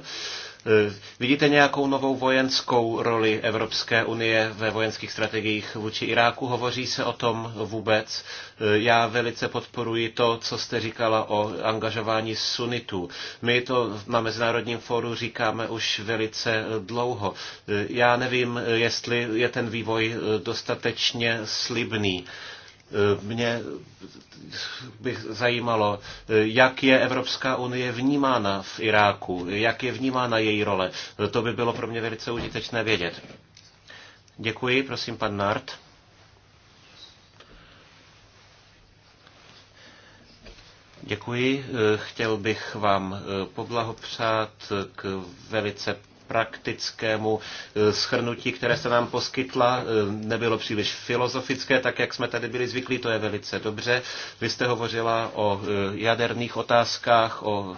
[SPEAKER 3] Eh, vidíte nějakou novou vojenskou roli Evropské unie ve vojenských strategiích vůči Iráku? Hovoří se o tom vůbec? Eh, já velice podporuji to, co jste říkala o angažování sunitů. My to na Mezinárodním fóru říkáme už velice eh, dlouho. Já nevím, jestli je ten vývoj dostatečně slibný. Eh, mě eh, by zajímalo, eh, jak je Evropská unie vnímána v Iráku, jak je vnímána její role. To by bylo pro mě velice užitečné vědět. Děkuji, prosím, pan Nart. Děkuji. Chtěl bych vám poblahopřát k velice praktickému eh, schrnutí, které se nám poskytla. Eh, nebylo příliš filozofické, tak jak jsme tady byli zvyklí, to je velice dobře. Vy jste hovořila o eh, jaderných otázkách, o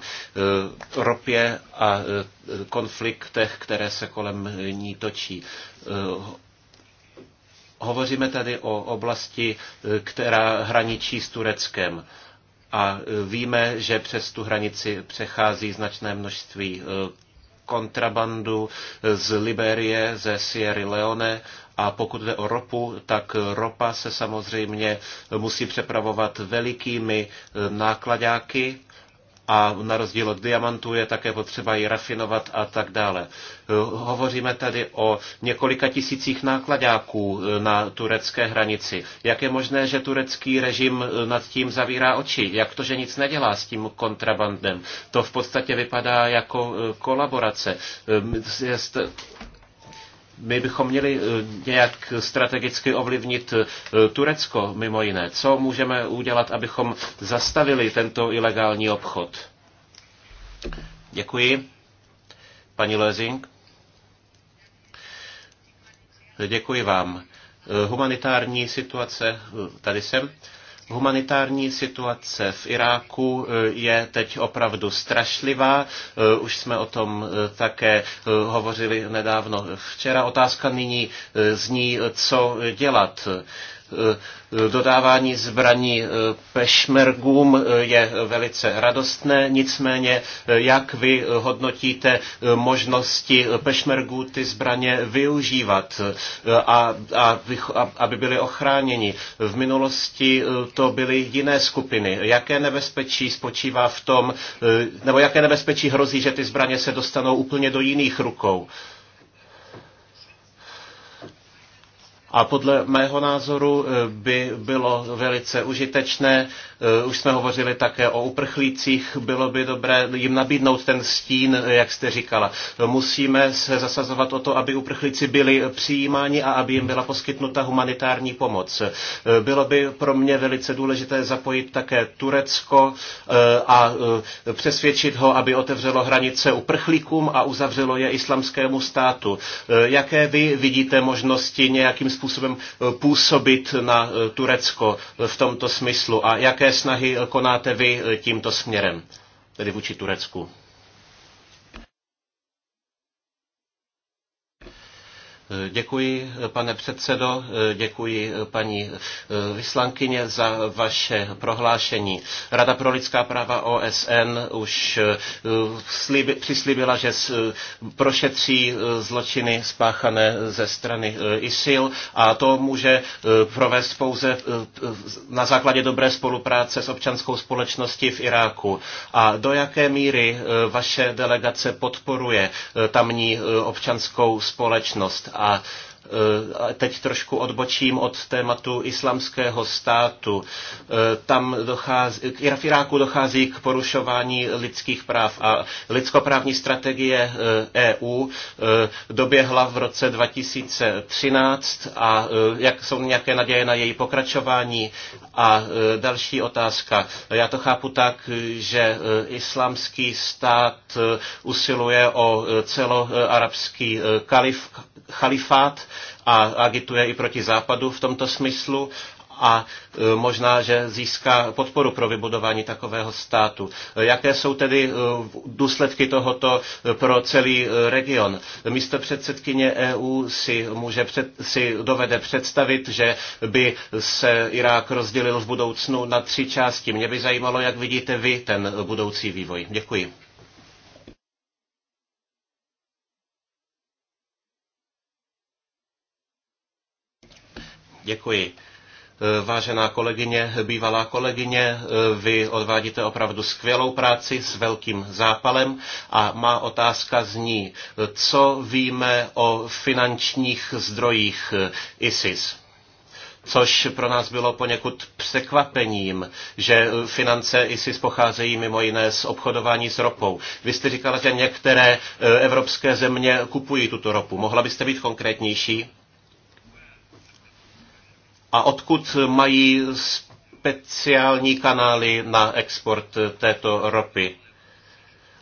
[SPEAKER 3] ropě a konfliktech, které se kolem ní točí. Hovoříme tady o oblasti, která hraničí s Tureckem a víme, že přes tu hranici přechází značné množství kontrabandu z Liberie, ze Sierry Leone a pokud jde o ropu, tak ropa se samozřejmě musí přepravovat velikými eh, nákladáky a na rozdíl od diamantů je také potřeba ji rafinovat a tak dále. Hovoříme tady o několika tisících nákladáků na turecké hranici. Jak je možné, že turecký režim nad tím zavírá oči? Jak to, že nic nedělá s tím kontrabandem? To v podstatě vypadá jako eh, kolaborace. Eh, my bychom měli eh, nějak strategicky ovlivnit eh, Turecko, mimo jiné. Co můžeme udělat, abychom zastavili tento ilegální obchod? Děkuji. Paní Lezing. Děkuji vám. Eh, humanitární situace, tady jsem, Humanitární situace v Iráku eh, je teď opravdu strašlivá. Eh, už jsme o tom eh, také hovořili nedávno včera. Otázka nyní zní, co dělat. Eh, eh, dodávání zbraní eh, pešmergům je velice radostné, nicméně jak vy hodnotíte možnosti pešmergů ty zbraně využívat, a, a, aby byly ochráněni. V minulosti to byly jiné skupiny. Jaké nebezpečí spočívá v tom, nebo jaké nebezpečí hrozí, že ty zbraně se dostanou úplně do jiných rukou? A podle mého názoru eh, by bylo velice užitečné, eh, už jsme hovořili také o uprchlících, bylo by dobré jim nabídnout ten stín, jak jste říkala. Musíme se zasazovat o to, aby uprchlíci byli přijímáni a aby jim byla poskytnuta humanitární pomoc. Eh, bylo by pro mě velice důležité zapojit také Turecko a přesvědčit ho, aby otevřelo hranice uprchlíkům a uzavřelo je islamskému státu. Jaké vy vidíte možnosti nějakým způsobem eh, působit na eh, Turecko v tomto smyslu a jaké snahy eh, konáte vy tímto směrem, tedy vůči Turecku? Děkuji, pane předsedo, děkuji paní eh, vyslankyně za vaše prohlášení. Rada pro lidská práva OSN už eh, přislíbila, že eh, prošetří zločiny spáchané ze strany ISIL a to může provést pouze na základě dobré spolupráce s občanskou společností v Iráku. A do jaké míry vaše delegace podporuje tamní občanskou společnost? E, a teď trošku odbočím od tématu islamského státu. E, tam dochází, v Iráku dochází k porušování lidských práv a lidskoprávní strategie EU e doběhla v roce 2013 a jak jsou nějaké naděje na její pokračování a e, další otázka. Já to chápu tak, že e, islámský stát e, usiluje o celoarabský kalif, chalifát a agituje i proti západu v tomto smyslu a e, možná, že získá podporu pro vybudování takového státu. Jaké jsou tedy e, důsledky tohoto e, pro celý region? Místo předsedkyně EU si, může před, si dovede představit, že by se Irák rozdělil v budoucnu na tři části. Mě by zajímalo, jak vidíte vy ten budoucí vývoj. Děkuji. Děkuji. Eh, vážená kolegyně, bývalá kolegyně, eh, vy odvádíte opravdu skvělou práci s velkým zápalem a má otázka zní, co víme o finančních zdrojích eh, ISIS? což pro nás bylo poněkud překvapením, že finance ISIS pocházejí mimo jiné z obchodování s ropou. Vy jste říkala, že některé evropské země kupují tuto ropu. Mohla byste být konkrétnější? a odkud mají speciální kanály na export této ropy.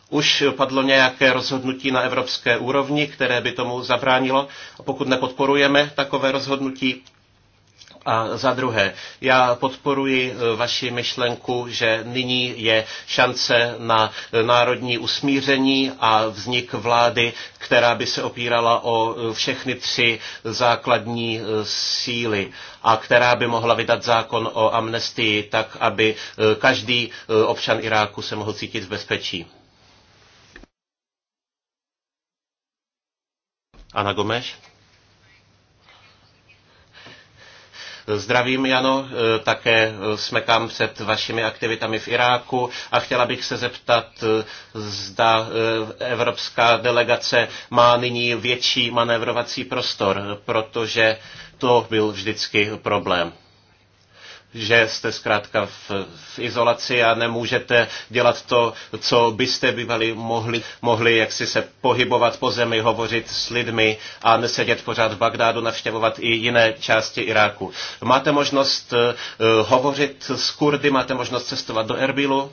[SPEAKER 3] Už padlo nějaké rozhodnutí na evropské úrovni, které by tomu zabránilo. A pokud nepodporujeme takové rozhodnutí, a za druhé, já podporuji eh, vaši myšlenku, že nyní je šance na eh, národní usmíření a vznik vlády, která by se opírala o eh, všechny tři základní síly a která by mohla vydat zákon o amnestii tak, aby každý občan Iráku se mohl cítit v bezpečí. Ana Gomes? Zdravím, Jano, eh, také eh, smekám před vašimi aktivitami v Iráku a chtěla bych se zeptat, eh, zda evropská delegace má nyní větší manévrovací prostor, protože to byl vždycky problém že jste zkrátka v, v izolaci a nemůžete dělat to, co byste bývali mohli, mohli jak si se pohybovat po zemi, hovořit s lidmi a nesedět pořád v Bagdádu, navštěvovat i jiné části Iráku. Máte možnost eh, hovořit s Kurdy, máte možnost cestovat do Erbilu?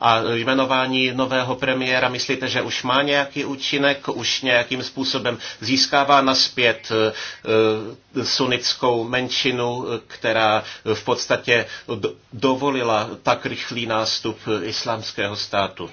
[SPEAKER 3] A jmenování nového premiéra, myslíte, že už má nějaký účinek, už nějakým způsobem získává naspět eh, eh, sunickou menšinu, která v podstatě dovolila tak rychlý nástup islámského státu?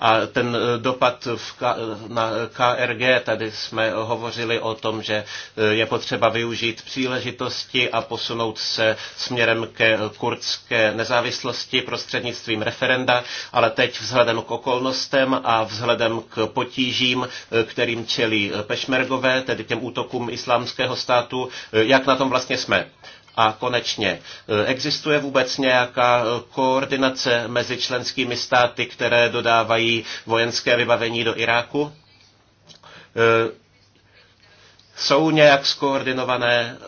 [SPEAKER 3] A ten eh, dopad K, eh, na KRG, tady jsme hovořili o tom, že eh, je potřeba využít příležitosti a posunout se směrem ke kurdské nezávislosti prostřednictvím referenda, ale teď vzhledem k okolnostem a vzhledem k potížím, kterým čelí pešmergové, tedy těm útokům islámského státu, jak na tom vlastně jsme. A konečně, e, existuje vůbec nějaká e, koordinace mezi členskými státy, které dodávají vojenské vybavení do Iráku? E, jsou nějak skoordinované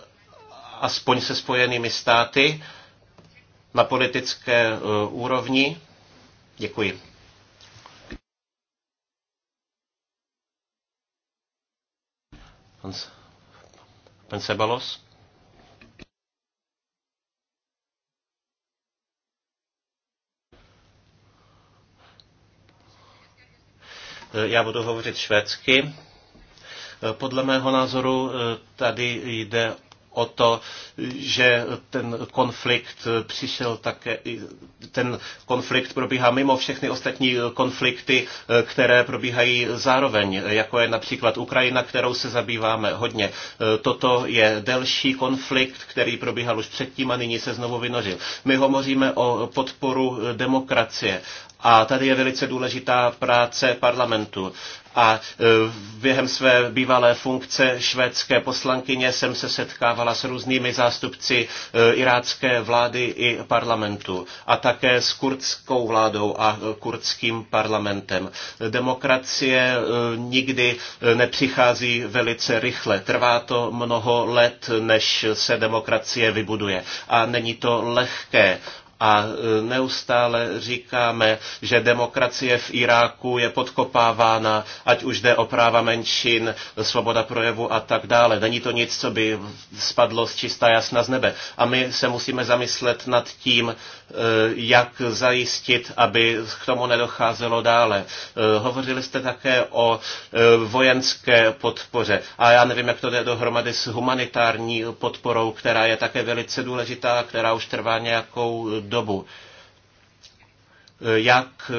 [SPEAKER 3] aspoň se spojenými státy na politické úrovni? Děkuji. Pan Sebalos? Eh, já budu hovořit švédsky. Eh, podle mého názoru eh, tady jde o to, že ten konflikt přišel také, ten konflikt probíhá mimo všechny ostatní konflikty, které probíhají zároveň, jako je například Ukrajina, kterou se zabýváme hodně. Toto je delší konflikt, který probíhal už předtím a nyní se znovu vynořil. My hovoříme o podporu demokracie a tady je velice důležitá práce parlamentu a e, během své bývalé funkce švédské poslankyně jsem se setkávala s různými zástupci e, irácké vlády i parlamentu a také s kurdskou vládou a e, kurdským parlamentem. Demokracie nikdy nepřichází velice rychle. Trvá to mnoho let, než se demokracie vybuduje. A není to lehké a e, neustále říkáme, že demokracie v Iráku je podkopávána, ať už jde o práva menšin, svoboda projevu a tak dále. Není to nic, co by spadlo z čistá jasna z nebe. A my se musíme zamyslet nad tím, Eh, jak zajistit, aby k tomu nedocházelo dále. Eh, hovořili jste také o eh, vojenské podpoře a já nevím, jak to jde dohromady s humanitární podporou, která je také velice důležitá, která už trvá nějakou dobu. Jak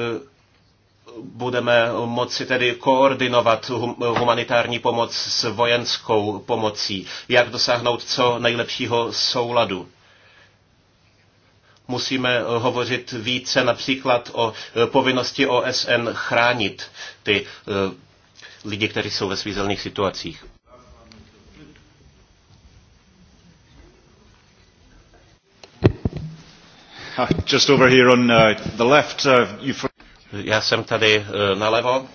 [SPEAKER 3] budeme moci tedy koordinovat humanitární pomoc s vojenskou pomocí, jak dosáhnout co nejlepšího souladu musíme eh, hovořit více například o eh, povinnosti OSN chránit ty eh, lidi, kteří jsou ve svízelných situacích. Uh, just over here on uh, the left, uh, you... Já jsem tady nalevo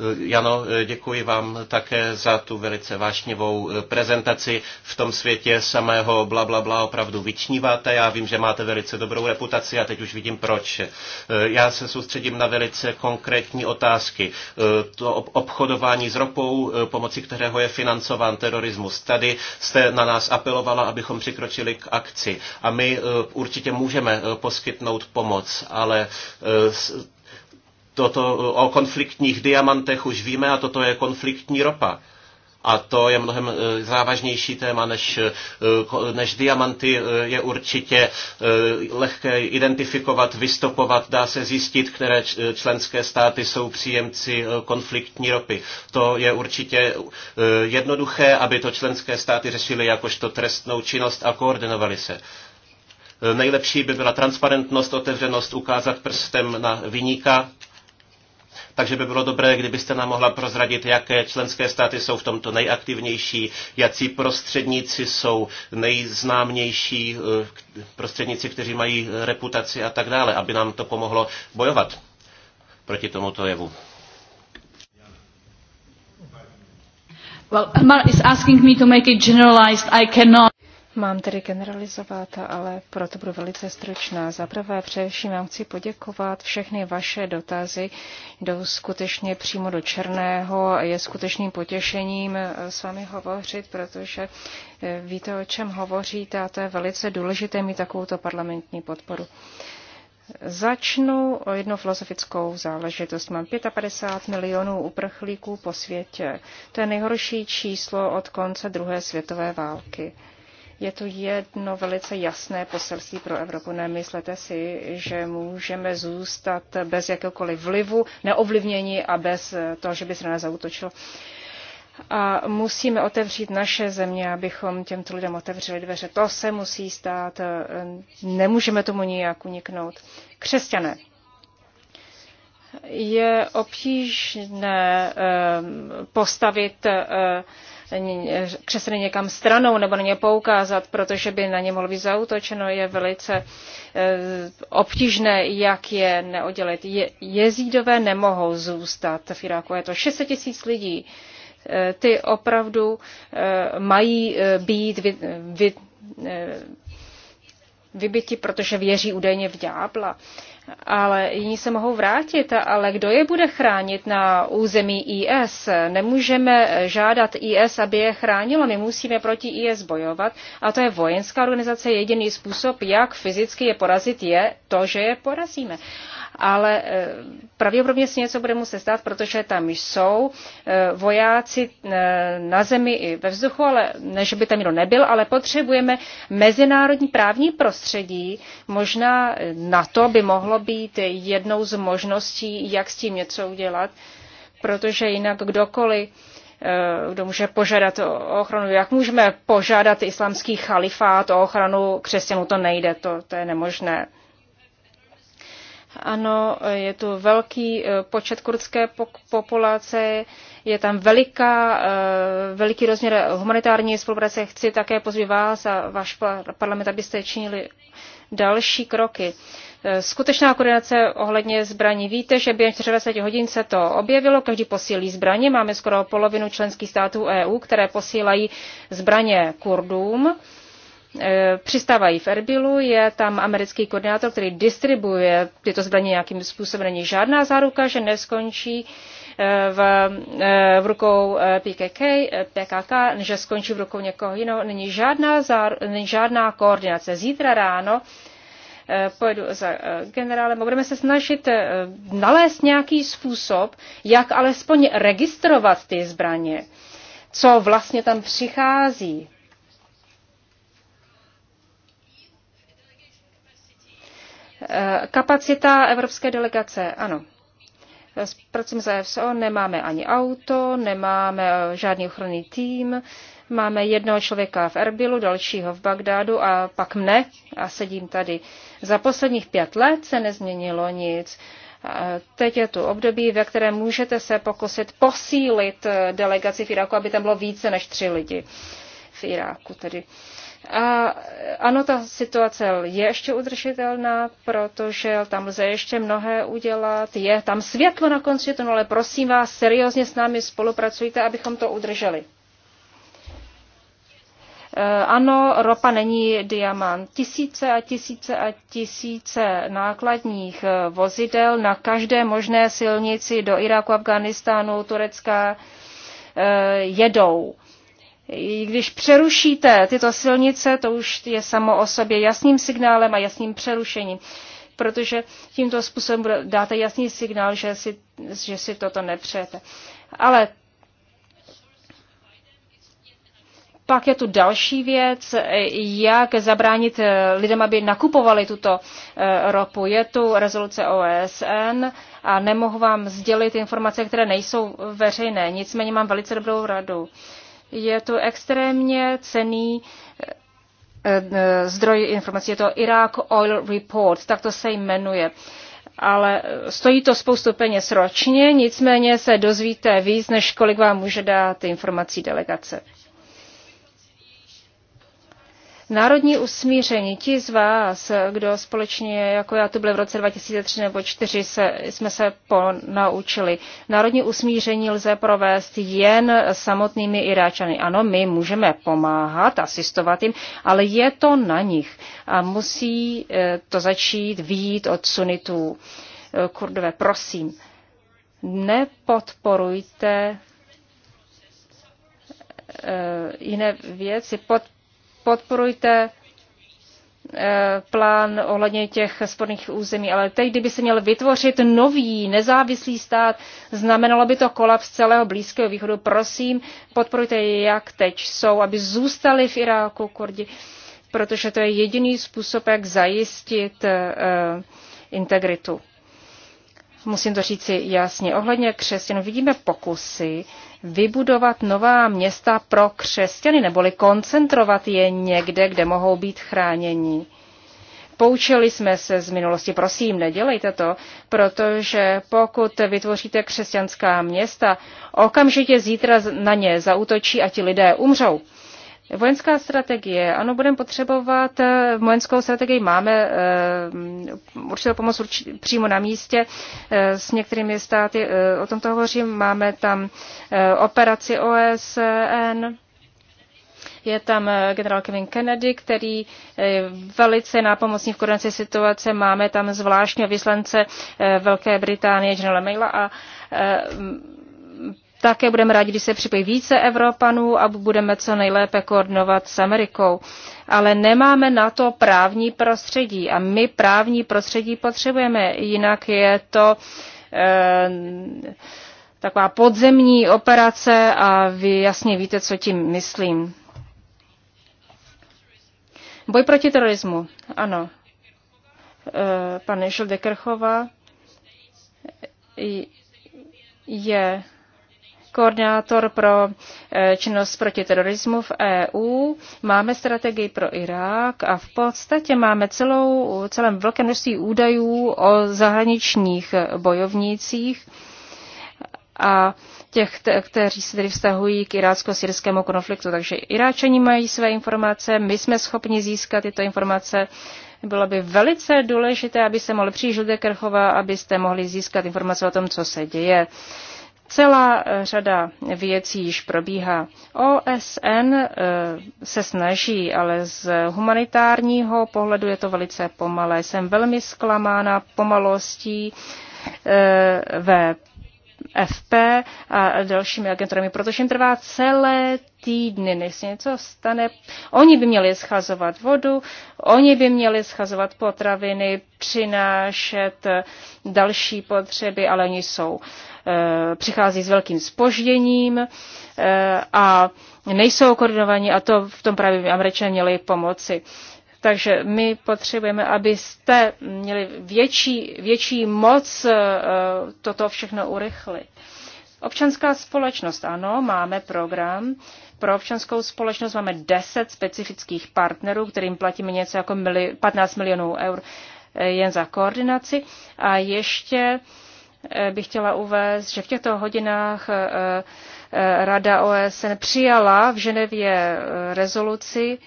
[SPEAKER 3] Eh, Jano, eh, děkuji vám také za tu velice vášnivou eh, prezentaci. V tom světě samého bla, bla, bla opravdu vyčníváte. Já vím, že máte velice dobrou reputaci a teď už vidím proč. Já se soustředím na velice konkrétní otázky. To obchodování s ropou, pomocí kterého je financován terorismus. Tady jste na nás apelovala, abychom přikročili k akci. A my určitě můžeme poskytnout pomoc, ale toto, o konfliktních diamantech už víme a toto je konfliktní ropa. A to je mnohem e, závažnější téma než, e, než diamanty. E, je určitě lehké identifikovat, vystopovat, dá se zjistit, které členské státy jsou příjemci konfliktní ropy. To je určitě jednoduché, aby to členské státy řešily jakožto trestnou činnost a koordinovali se. Nejlepší by byla transparentnost, otevřenost, ukázat prstem na vyníka takže by bylo dobré, kdybyste nám mohla prozradit, jaké členské státy jsou v tomto nejaktivnější, jací prostředníci jsou nejznámější, eh, prostředníci, kteří mají reputaci a tak dále, aby nám to pomohlo bojovat proti tomuto jevu.
[SPEAKER 2] Well, Amar is asking me to make it generalized. I cannot. Mám tedy generalizovat, ale proto budu velice stručná. Za prvé především vám chci poděkovat. Všechny vaše dotazy jdou skutečně přímo do černého. a Je skutečným potěšením eh, s vámi hovořit, protože eh, víte, o čem hovoříte a to je velice důležité mít takovouto parlamentní podporu. Začnu jednu filozofickou záležitost. Mám 55 milionů uprchlíků po světě. To je nejhorší číslo od konce druhé světové války. Je to jedno velice jasné poselství pro Evropu. Nemyslete si, že můžeme zůstat bez jakéhokoliv vlivu, neovlivnění a bez toho, že by se na nás zautočilo. A musíme otevřít naše země, abychom těmto lidem otevřeli dveře. To se musí stát. Nemůžeme tomu nijak uniknout. Křesťané je obtížné eh, postavit eh, Eh, křesli někam stranou nebo na ně poukázat, protože by na ně mohlo být zautočeno, je velice eh, obtížné, jak je neodělit. Je, jezídové nemohou zůstat v Iráku. Je to 600 tisíc lidí. Eh, ty opravdu mají být vy, vy, vybiti, protože věří údajně v ďábla ale jiní se mohou vrátit. Ale kdo je bude chránit na území IS? Nemůžeme žádat IS, aby je chránilo. My musíme proti IS bojovat. A to je vojenská organizace. Jediný způsob, jak fyzicky je porazit, je to, že je porazíme ale eh, pravděpodobně se něco bude muset stát, protože tam jsou eh, vojáci eh, na zemi i ve vzduchu, ale než by tam někdo nebyl, ale potřebujeme mezinárodní právní prostředí. Možná na to by mohlo být jednou z možností, jak s tím něco udělat, protože jinak kdokoliv kdo může požádat o ochranu. Jak můžeme požádat islamský chalifát o ochranu křesťanů? To nejde, to, to je nemožné. Ano, je tu velký eh, počet kurdské populace, je tam veliká, eh, veliký rozměr humanitární spolupráce. Chci také pozvat vás a váš parlament, abyste činili další kroky. Eh, skutečná koordinace ohledně zbraní. Víte, že během 24 hodin se to objevilo, každý posílí zbraně. Máme skoro polovinu členských států EU, které posílají zbraně Kurdům Eh, přistávají v Erbilu, je tam americký koordinátor, který distribuje tyto zbraně nějakým způsobem. Není žádná záruka, že neskončí eh, v, eh, v rukou PKK, PKK, že skončí v rukou někoho jiného. Není žádná, záru, není žádná koordinace. Zítra ráno pojedu za generálem a budeme se snažit nalézt nějaký způsob, jak alespoň registrovat ty zbraně, co vlastně tam přichází Eh, kapacita evropské delegace, ano. Eh, pracujeme za FSO, nemáme ani auto, nemáme eh, žádný ochranný tým, máme jednoho člověka v Erbilu, dalšího v Bagdádu a pak mne a sedím tady. Za posledních pět let se nezměnilo nic. Teď je tu období, ve kterém můžete se pokusit posílit delegaci v Iráku, aby tam bylo více než tři lidi v Iráku. Tedy. Uh, a ano, ta situace je ještě udržitelná, protože tam lze ještě mnohé udělat. Je tam světlo na konci tunelu, ale prosím vás, seriózně s námi spolupracujte, abychom to udrželi. E, ano, ropa není diamant. Tisíce a tisíce a tisíce nákladních e, vozidel na každé možné silnici do Iráku, Afganistánu, Turecka e, jedou když přerušíte tyto silnice, to už je samo o sobě jasným signálem a jasným přerušením, protože tímto způsobem dáte jasný signál, že si, že si toto nepřejete. Ale Pak je tu další věc, jak zabránit eh, lidem, aby nakupovali tuto eh, ropu. Je tu rezoluce OSN a nemohu vám sdělit informace, které nejsou veřejné. Nicméně mám velice dobrou radu. Je to extrémně cený eh, eh, zdroj informací. Je to Iraq Oil Report, tak to se jmenuje. Ale eh, stojí to spoustu peněz ročně, nicméně se dozvíte víc, než kolik vám může dát informací delegace. Národní usmíření, ti z vás, kdo společně jako já tu byl v roce 2003 nebo 2004, se, jsme se ponaučili. Národní usmíření lze provést jen samotnými Iráčany. Ano, my můžeme pomáhat, asistovat jim, ale je to na nich a musí eh, to začít výjít od sunitů. Eh, kurdové, prosím, nepodporujte eh, jiné věci. Pod, podporujte eh, plán ohledně těch sporných území. Ale teď, kdyby se měl vytvořit nový nezávislý stát, znamenalo by to kolaps celého Blízkého východu. Prosím, podporujte je, jak teď jsou, aby zůstali v Iráku Kurdi, protože to je jediný způsob, jak zajistit uh, integritu. Musím to říci jasně. Ohledně křesťanů vidíme pokusy uh, vybudovat nová města pro křesťany, neboli koncentrovat je někde, kde mohou být chráněni. Poučili jsme se z minulosti, prosím, nedělejte to, protože pokud vytvoříte křesťanská města, okamžitě zítra na ně zautočí a ti lidé umřou. Vojenská strategie. Ano, budeme potřebovat eh, vojenskou strategii. Máme eh, určitou pomoc urči, přímo na místě. Eh, s některými státy o tomto hovořím. Máme tam operaci OSN. Je tam generál Kevin Kennedy, který velice nápomocný v koordinaci situace. Máme tam zvláštního vyslance Velké Británie, generála Maila a také budeme rádi, když se připojí více Evropanů a budeme co nejlépe koordinovat s Amerikou. Ale nemáme na to právní prostředí a my právní prostředí potřebujeme, jinak je to eh, taková podzemní operace a vy jasně víte, co tím myslím. Boj proti terorismu, ano. Eh, pane Žildekrchova je koordinátor pro eh, činnost proti terorismu v EU, máme strategii pro Irák a v podstatě máme celou, celém velké množství údajů o zahraničních bojovnících a těch, kteří se tedy vztahují k irácko-syrskému konfliktu. Takže Iráčani mají své informace, my jsme schopni získat tyto informace. Bylo by velice důležité, aby se mohl přijít do Kerchova, abyste mohli získat informace o tom, co se děje. Uh, Celá eh, řada věcí již probíhá. OSN eh, se snaží, ale z humanitárního pohledu je to velice pomalé. Jsem velmi zklamána pomalostí eh, ve FP a dalšími agenturami, protože jim trvá celé týdny, než se něco stane. Oni by měli schazovat vodu, oni by měli schazovat potraviny, přinášet další potřeby, ale oni jsou Eh, přichází s velkým spožděním eh, a nejsou koordinovaní a to v tom právě američané měli pomoci. Takže my potřebujeme, abyste měli větší, větší moc eh, toto všechno urychlit. Občanská společnost, ano, máme program. Pro občanskou společnost máme 10 specifických partnerů, kterým platíme něco jako mili, 15 milionů eur jen za koordinaci. A ještě Eh, bych chtěla uvést, že v těchto hodinách eh, eh, Rada OSN přijala v Ženevě rezoluci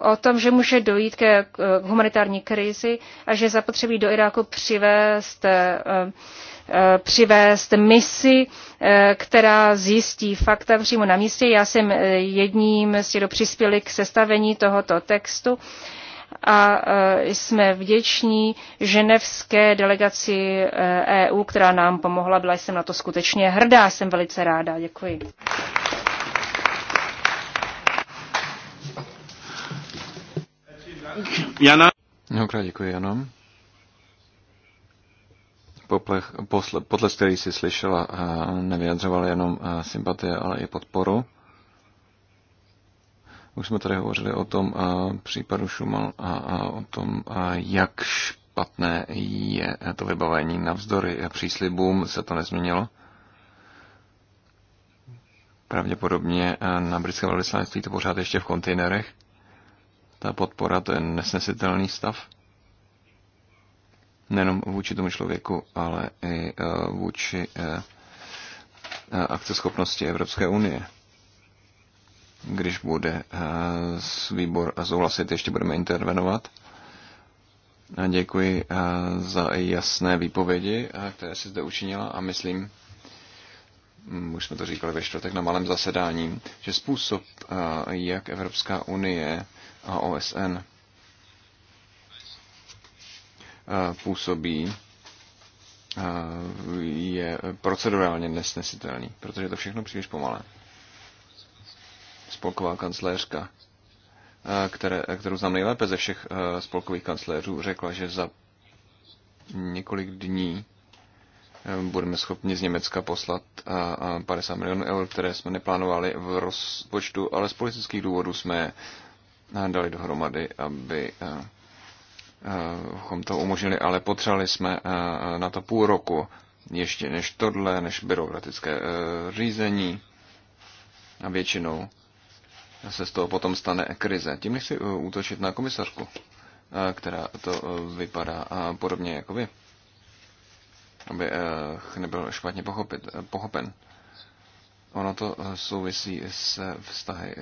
[SPEAKER 2] o tom, že může dojít ke humanitární krizi a že zapotřebí do Iráku přivést přivést misi, která zjistí fakta přímo na místě. Já jsem jedním z těch, kdo přispěli k sestavení tohoto textu a e, jsme vděční ženevské delegaci EU, e která nám pomohla. Byla jsem na to skutečně hrdá, jsem velice ráda. Děkuji.
[SPEAKER 1] Jana. Mnohokrát děkuji, Jano. Poplech, posle, podle který jsi slyšela, nevyjadřoval jenom sympatie, ale i podporu. Už jsme tady hovořili o tom a, eh, případu Šumal a, a o tom, a, eh, jak špatné je eh, to vybavení. Navzdory příslibům se to nezměnilo. Pravděpodobně na britském velvyslanectví to pořád ještě v kontejnerech. Ta podpora, to je nesnesitelný stav. Nenom vůči tomu člověku, ale i vůči akceschopnosti Evropské unie když bude eh, výbor souhlasit, ještě budeme intervenovat. děkuji eh, za jasné výpovědi, eh, které si zde učinila a myslím, mm, už jsme to říkali ve čtvrtek na malém zasedání, že způsob, jak Evropská unie a OSN působí, je procedurálně nesnesitelný, protože je to všechno příliš pomalé spolková kancléřka, eh, které, eh, kterou znám nejlépe ze všech eh, spolkových kancléřů, řekla, že za několik dní budeme schopni z Německa poslat 50 milionů eur, které jsme neplánovali v rozpočtu, ale z politických důvodů jsme dali dohromady, aby bychom to umožnili, ale potřebovali jsme na to půl roku ještě než tohle, než byrokratické řízení a většinou se z toho potom stane krize. Tím nechci eh, útočit na komisařku, eh, která to eh, vypadá podobně jako vy, aby nebyl špatně pochopit, pochopen. Ono to souvisí s vztahy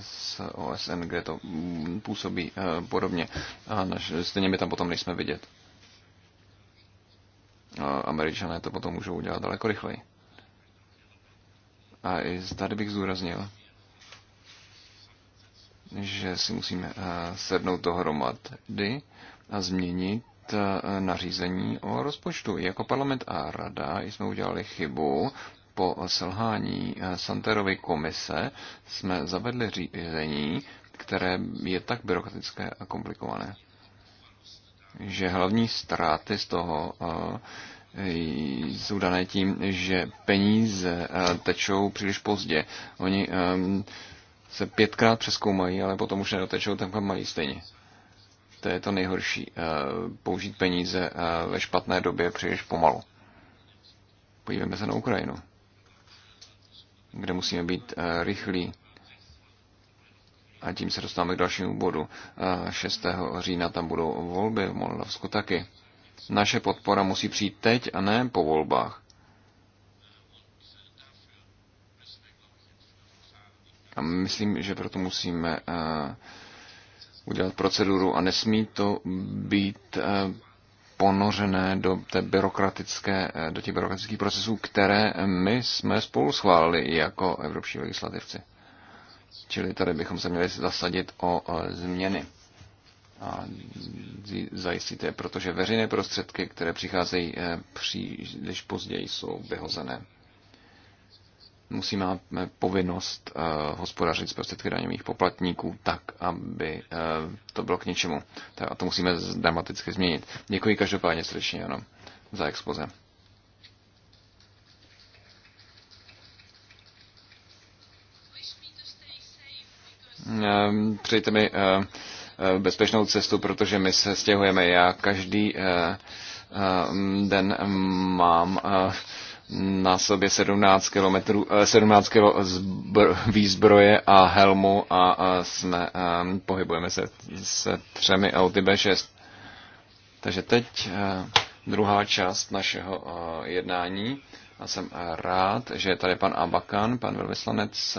[SPEAKER 1] s OSN, kde to mm, působí podobně. A naš, stejně my tam potom nejsme vidět. Američané to potom můžou udělat daleko rychleji. A i tady bych zúraznil, že si musíme eh, sednout dohromady a změnit eh, nařízení o rozpočtu. jako parlament a rada jsme udělali chybu, po selhání eh, Santerovy komise jsme zavedli řízení, které je tak byrokratické a komplikované, že hlavní ztráty z toho jsou dané tím, že peníze tečou příliš pozdě. Oni se pětkrát přeskoumají, ale potom už nedotečou tam, kam mají stejně. To je to nejhorší. Eh, použít peníze eh, ve špatné době příliš pomalu. Podívejme se na Ukrajinu, kde musíme být eh, rychlí. A tím se dostáváme k dalšímu bodu. 6. října tam budou volby v Moldavsku taky. Naše podpora musí přijít teď a ne po volbách. A myslím, že proto musíme eh, udělat proceduru a nesmí to být eh, ponořené do, té byrokratické, eh, do těch byrokratických procesů, které my jsme spolu schválili jako evropští legislativci. Čili tady bychom se měli zasadit o změny a zajistíte, protože veřejné prostředky, které přicházejí příliš později, jsou vyhozené musí mít eh, povinnost eh, hospodařit s prostředky daňových poplatníků tak, aby eh, to bylo k něčemu. A to musíme dramaticky změnit. Děkuji každopádně srdečně jenom za expoze. Ehm, přejte mi bezpečnou cestu, protože my se stěhujeme. Já každý den mm, mám na sobě 17 km, 17 km výzbroje a helmu a, jsme, ehm, pohybujeme se se třemi auty B6. Takže teď eh, druhá část našeho eh, jednání a jsem eh, rád, že je tady pan Abakan, pan velvyslanec,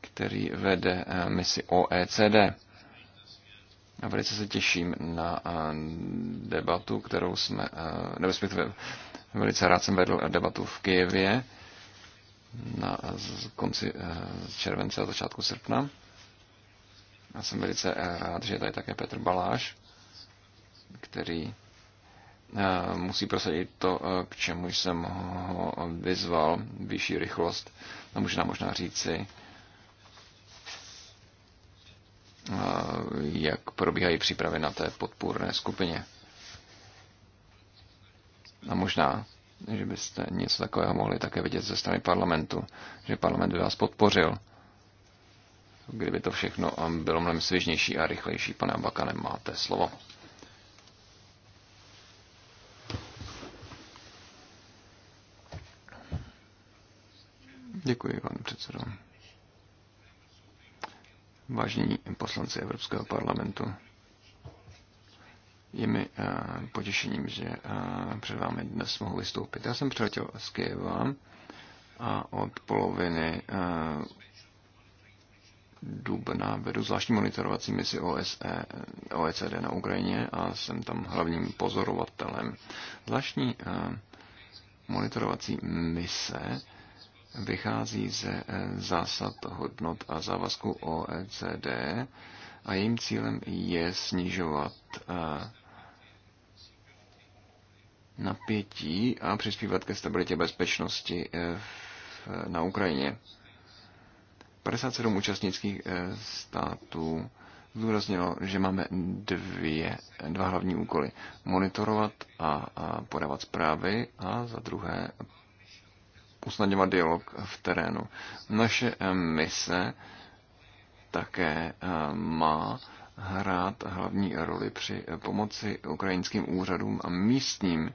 [SPEAKER 1] který vede misi OECD. A velice se těším na debatu, kterou jsme, nebo Velice rád jsem vedl debatu v Kijevě na konci eh, července a začátku srpna. Já jsem velice eh, rád, že je tady také Petr Baláš, který eh, musí prosadit to, k čemu jsem ho vyzval, vyšší rychlost. A no, možná možná říci, jak probíhají přípravy na té podpůrné skupině. A možná, že byste něco takového mohli také vidět ze strany parlamentu, že parlament by vás podpořil, kdyby to všechno bylo mnohem svěžnější a rychlejší. Pane Bakanem, máte slovo. Děkuji, pane předsedo. Vážení poslanci Evropského parlamentu, je mi eh, potěšením, že eh, před vámi dnes mohu vystoupit. Já jsem přiletěl z Kyjeva a od poloviny eh, dubna vedu zvláštní monitorovací misi OSE, OECD na Ukrajině a jsem tam hlavním pozorovatelem. Zvláštní monitorovací mise vychází ze zásad hodnot a závazku OECD a jejím cílem je snižovat napětí a přispívat ke stabilitě bezpečnosti eh, na Ukrajině. 57 účastnických eh, států zdůraznilo, že máme dvě, dva hlavní úkoly. Monitorovat a, a podávat zprávy a za druhé usnadňovat dialog v terénu. Naše eh, mise také má hrát hlavní roli při pomoci ukrajinským úřadům a místním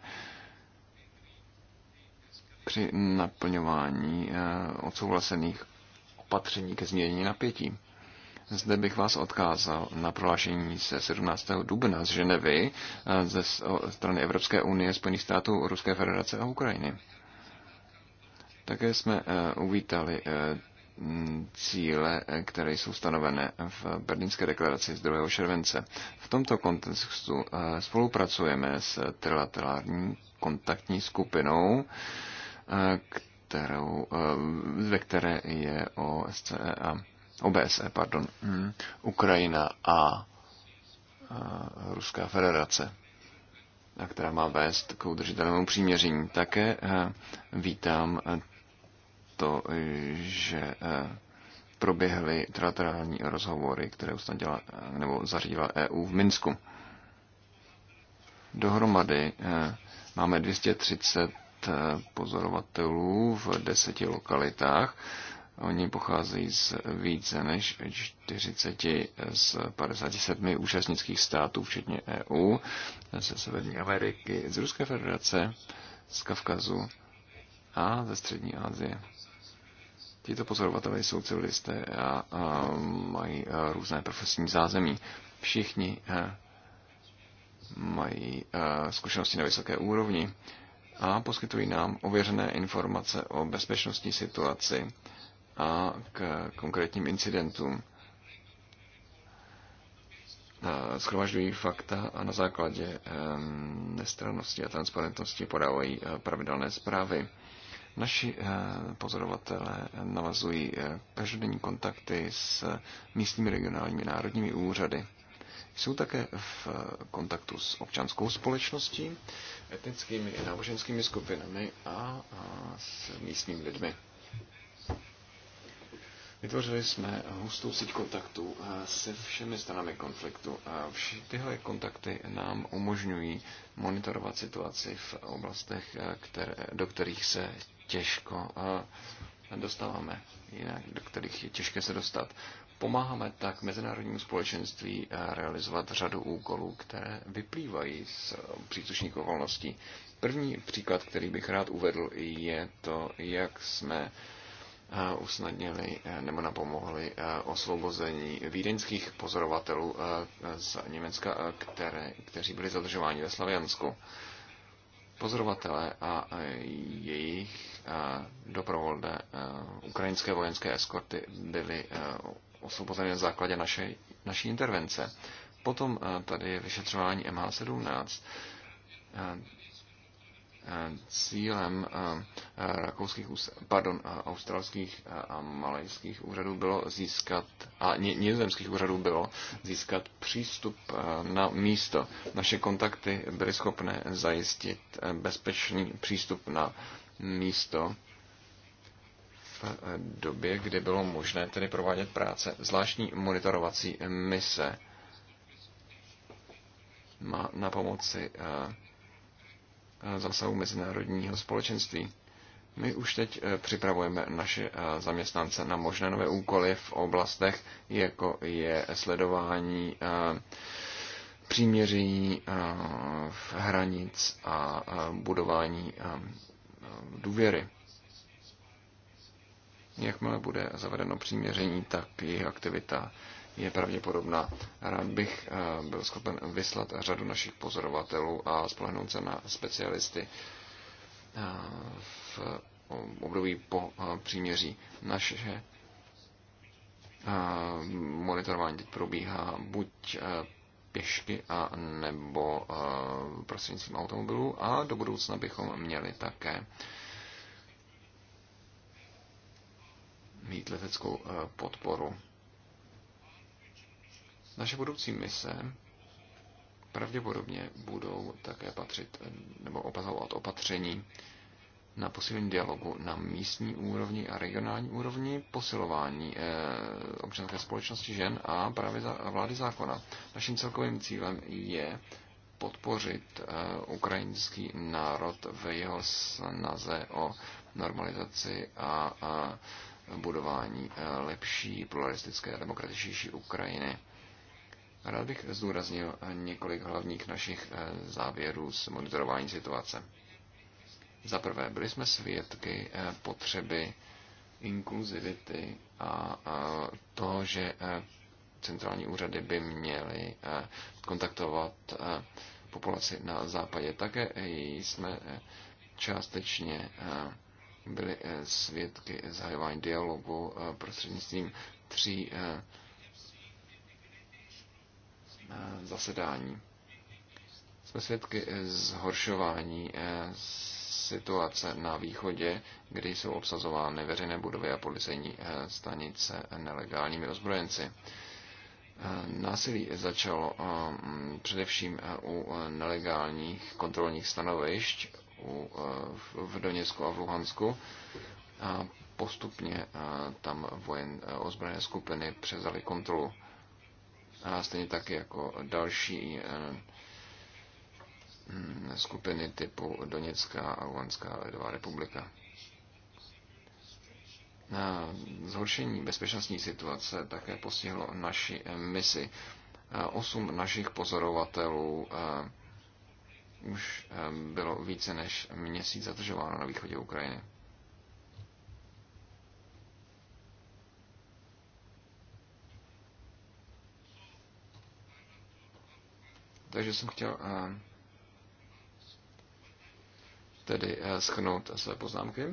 [SPEAKER 1] při naplňování eh, odsouhlasených opatření ke změnění napětí. Zde bych vás odkázal na prohlášení se 17. dubna z Ženevy eh, ze strany Evropské unie, Spojených států, Ruské federace a Ukrajiny. Také jsme eh, uvítali Mm, cíle, eh, které jsou stanovené v Berlínské deklaraci z 2. července. V tomto kontextu eh, spolupracujeme s trilaterální kontaktní skupinou, eh, kterou, ve které je OSCE a OBSE, pardon, mm, Ukrajina a Ruská federace a která má vést k udržitelnému příměření. Také vítám to, že e, proběhly trilaterální rozhovory, které usnadila e, nebo zařídila EU v Minsku. Dohromady e, máme 230 pozorovatelů v deseti lokalitách. Oni pocházejí z více než 40 z 57 účastnických států, včetně EU, ze Severní Ameriky, z Ruské federace, z Kavkazu a ze Střední Asie. Tito pozorovatelé jsou civilisté a, a mají a e, různé profesní zázemí. Všichni a, e, mají a, e, zkušenosti na vysoké úrovni a poskytují nám ověřené informace o bezpečnostní situaci a k konkrétním incidentům. Schromažďují fakta a na základě nestrannosti a transparentnosti podávají pravidelné zprávy. Naši eh, pozorovatelé eh, navazují eh, každodenní kontakty s místními regionálními národními úřady. Jsou také v kontaktu s občanskou společností, etnickými i náboženskými skupinami a s místními lidmi. Vytvořili jsme hustou síť kontaktů se všemi stranami konfliktu. Vši tyhle kontakty nám umožňují monitorovat situaci v oblastech, které, do kterých se těžko dostáváme, jinak, do kterých je těžké se dostat. Pomáháme tak mezinárodnímu společenství eh, realizovat řadu úkolů, které vyplývají z eh, příslušných okolností. První příklad, který bych rád uvedl, je to, jak jsme eh, usnadnili nebo napomohli osvobození vídeňských pozorovatelů z Německa, které, kteří byli zadržováni ve Slaviansku pozorovatele a jejich doprovolné ukrajinské vojenské eskorty byly osvobozeny na základě naše, naší intervence. Potom tady je vyšetřování MH17. Eh, cílem eh, eh, rakouských, pardon, australských a malajských úřadů bylo získat, a nizozemských úřadů bylo získat přístup na místo. Naše kontakty byly schopné zajistit bezpečný přístup na místo v době, kdy bylo možné tedy provádět práce. Zvláštní monitorovací mise má na pomoci zásahu mezinárodního společenství. My už teď eh, připravujeme naše eh, zaměstnance na možné nové úkoly v oblastech, jako je sledování eh, příměří v hranic a budování důvěry. Jakmile bude zavedeno příměření, tak jejich aktivita je pravděpodobná. Rád bych eh, byl schopen vyslat řadu našich pozorovatelů a spolehnout se na specialisty eh, v období po eh, příměří. Naše monitorování teď probíhá buď pěšky a nebo prostřednictvím automobilů a do budoucna bychom měli také mít leteckou podporu naše budoucí mise pravděpodobně budou také patřit nebo opazovat opatření na posílení dialogu na místní úrovni a regionální úrovni, posilování eh, občanské společnosti žen a právě za, vlády zákona. Naším celkovým cílem je podpořit eh, ukrajinský národ v jeho snaze o normalizaci a, a budování eh, lepší, pluralistické a demokratičnější Ukrajiny Rád bych zdůraznil několik hlavních našich eh, závěrů z monitorování situace. Za prvé, byli jsme svědky eh, potřeby inkluzivity a toho, že eh, centrální úřady by měly kontaktovat populaci na západě. Také jsme částečně byli svědky zahajování dialogu prostřednictvím tří Eh, zasedání. Jsme svědky eh, zhoršování eh, situace na východě, kdy jsou obsazovány veřejné budovy a policejní stanice nelegálními ozbrojenci. Násilí začalo především u nelegálních kontrolních stanovišť v Doněcku a v Luhansku a postupně tam vojen, ozbrojené skupiny převzaly kontrolu a stejně tak jako další eh, mm, skupiny typu Doněcká a Luhanská lidová republika. Zhoršení bezpečnostní situace také postihlo naši eh, misi. Eh, osm našich pozorovatelů už bylo více než měsíc zadržováno na východě Ukrajiny. Takže jsem chtěl eh, tedy eh, schnout své poznámky.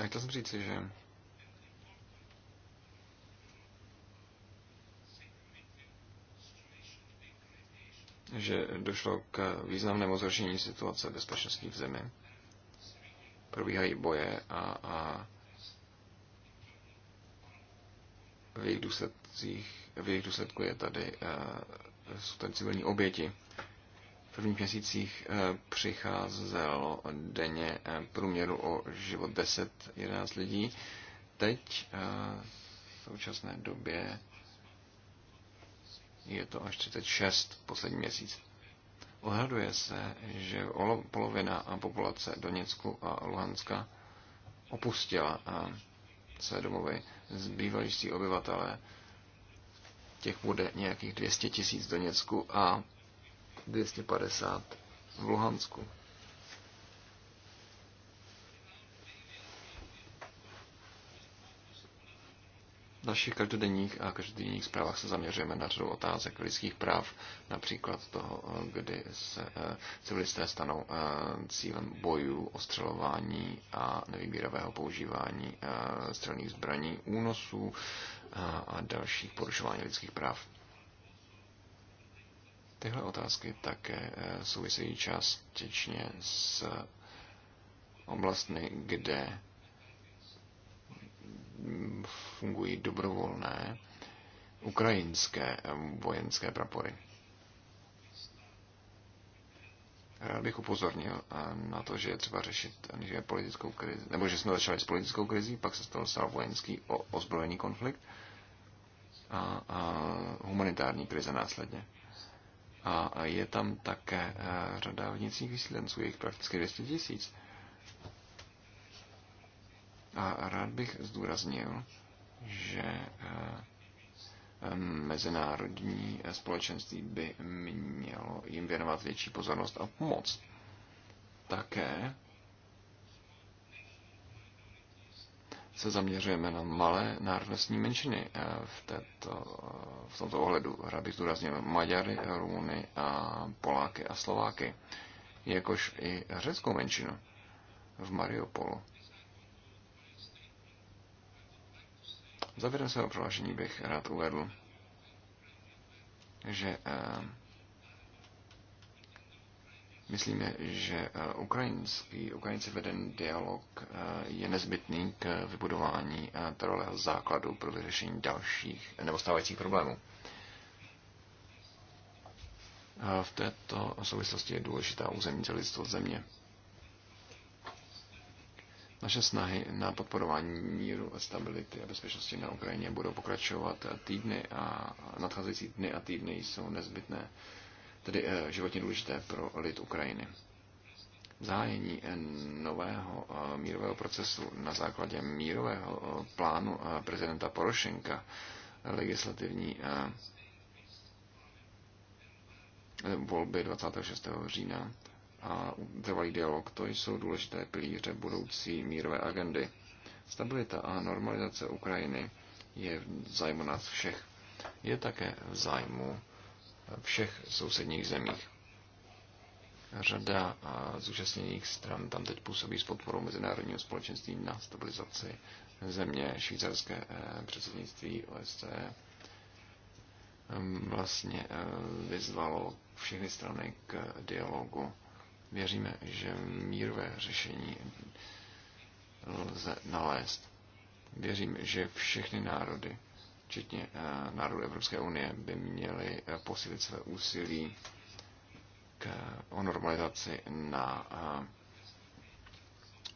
[SPEAKER 1] A chtěl jsem říci, že že došlo k významnému zhoršení situace bezpečnostní v zemi. Probíhají boje a, a v jejich důsledcích v jejich důsledku je tady, eh, jsou tady civilní oběti. V prvních měsících eh, přicházelo denně eh, průměru o život 10-11 lidí. Teď v současné době je to až 36 poslední měsíc. Ohraduje se, že polovina populace Doněcku a Luhanska opustila své domovy. Zbývající obyvatelé těch bude nějakých 200 tisíc v Doněcku a 250 v Luhansku. V našich každodenních a každodenních zprávách se zaměřujeme na řadu otázek lidských práv, například toho, kdy se eh, civilisté stanou eh, cílem bojů, ostřelování a nevýběrového používání eh, střelných zbraní, únosů a dalších porušování lidských práv. Tyhle otázky také souvisejí částečně s oblastmi, kde fungují dobrovolné ukrajinské eh, vojenské prapory. Rád bych upozornil eh, na to, že je třeba řešit že je politickou krizi, nebo že jsme začali s politickou krizí, pak se z toho stal vojenský o, ozbrojený konflikt a, a humanitární krize následně. A, a je tam také eh, řada vnitřních vysílenců, jejich prakticky 200 tisíc. A rád bych zdůraznil, že eh, mezinárodní společenství by mělo jim věnovat větší pozornost a pomoc. Také se zaměřujeme na malé národnostní menšiny eh, v, této, v tomto ohledu. Rád bych zdůraznil Maďary, Rumuny a Poláky a Slováky, jakož i řeckou menšinu v Mariupolu. Závěrem svého prohlášení bych rád uvedl, že eh, myslíme, že eh, ukrajinský, Ukrajinci veden dialog eh, je nezbytný k vybudování trvalého základu pro vyřešení dalších nebo stávajících problémů. V této souvislosti je důležitá územní celistvost země. Naše snahy na podporování míru, stability a bezpečnosti na Ukrajině budou pokračovat týdny a nadcházející dny a týdny jsou nezbytné, tedy eh, životně důležité pro lid Ukrajiny. Zájení eh, nového eh, mírového procesu na základě mírového plánu prezidenta Porošenka legislativní volby 26. října a trvalý dialog, to jsou důležité pilíře budoucí mírové agendy. Stabilita a normalizace Ukrajiny je v zájmu nás všech. Je také v zájmu všech sousedních zemích. Řada zúčastněných stran tam teď působí s podporou mezinárodního společenství na stabilizaci země, švýcarské eh, předsednictví OSCE vlastně eh, vyzvalo všechny strany k dialogu Věříme, že mírové řešení lze nalézt. Věřím, že všechny národy, včetně eh, národů Evropské unie, by měly eh, posílit své úsilí k, eh, o normalizaci na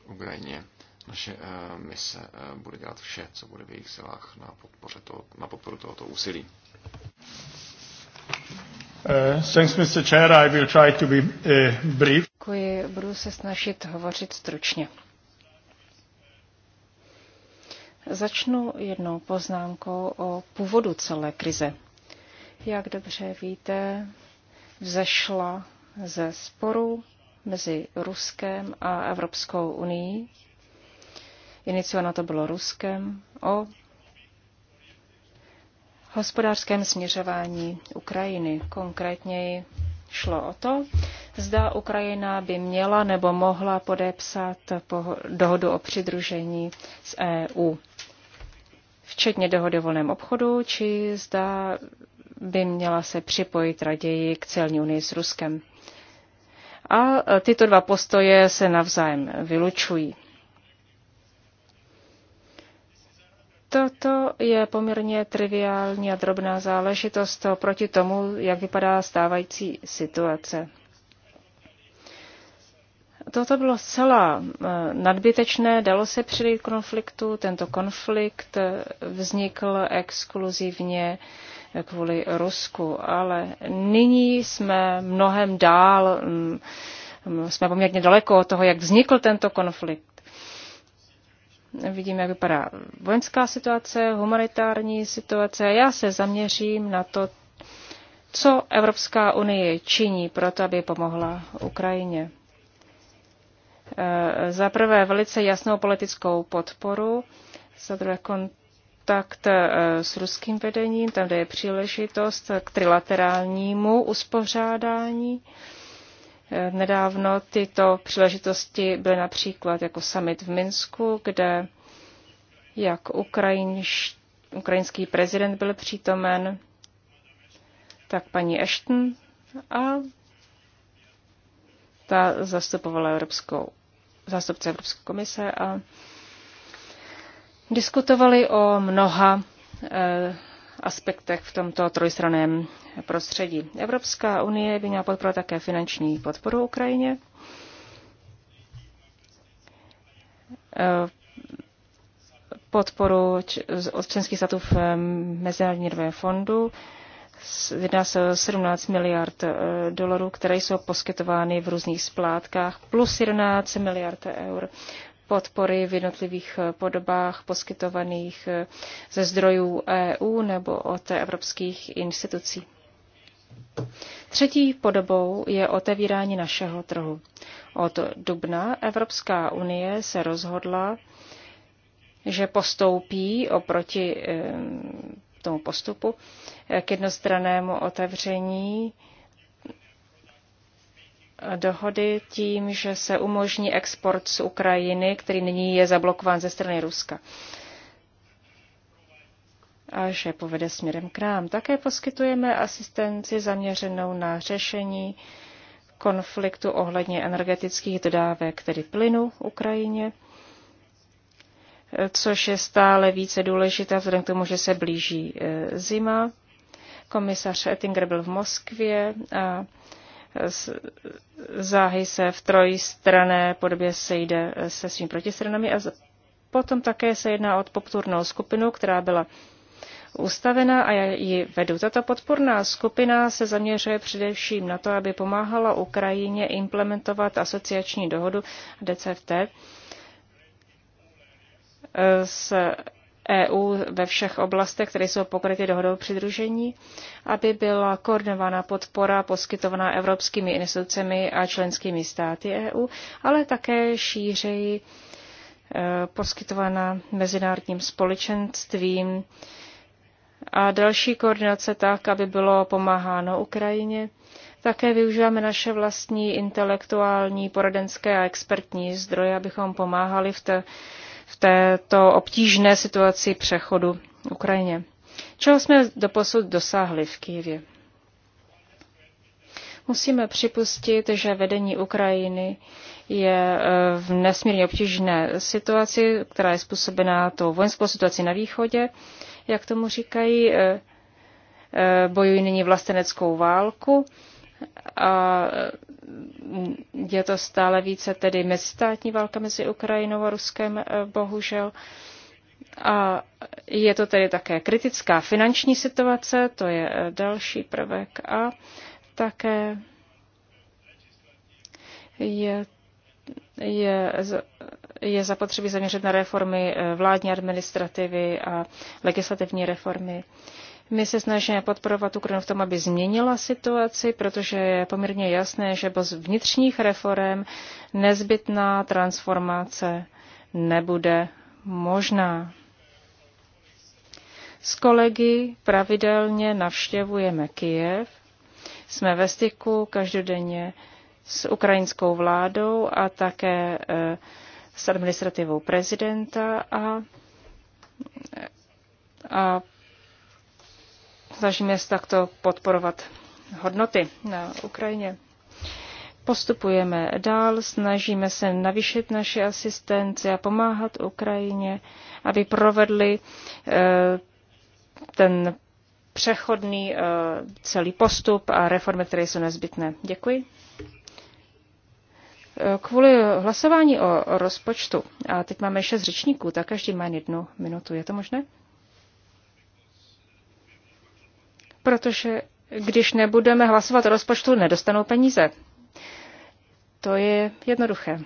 [SPEAKER 1] Ukrajině. Naše mise bude dělat vše, co bude v jejich silách na, podpoře toho, na podporu tohoto úsilí. Uh, thanks, Mr. Chair. I will try to be uh, brief.
[SPEAKER 2] Děkuji, budu se snažit hovořit stručně. Začnu jednou poznámkou o původu celé krize. Jak dobře víte, vzešla ze sporu mezi Ruskem a Evropskou unii. Iniciováno to bylo Ruskem o hospodářském směřování Ukrajiny. Konkrétněji šlo o to, zda Ukrajina by měla nebo mohla podepsat dohodu o přidružení s EU, včetně dohody o volném obchodu, či zda by měla se připojit raději k celní unii s Ruskem. A tyto dva postoje se navzájem vylučují. Toto je poměrně triviální a drobná záležitost proti tomu, jak vypadá stávající situace. Toto bylo zcela eh, nadbytečné, dalo se přijít konfliktu. Tento konflikt eh, vznikl exkluzivně eh, kvůli Rusku, ale nyní jsme mnohem dál, mm, mm, jsme poměrně daleko od toho, jak vznikl tento konflikt. Vidíme, jak vypadá vojenská situace, humanitární situace. Já se zaměřím na to, co Evropská unie činí pro to, aby pomohla Ukrajině. Eh, za prvé velice jasnou politickou podporu, za druhé kontakt eh, s ruským vedením, tam, kde je příležitost k trilaterálnímu uspořádání. Eh, nedávno tyto příležitosti byly například jako summit v Minsku, kde jak ukrajinš, ukrajinský prezident byl přítomen, tak paní Ashton a ta zastupovala Evropskou zástupce Evropské komise a diskutovali o mnoha eh, aspektech v tomto trojstraném prostředí. Evropská unie by měla podporovat také finanční podporu Ukrajině. Eh, podporu od členských států v Mezinárodní fondu jedná se o 17 miliard eh, dolarů, které jsou poskytovány v různých splátkách, plus 11 miliard eur podpory v jednotlivých eh, podobách poskytovaných eh, ze zdrojů EU nebo od evropských institucí. Třetí podobou je otevírání našeho trhu. Od dubna Evropská unie se rozhodla, že postoupí oproti tomu postupu, eh, k jednostrannému otevření dohody tím, že se umožní export z Ukrajiny, který nyní je zablokován ze strany Ruska. A že povede směrem k nám. Také poskytujeme asistenci zaměřenou na řešení konfliktu ohledně energetických dodávek, tedy plynu Ukrajině což je stále více důležité vzhledem k tomu, že se blíží eh, zima. Komisař Ettinger byl v Moskvě a záhy se v trojstrané podobě sejde eh, se svými protistranami a potom také se jedná o podpůrnou skupinu, která byla ustavena a já ji vedu. Tato podporná skupina se zaměřuje především na to, aby pomáhala Ukrajině implementovat asociační dohodu DCFT s EU ve všech oblastech, které jsou pokryty dohodou přidružení, aby byla koordinována podpora poskytovaná evropskými institucemi a členskými státy EU, ale také šířeji e, poskytovaná mezinárodním společenstvím a další koordinace tak, aby bylo pomáháno Ukrajině. Také využíváme naše vlastní intelektuální, poradenské a expertní zdroje, abychom pomáhali v té v této obtížné situaci přechodu Ukrajině. Čeho jsme doposud dosáhli v Kyjevě? Musíme připustit, že vedení Ukrajiny je e, v nesmírně obtížné situaci, která je způsobená tou vojenskou situací na východě. Jak tomu říkají, e, e, bojují nyní vlasteneckou válku a je to stále více tedy mezistátní válka mezi Ukrajinou a Ruskem, eh, bohužel. A je to tedy také kritická finanční situace, to je eh, další prvek. A také je, je, je zapotřebí zaměřit na reformy eh, vládní administrativy a legislativní reformy. Uh, my se snažíme podporovat Ukrajinu v tom, aby změnila situaci, protože je poměrně jasné, že bez vnitřních reform nezbytná transformace nebude možná. S kolegy pravidelně navštěvujeme Kijev, jsme ve styku každodenně s ukrajinskou vládou a také eh, s administrativou prezidenta a, a Snažíme se takto podporovat hodnoty na Ukrajině. Postupujeme dál, snažíme se navyšit naše asistenci a pomáhat Ukrajině, aby provedli eh, ten přechodný eh, celý postup a reformy, které jsou nezbytné. Děkuji. Eh, kvůli hlasování o rozpočtu, a teď máme šest řečníků, tak každý má jednu minutu. Je to možné? protože když nebudeme hlasovat o rozpočtu, nedostanou peníze. To je jednoduché.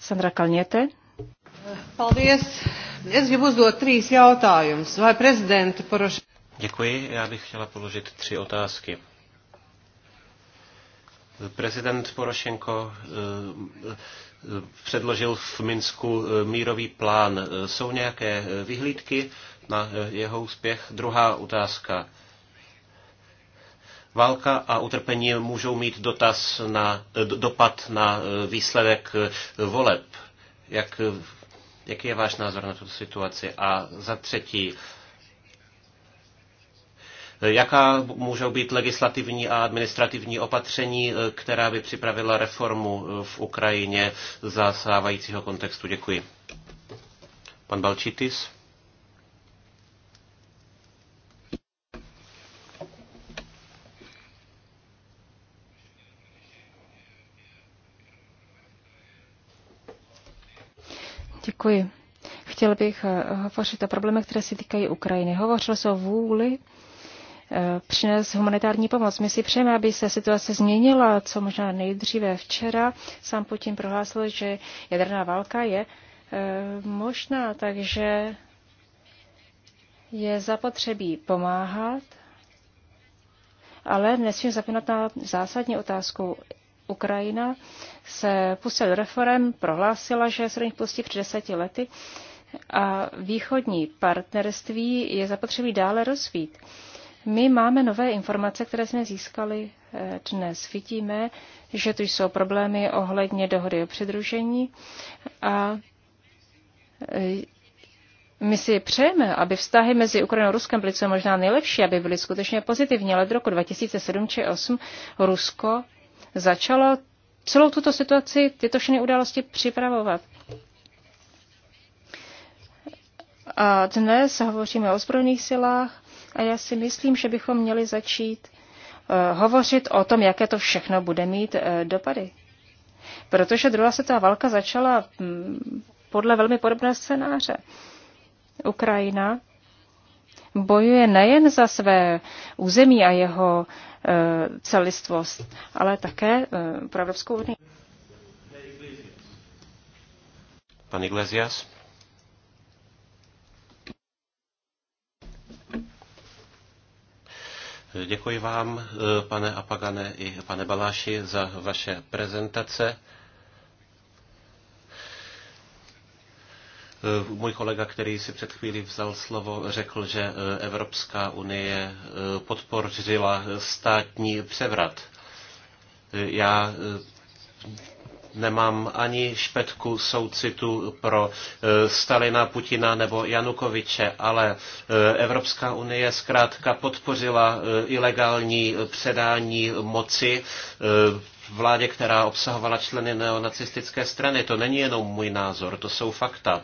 [SPEAKER 2] Sandra Kalněte.
[SPEAKER 3] Děkuji. Já bych chtěla položit tři otázky. Prezident Porošenko eh, eh, předložil v Minsku eh, mírový plán. Jsou nějaké vyhlídky, na jeho úspěch. Druhá otázka. Válka a utrpení můžou mít dotaz na, eh, dopad na eh, výsledek eh, voleb. Jak, jaký je váš názor na tuto situaci? A za třetí, Jaká můžou být legislativní a administrativní opatření, která by připravila reformu v Ukrajině za sávajícího kontextu? Děkuji. Pan Balčitis.
[SPEAKER 2] Děkuji. Chtěl bych eh, hovořit o problémech, které se týkají Ukrajiny. Hovořil se o vůli eh, přines humanitární pomoc. My si přejeme, aby se situace změnila, co možná nejdříve včera. Sám Putin prohlásil, že jaderná válka je eh, možná, takže je zapotřebí pomáhat, ale nesmím zapínat na zásadní otázku Ukrajina se pustila do reform, prohlásila, že se do nich pustí před deseti lety a východní partnerství je zapotřebí dále rozvít. My máme nové informace, které jsme získali eh, dnes. Vidíme, že tu jsou problémy ohledně dohody o přidružení a eh, my si přejeme, aby vztahy mezi Ukrajinou a Ruskem byly co možná nejlepší, aby byly skutečně pozitivní, ale do roku 2007 či 2008 Rusko začalo celou tuto situaci, tyto všechny události připravovat. A dnes hovoříme o zbrojných silách a já si myslím, že bychom měli začít eh, hovořit o tom, jaké to všechno bude mít eh, dopady. Protože druhá světová válka začala mm, podle velmi podobného scénáře. Ukrajina bojuje nejen za své území a jeho eh, celistvost, ale také eh, pro Evropskou unii.
[SPEAKER 3] Pan Iglesias. Děkuji vám, eh, pane Apagane i pane Baláši, za vaše prezentace. Eh, můj kolega, který si před chvílí vzal slovo, řekl, že eh, Evropská unie eh, podpořila státní převrat. Já nemám ani špetku soucitu pro Stalina, Putina nebo Janukoviče, ale Evropská unie zkrátka podpořila ilegální předání moci vládě, která obsahovala členy neonacistické strany. To není jenom můj názor, to jsou fakta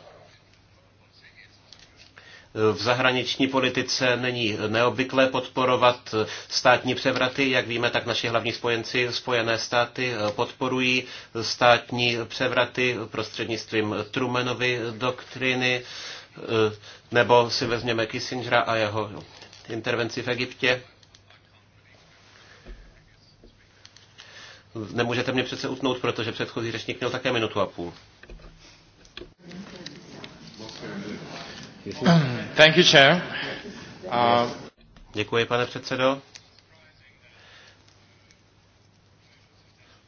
[SPEAKER 3] v zahraniční politice není neobvyklé podporovat státní převraty. Jak víme, tak naši hlavní spojenci, Spojené státy, eh, podporují státní převraty prostřednictvím Trumanovy doktriny, eh, nebo si vezměme Kissingera a jeho intervenci v Egyptě. Nemůžete mě přece utnout, protože předchozí řečník měl také minutu a půl. Thank you, chair. Uh... Děkuji, pane předsedo.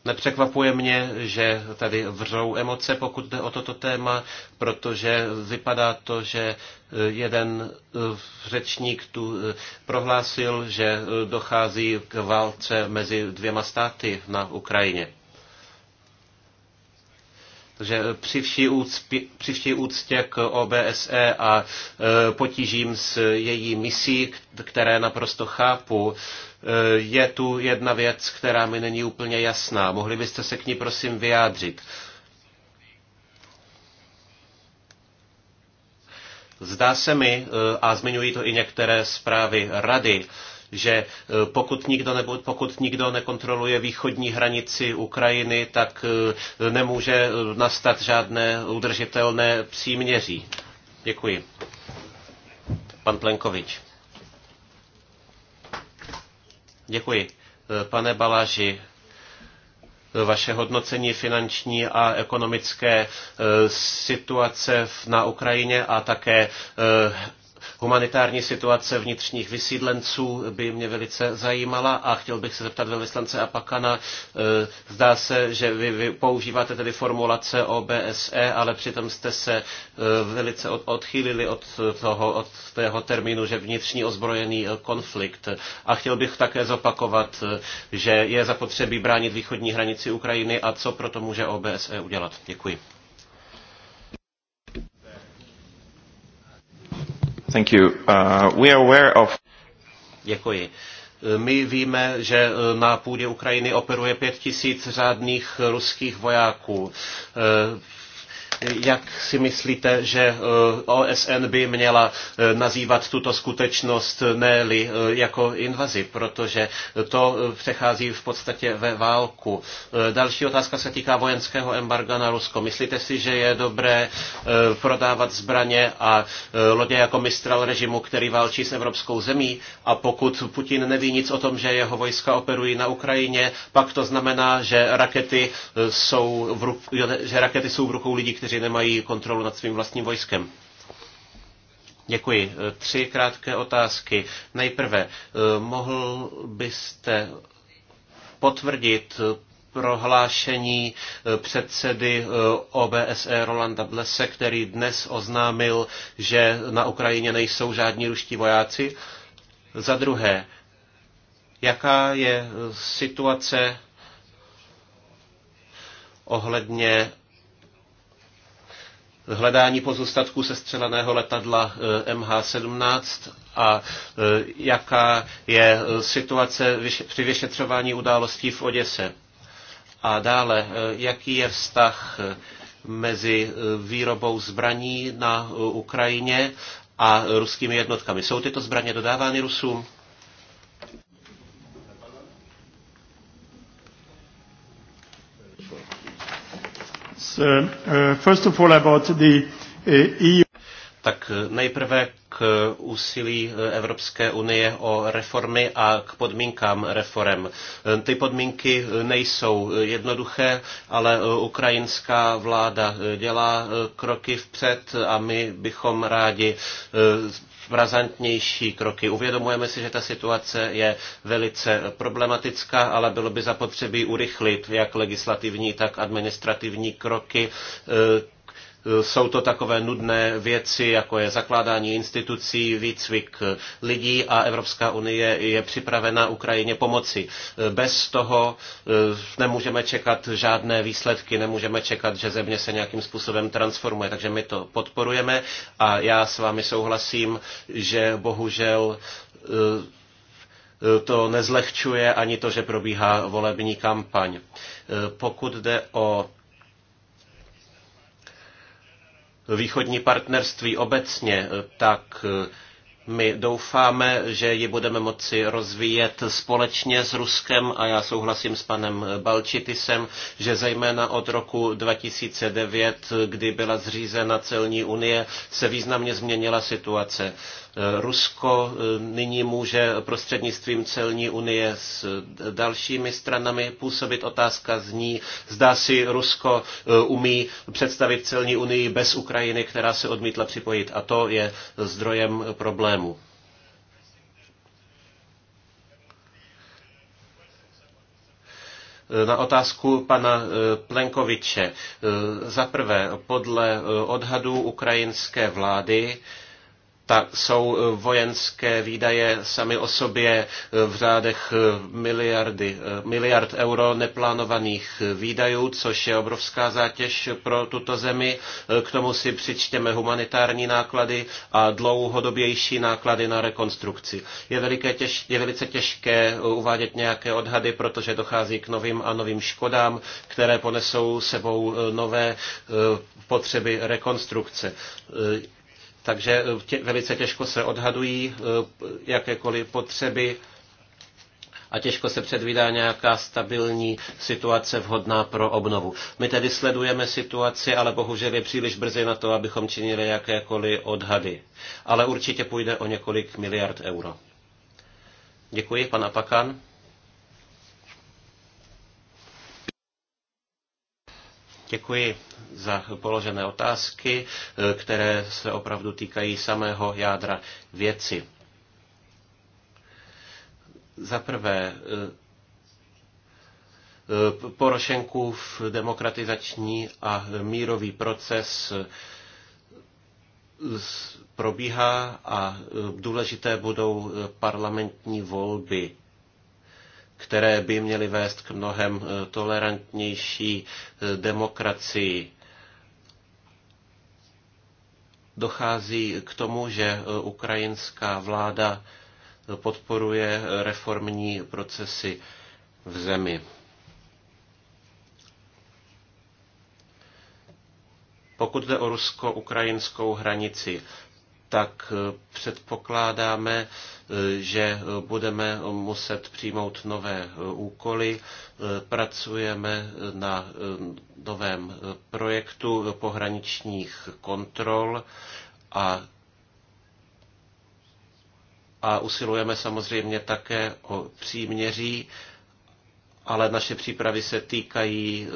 [SPEAKER 3] Nepřekvapuje mě, že tady vřou emoce, pokud jde o toto téma, protože vypadá to, že eh, jeden eh, řečník tu eh, prohlásil, že dochází k válce mezi dvěma státy na Ukrajině. Takže při vší, úcpě, při vší úctě k OBSE a e, potížím s její misí, které naprosto chápu, e, je tu jedna věc, která mi není úplně jasná. Mohli byste se k ní prosím vyjádřit. Zdá se mi, e, a zmiňují to i některé zprávy rady, že e, pokud nikdo, nebo, pokud nikdo nekontroluje východní hranici Ukrajiny, tak e, nemůže e, nastat žádné udržitelné příměří. Děkuji. Pan Plenkovič. Děkuji. Pane Balaži, vaše hodnocení finanční a ekonomické situace na Ukrajině a také Humanitární situace vnitřních vysídlenců by mě velice zajímala a chtěl bych se zeptat velvyslance Apakana. Eh, zdá se, že vy, vy používáte tedy formulace OBSE, ale přitom jste se eh, velice odchýlili od toho, od tého termínu, že vnitřní ozbrojený eh, konflikt. A chtěl bych také zopakovat, že je zapotřebí bránit východní hranici Ukrajiny a co proto může OBSE udělat. Děkuji.
[SPEAKER 1] Thank you. Uh, we are aware of...
[SPEAKER 3] Děkuji. My víme, že uh, na půdě Ukrajiny operuje pět tisíc řádných ruských vojáků. Uh, jak si myslíte, že eh, OSN by měla eh, nazývat tuto skutečnost eh, ne-li jako invazi, protože to přechází v podstatě ve válku. Další otázka se týká vojenského embarga na Rusko. Myslíte si, že je dobré prodávat zbraně a lodě jako mistral režimu, který válčí s evropskou zemí? A pokud Putin neví nic o tom, že jeho vojska operují na Ukrajině, pak to znamená, že rakety jsou v, že rakety jsou v rukou lidí, kteří nemají kontrolu nad svým vlastním vojskem. Děkuji. Tři krátké otázky. Nejprve, eh, mohl byste potvrdit prohlášení eh, předsedy eh, OBSE Rolanda Blese, který dnes oznámil, že na Ukrajině nejsou žádní ruští vojáci? Za druhé, jaká je situace ohledně hledání pozůstatků sestřeleného letadla eh, MH17 a eh, jaká je eh, situace při vyšetřování událostí v Oděse. A dále, jaký je vztah mezi výrobou zbraní na Ukrajině a ruskými jednotkami. Jsou tyto zbraně dodávány Rusům? Uh, first of all about the uh, EU. Tak nejprve k úsilí uh, Evropské unie o reformy a k podmínkám reform. Ty podmínky nejsou jednoduché, ale ukrajinská vláda dělá kroky vpřed a my bychom rádi razantnější kroky. Uvědomujeme si, že ta situace je velice problematická, ale bylo by zapotřebí urychlit jak legislativní, tak administrativní kroky eh, jsou to takové nudné věci, jako je zakládání institucí, výcvik lidí a Evropská unie je připravena Ukrajině pomoci. Bez toho eh, nemůžeme čekat žádné výsledky, nemůžeme čekat, že země se nějakým způsobem transformuje. Takže my to podporujeme a já s vámi souhlasím, že bohužel eh, to nezlehčuje ani to, že probíhá volební kampaň. Eh, pokud jde o východní partnerství obecně, tak eh, my doufáme, že ji budeme moci rozvíjet společně s Ruskem a já souhlasím s panem Balčitisem, že zejména od roku 2009, kdy byla zřízena celní unie, se významně změnila situace. Rusko eh, nyní může prostřednictvím celní unie s dalšími stranami působit. Otázka zní, zdá si Rusko eh, umí představit celní unii bez Ukrajiny, která se odmítla připojit. A to je zdrojem problému. Eh, na otázku pana Plenkoviče. Za prvé, podle odhadů ukrajinské vlády ta, jsou eh, vojenské výdaje sami o sobě eh, v řádech eh, miliardy, miliard euro neplánovaných výdajů, což je obrovská zátěž pro tuto zemi. K tomu si přičtěme humanitární náklady a dlouhodobější náklady na rekonstrukci. Je, veliké těž, je velice těžké uvádět nějaké odhady, protože dochází k novým a novým škodám, které ponesou sebou nové potřeby rekonstrukce takže e, tě, velice těžko se odhadují e, jakékoliv potřeby a těžko se předvídá nějaká stabilní situace vhodná pro obnovu. My tedy sledujeme situaci, ale bohužel je příliš brzy na to, abychom činili jakékoliv odhady. Ale určitě půjde o několik miliard euro. Děkuji, pan Apakan. Děkuji za položené otázky, eh, které se opravdu týkají samého jádra věci. Za prvé, eh, Porošenkův demokratizační a mírový proces eh, probíhá a důležité budou parlamentní volby které by měly vést k mnohem eh, tolerantnější eh, demokracii. Dochází k tomu, že eh, ukrajinská vláda podporuje reformní procesy v zemi. Pokud jde o rusko-ukrajinskou hranici, tak předpokládáme, že budeme muset přijmout nové úkoly. Pracujeme na novém projektu pohraničních kontrol a a usilujeme samozřejmě také o příměří, ale naše přípravy se týkají eh,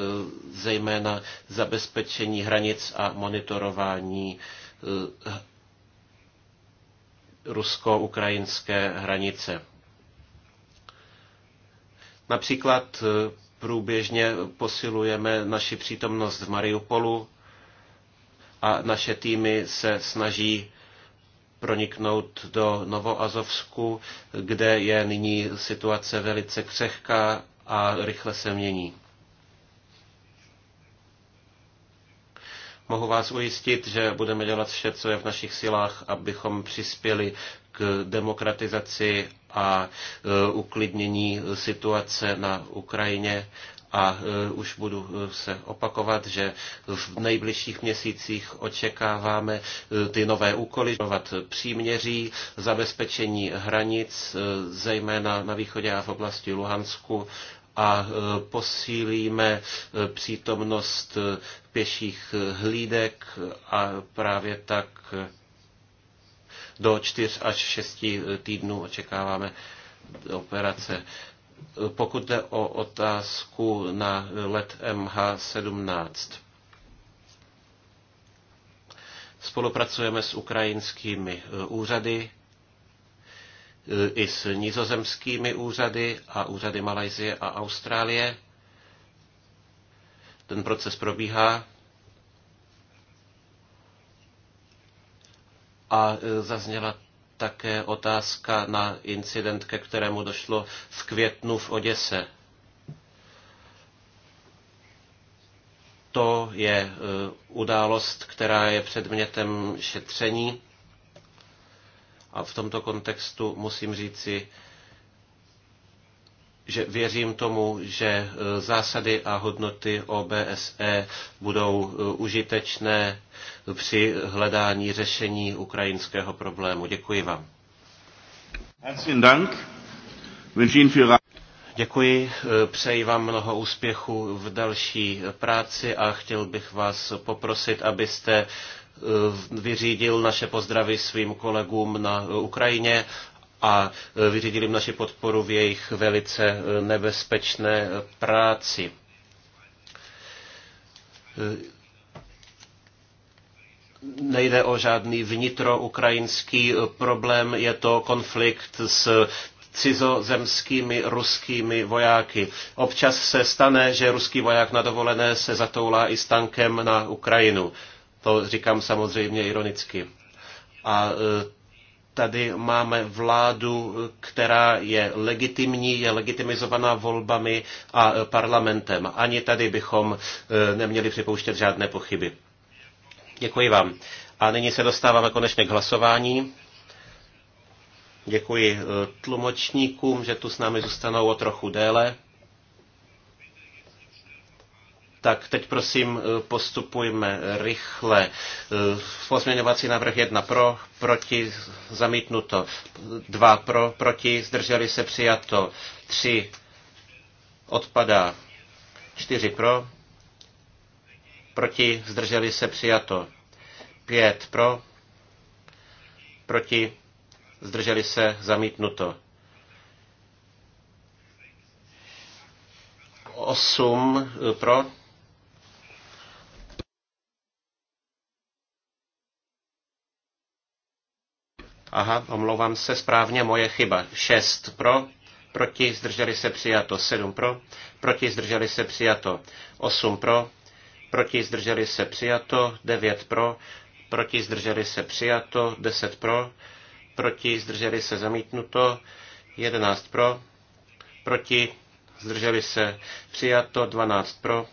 [SPEAKER 3] zejména zabezpečení hranic a monitorování eh, rusko-ukrajinské hranice. Například eh, průběžně posilujeme naši přítomnost v Mariupolu a naše týmy se snaží proniknout do Novoazovsku, kde je nyní situace velice křehká a rychle se mění. Mohu vás ujistit, že budeme dělat vše, co je v našich silách, abychom přispěli k demokratizaci a e, uklidnění situace na Ukrajině a e, už budu e, se opakovat, že v nejbližších měsících očekáváme ty nové úkoly, příměří, zabezpečení hranic, zejména na východě a v oblasti Luhansku a e, posílíme e, přítomnost e, pěších hlídek a právě tak do čtyř až šesti týdnů očekáváme operace. Pokud jde o otázku na let MH17, spolupracujeme s ukrajinskými úřady i s nizozemskými úřady a úřady Malajzie a Austrálie. Ten proces probíhá. A e, zazněla také otázka na incident, ke kterému došlo v květnu v Oděse. To je e, událost, která je předmětem šetření a v tomto kontextu musím říci, že věřím tomu, že e, zásady a hodnoty OBSE budou e, užitečné při hledání řešení ukrajinského problému. Děkuji vám. Dank. Děkuji, e, přeji vám mnoho úspěchu v další práci a chtěl bych vás poprosit, abyste Eh, vyřídil naše pozdravy svým kolegům na eh, Ukrajině a eh, vyřídil jim naši podporu v jejich velice nebezpečné práci. Nejde o žádný vnitroukrajinský problém, je to konflikt s cizozemskými ruskými vojáky. Občas se stane, že ruský voják na dovolené se zatoulá i s tankem na Ukrajinu. To říkám samozřejmě ironicky. A e, tady máme vládu, která je legitimní, je legitimizovaná volbami a parlamentem. Ani tady bychom e, neměli připouštět žádné pochyby. Děkuji vám. A nyní se dostáváme konečně k hlasování. Děkuji e, tlumočníkům, že tu s námi zůstanou o trochu déle. Tak teď prosím eh, postupujme rychle. Eh, pozměňovací návrh 1 pro, proti, zamítnuto. 2 pro, proti, zdrželi se přijato. 3 odpadá. 4 pro, proti, zdrželi se přijato. 5 pro, proti, zdrželi se zamítnuto. 8 eh, pro, Aha, omlouvám se, správně moje chyba. 6 pro, proti, zdrželi se přijato. 7 pro, proti, zdrželi se přijato. 8 pro, proti, zdrželi se přijato. 9 pro, proti, zdrželi se přijato. 10 pro, proti, zdrželi se zamítnuto. 11 pro, proti, zdrželi se přijato. 12 pro,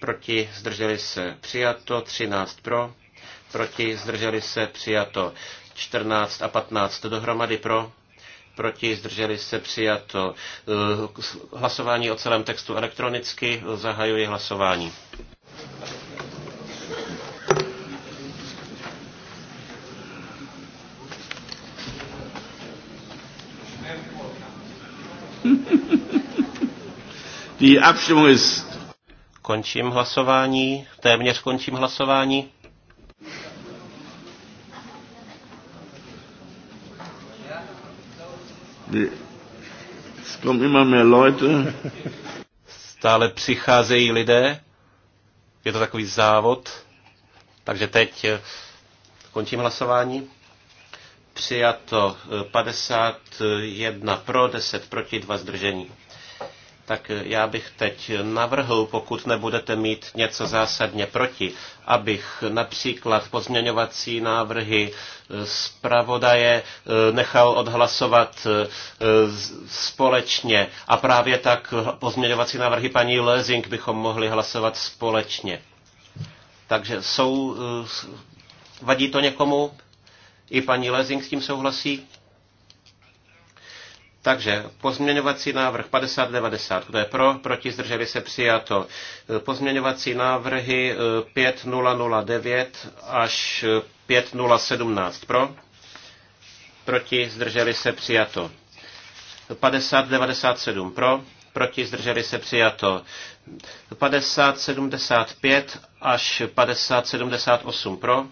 [SPEAKER 3] proti, zdrželi se přijato. 13 pro, proti, zdrželi se přijato. 14 a 15 dohromady pro, proti, zdrželi se přijato. Eh, hlasování o celém textu elektronicky, zahajuji hlasování. Die Abstimmung ist... Končím hlasování, téměř končím hlasování. Es kommen immer mehr Leute. Stále přicházejí lidé. Je to takový závod. Takže teď eh, končím hlasování. Přijato 51 eh, pro, 10 proti, 2 zdržení tak já bych teď navrhl, pokud nebudete mít něco zásadně proti, abych například pozměňovací návrhy eh, zpravodaje eh, nechal odhlasovat eh, společně a právě tak pozměňovací návrhy paní Lezing bychom mohli hlasovat společně. Takže jsou, vadí to někomu? I paní Lezing s tím souhlasí? Takže pozměňovací návrh 5090, kdo je pro, proti zdrželi se přijato. Pozměňovací návrhy 5009 e, až 5017 e, pro, proti zdrželi se přijato. 5097 pro, proti zdrželi se přijato. 5075 až 5078 pro,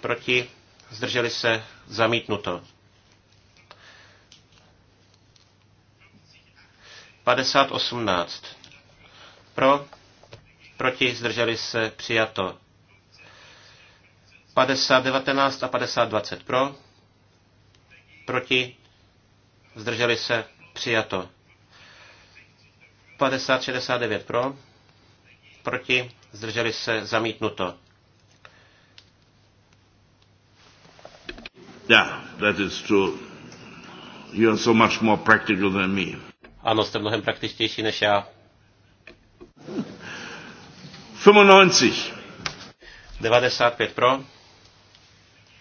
[SPEAKER 3] proti zdrželi se zamítnuto. 5018. Pro, proti, zdrželi se, přijato. 5019 a 5020 pro, proti, zdrželi se, přijato. 5069 pro, proti, zdrželi se, zamítnuto. Yeah, that is true. You are so much more practical than me. Ano, jste mnohem praktičtější než já. 95. 95 pro.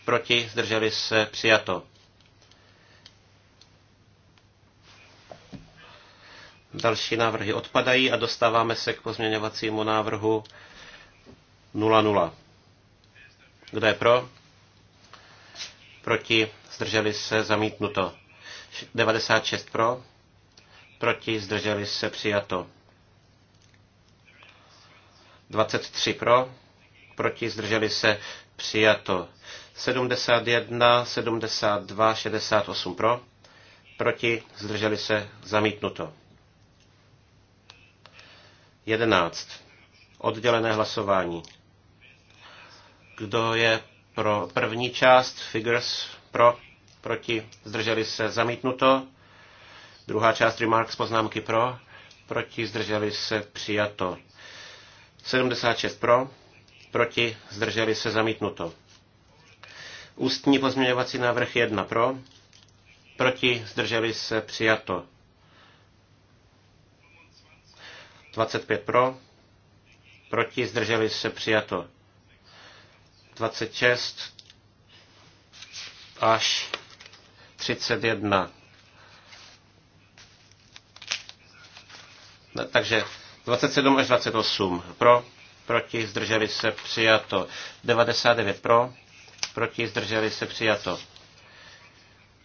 [SPEAKER 3] Proti zdrželi se přijato. Další návrhy odpadají a dostáváme se k pozměňovacímu návrhu 00. Kdo je pro? Proti zdrželi se zamítnuto. 96 pro proti, zdrželi se, přijato. 23 pro, proti, zdrželi se, přijato. 71, 72, 68 pro, proti, zdrželi se, zamítnuto. 11. Oddělené hlasování. Kdo je pro první část? Figures pro, proti, zdrželi se, zamítnuto. Druhá část remarks poznámky pro, proti zdrželi se přijato. 76 pro, proti zdrželi se zamítnuto. Ústní pozměňovací návrh 1 pro, proti zdrželi se přijato. 25 pro, proti zdrželi se přijato. 26 až 31 takže 27 až 28 pro, proti, zdrželi se, přijato. 99 pro, proti, zdrželi se, přijato.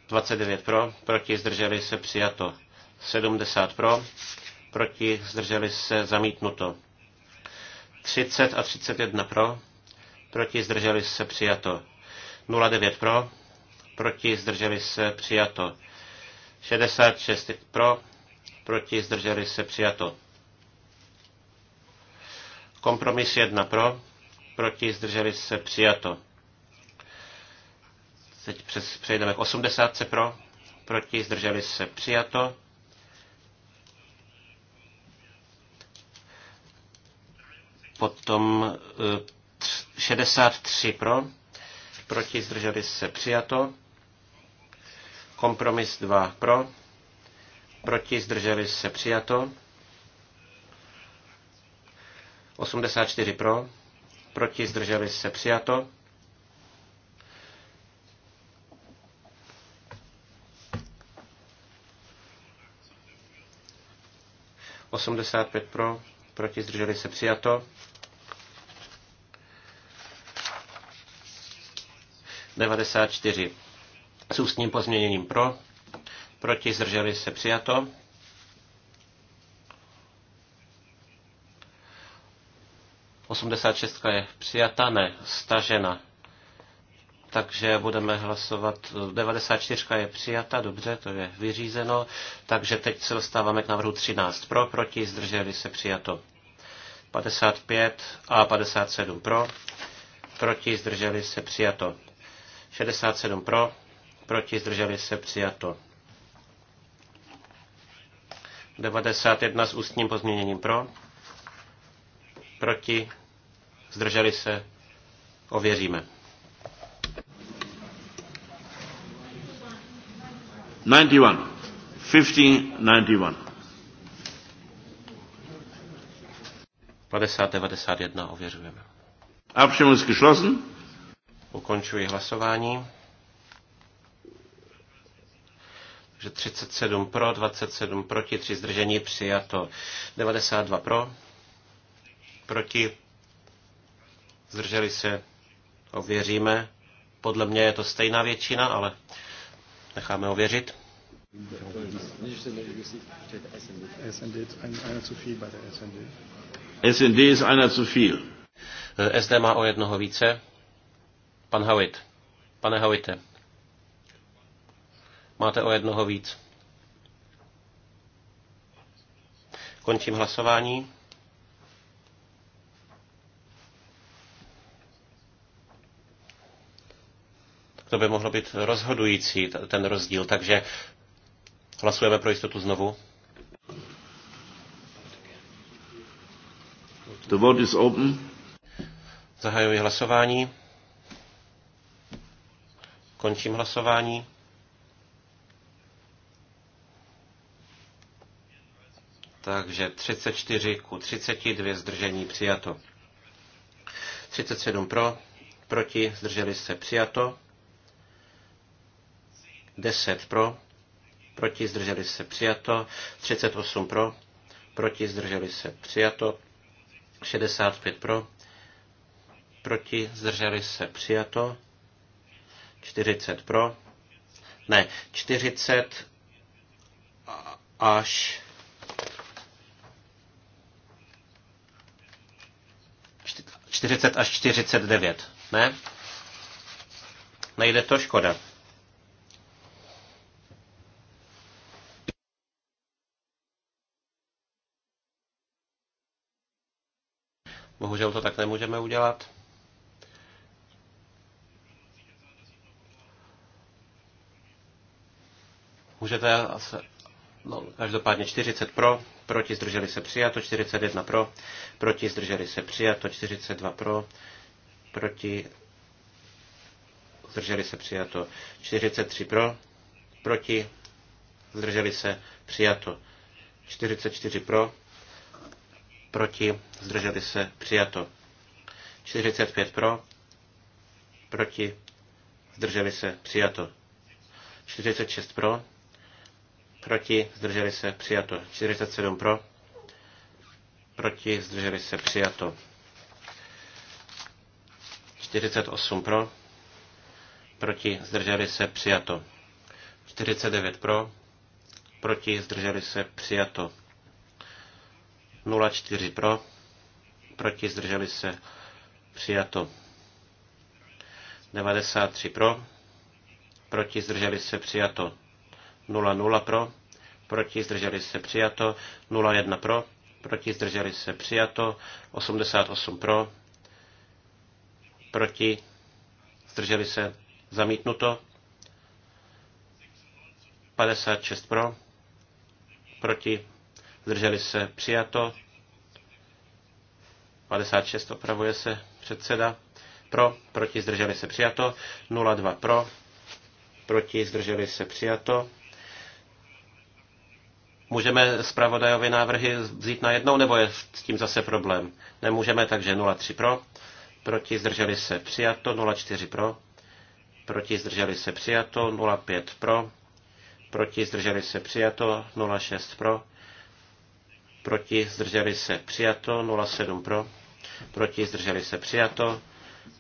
[SPEAKER 3] 29 pro, proti, zdrželi se, přijato. 70 pro, proti, zdrželi se, zamítnuto. 30 a 31 pro, proti, zdrželi se, přijato. 09 pro, proti, zdrželi se, přijato. 66 pro, proti, zdrželi se, přijato. Kompromis 1 pro, proti, zdrželi se, přijato. Teď přes, přejdeme k 80 pro, proti, zdrželi se, přijato. Potom 63 eh, pro, proti, zdrželi se, přijato. Kompromis 2 pro, proti, zdrželi se přijato. 84 pro, proti, zdrželi se přijato. Osmdesát pět pro, proti zdrželi se přijato. 94 s ústním pozměněním pro, proti, zdrželi se přijato. Osmdesátšestka je přijata, ne, stažena. Takže budeme hlasovat, 94 je přijata, dobře, to je vyřízeno. Takže teď se dostáváme k návrhu 13 pro, proti, zdrželi se přijato. 55 a 57 pro, proti, zdrželi se přijato. 67 pro, proti, zdrželi se přijato. 91 s ústním pozměněním pro. Proti. Zdrželi se. Ověříme. 91. 1591. 5091 ověřujeme. Abstimmung ist geschlossen. Ukončuji hlasování. Takže 37 pro, 27 proti, 3 zdržení, přijato. 92 pro, proti, zdrželi se, ověříme. Podle mě je to stejná většina, ale necháme ověřit. SND je jedna zu viel. SD má o jednoho více. Pan Hawit. Pane Hawite. Máte o jednoho víc. Končím hlasování. To by mohlo být rozhodující, ten rozdíl. Takže hlasujeme pro jistotu znovu. The vote is open. Zahajuji hlasování. Končím hlasování. Takže 34 ku 32 zdržení přijato. 37 pro, proti, zdrželi se přijato. 10 pro, proti, zdrželi se přijato. 38 pro, proti, zdrželi se přijato. 65 pro, proti, zdrželi se přijato. 40 pro, ne, 40 až 40 až 49. Ne? Nejde to, škoda. Bohužel to tak nemůžeme udělat. Můžete se No, každopádně 40 pro, proti zdrželi se přijato, 41 pro, proti zdrželi se přijato, 42 pro, proti zdrželi se přijato, 43 pro, proti zdrželi se přijato, 44 pro, proti zdrželi se přijato, 45 pro, proti zdrželi se přijato, 46 pro, proti, zdrželi se, přijato. 47 pro, proti, zdrželi se, přijato. 48 pro, proti, zdrželi se, přijato. 49 pro, proti, zdrželi se, přijato. 04 pro, proti, zdrželi se, přijato. 93 pro, proti, zdrželi se, přijato. 00 pro, proti, zdrželi se přijato, 01 pro, proti, zdrželi se přijato, 88 pro, proti, zdrželi se zamítnuto, 56 pro, proti, zdrželi se přijato, 56 opravuje se předseda, pro, proti, zdrželi se přijato, 02 pro, proti, zdrželi se přijato, Můžeme zpravodajové návrhy vzít na jednou, nebo je s tím zase problém? Nemůžeme, takže 0,3 pro. Proti zdrželi se přijato, 0,4 pro. Proti zdrželi se přijato, 0,5 pro. Proti zdrželi se přijato, 0,6 pro. Proti zdrželi se přijato, 0,7 pro. Proti zdrželi se přijato,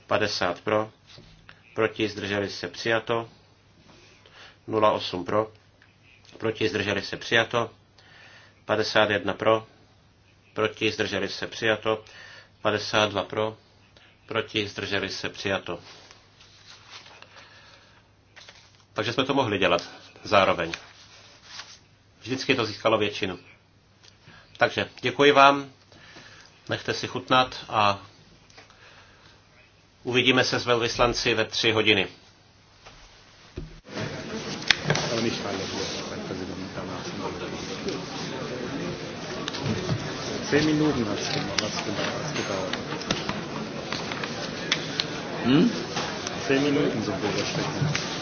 [SPEAKER 3] 50 pro. Proti zdrželi se přijato, 0,8 pro. Proti zdrželi se přijato. 51 pro, proti, zdrželi se přijato. 52 pro, proti, zdrželi se přijato. Takže jsme to mohli dělat zároveň. Vždycky to získalo většinu. Takže děkuji vám, nechte si chutnat a uvidíme se s velvyslanci ve tři hodiny.
[SPEAKER 1] Zehn Minuten hat es gedauert. Hm? Zehn Minuten sind wir überschritten.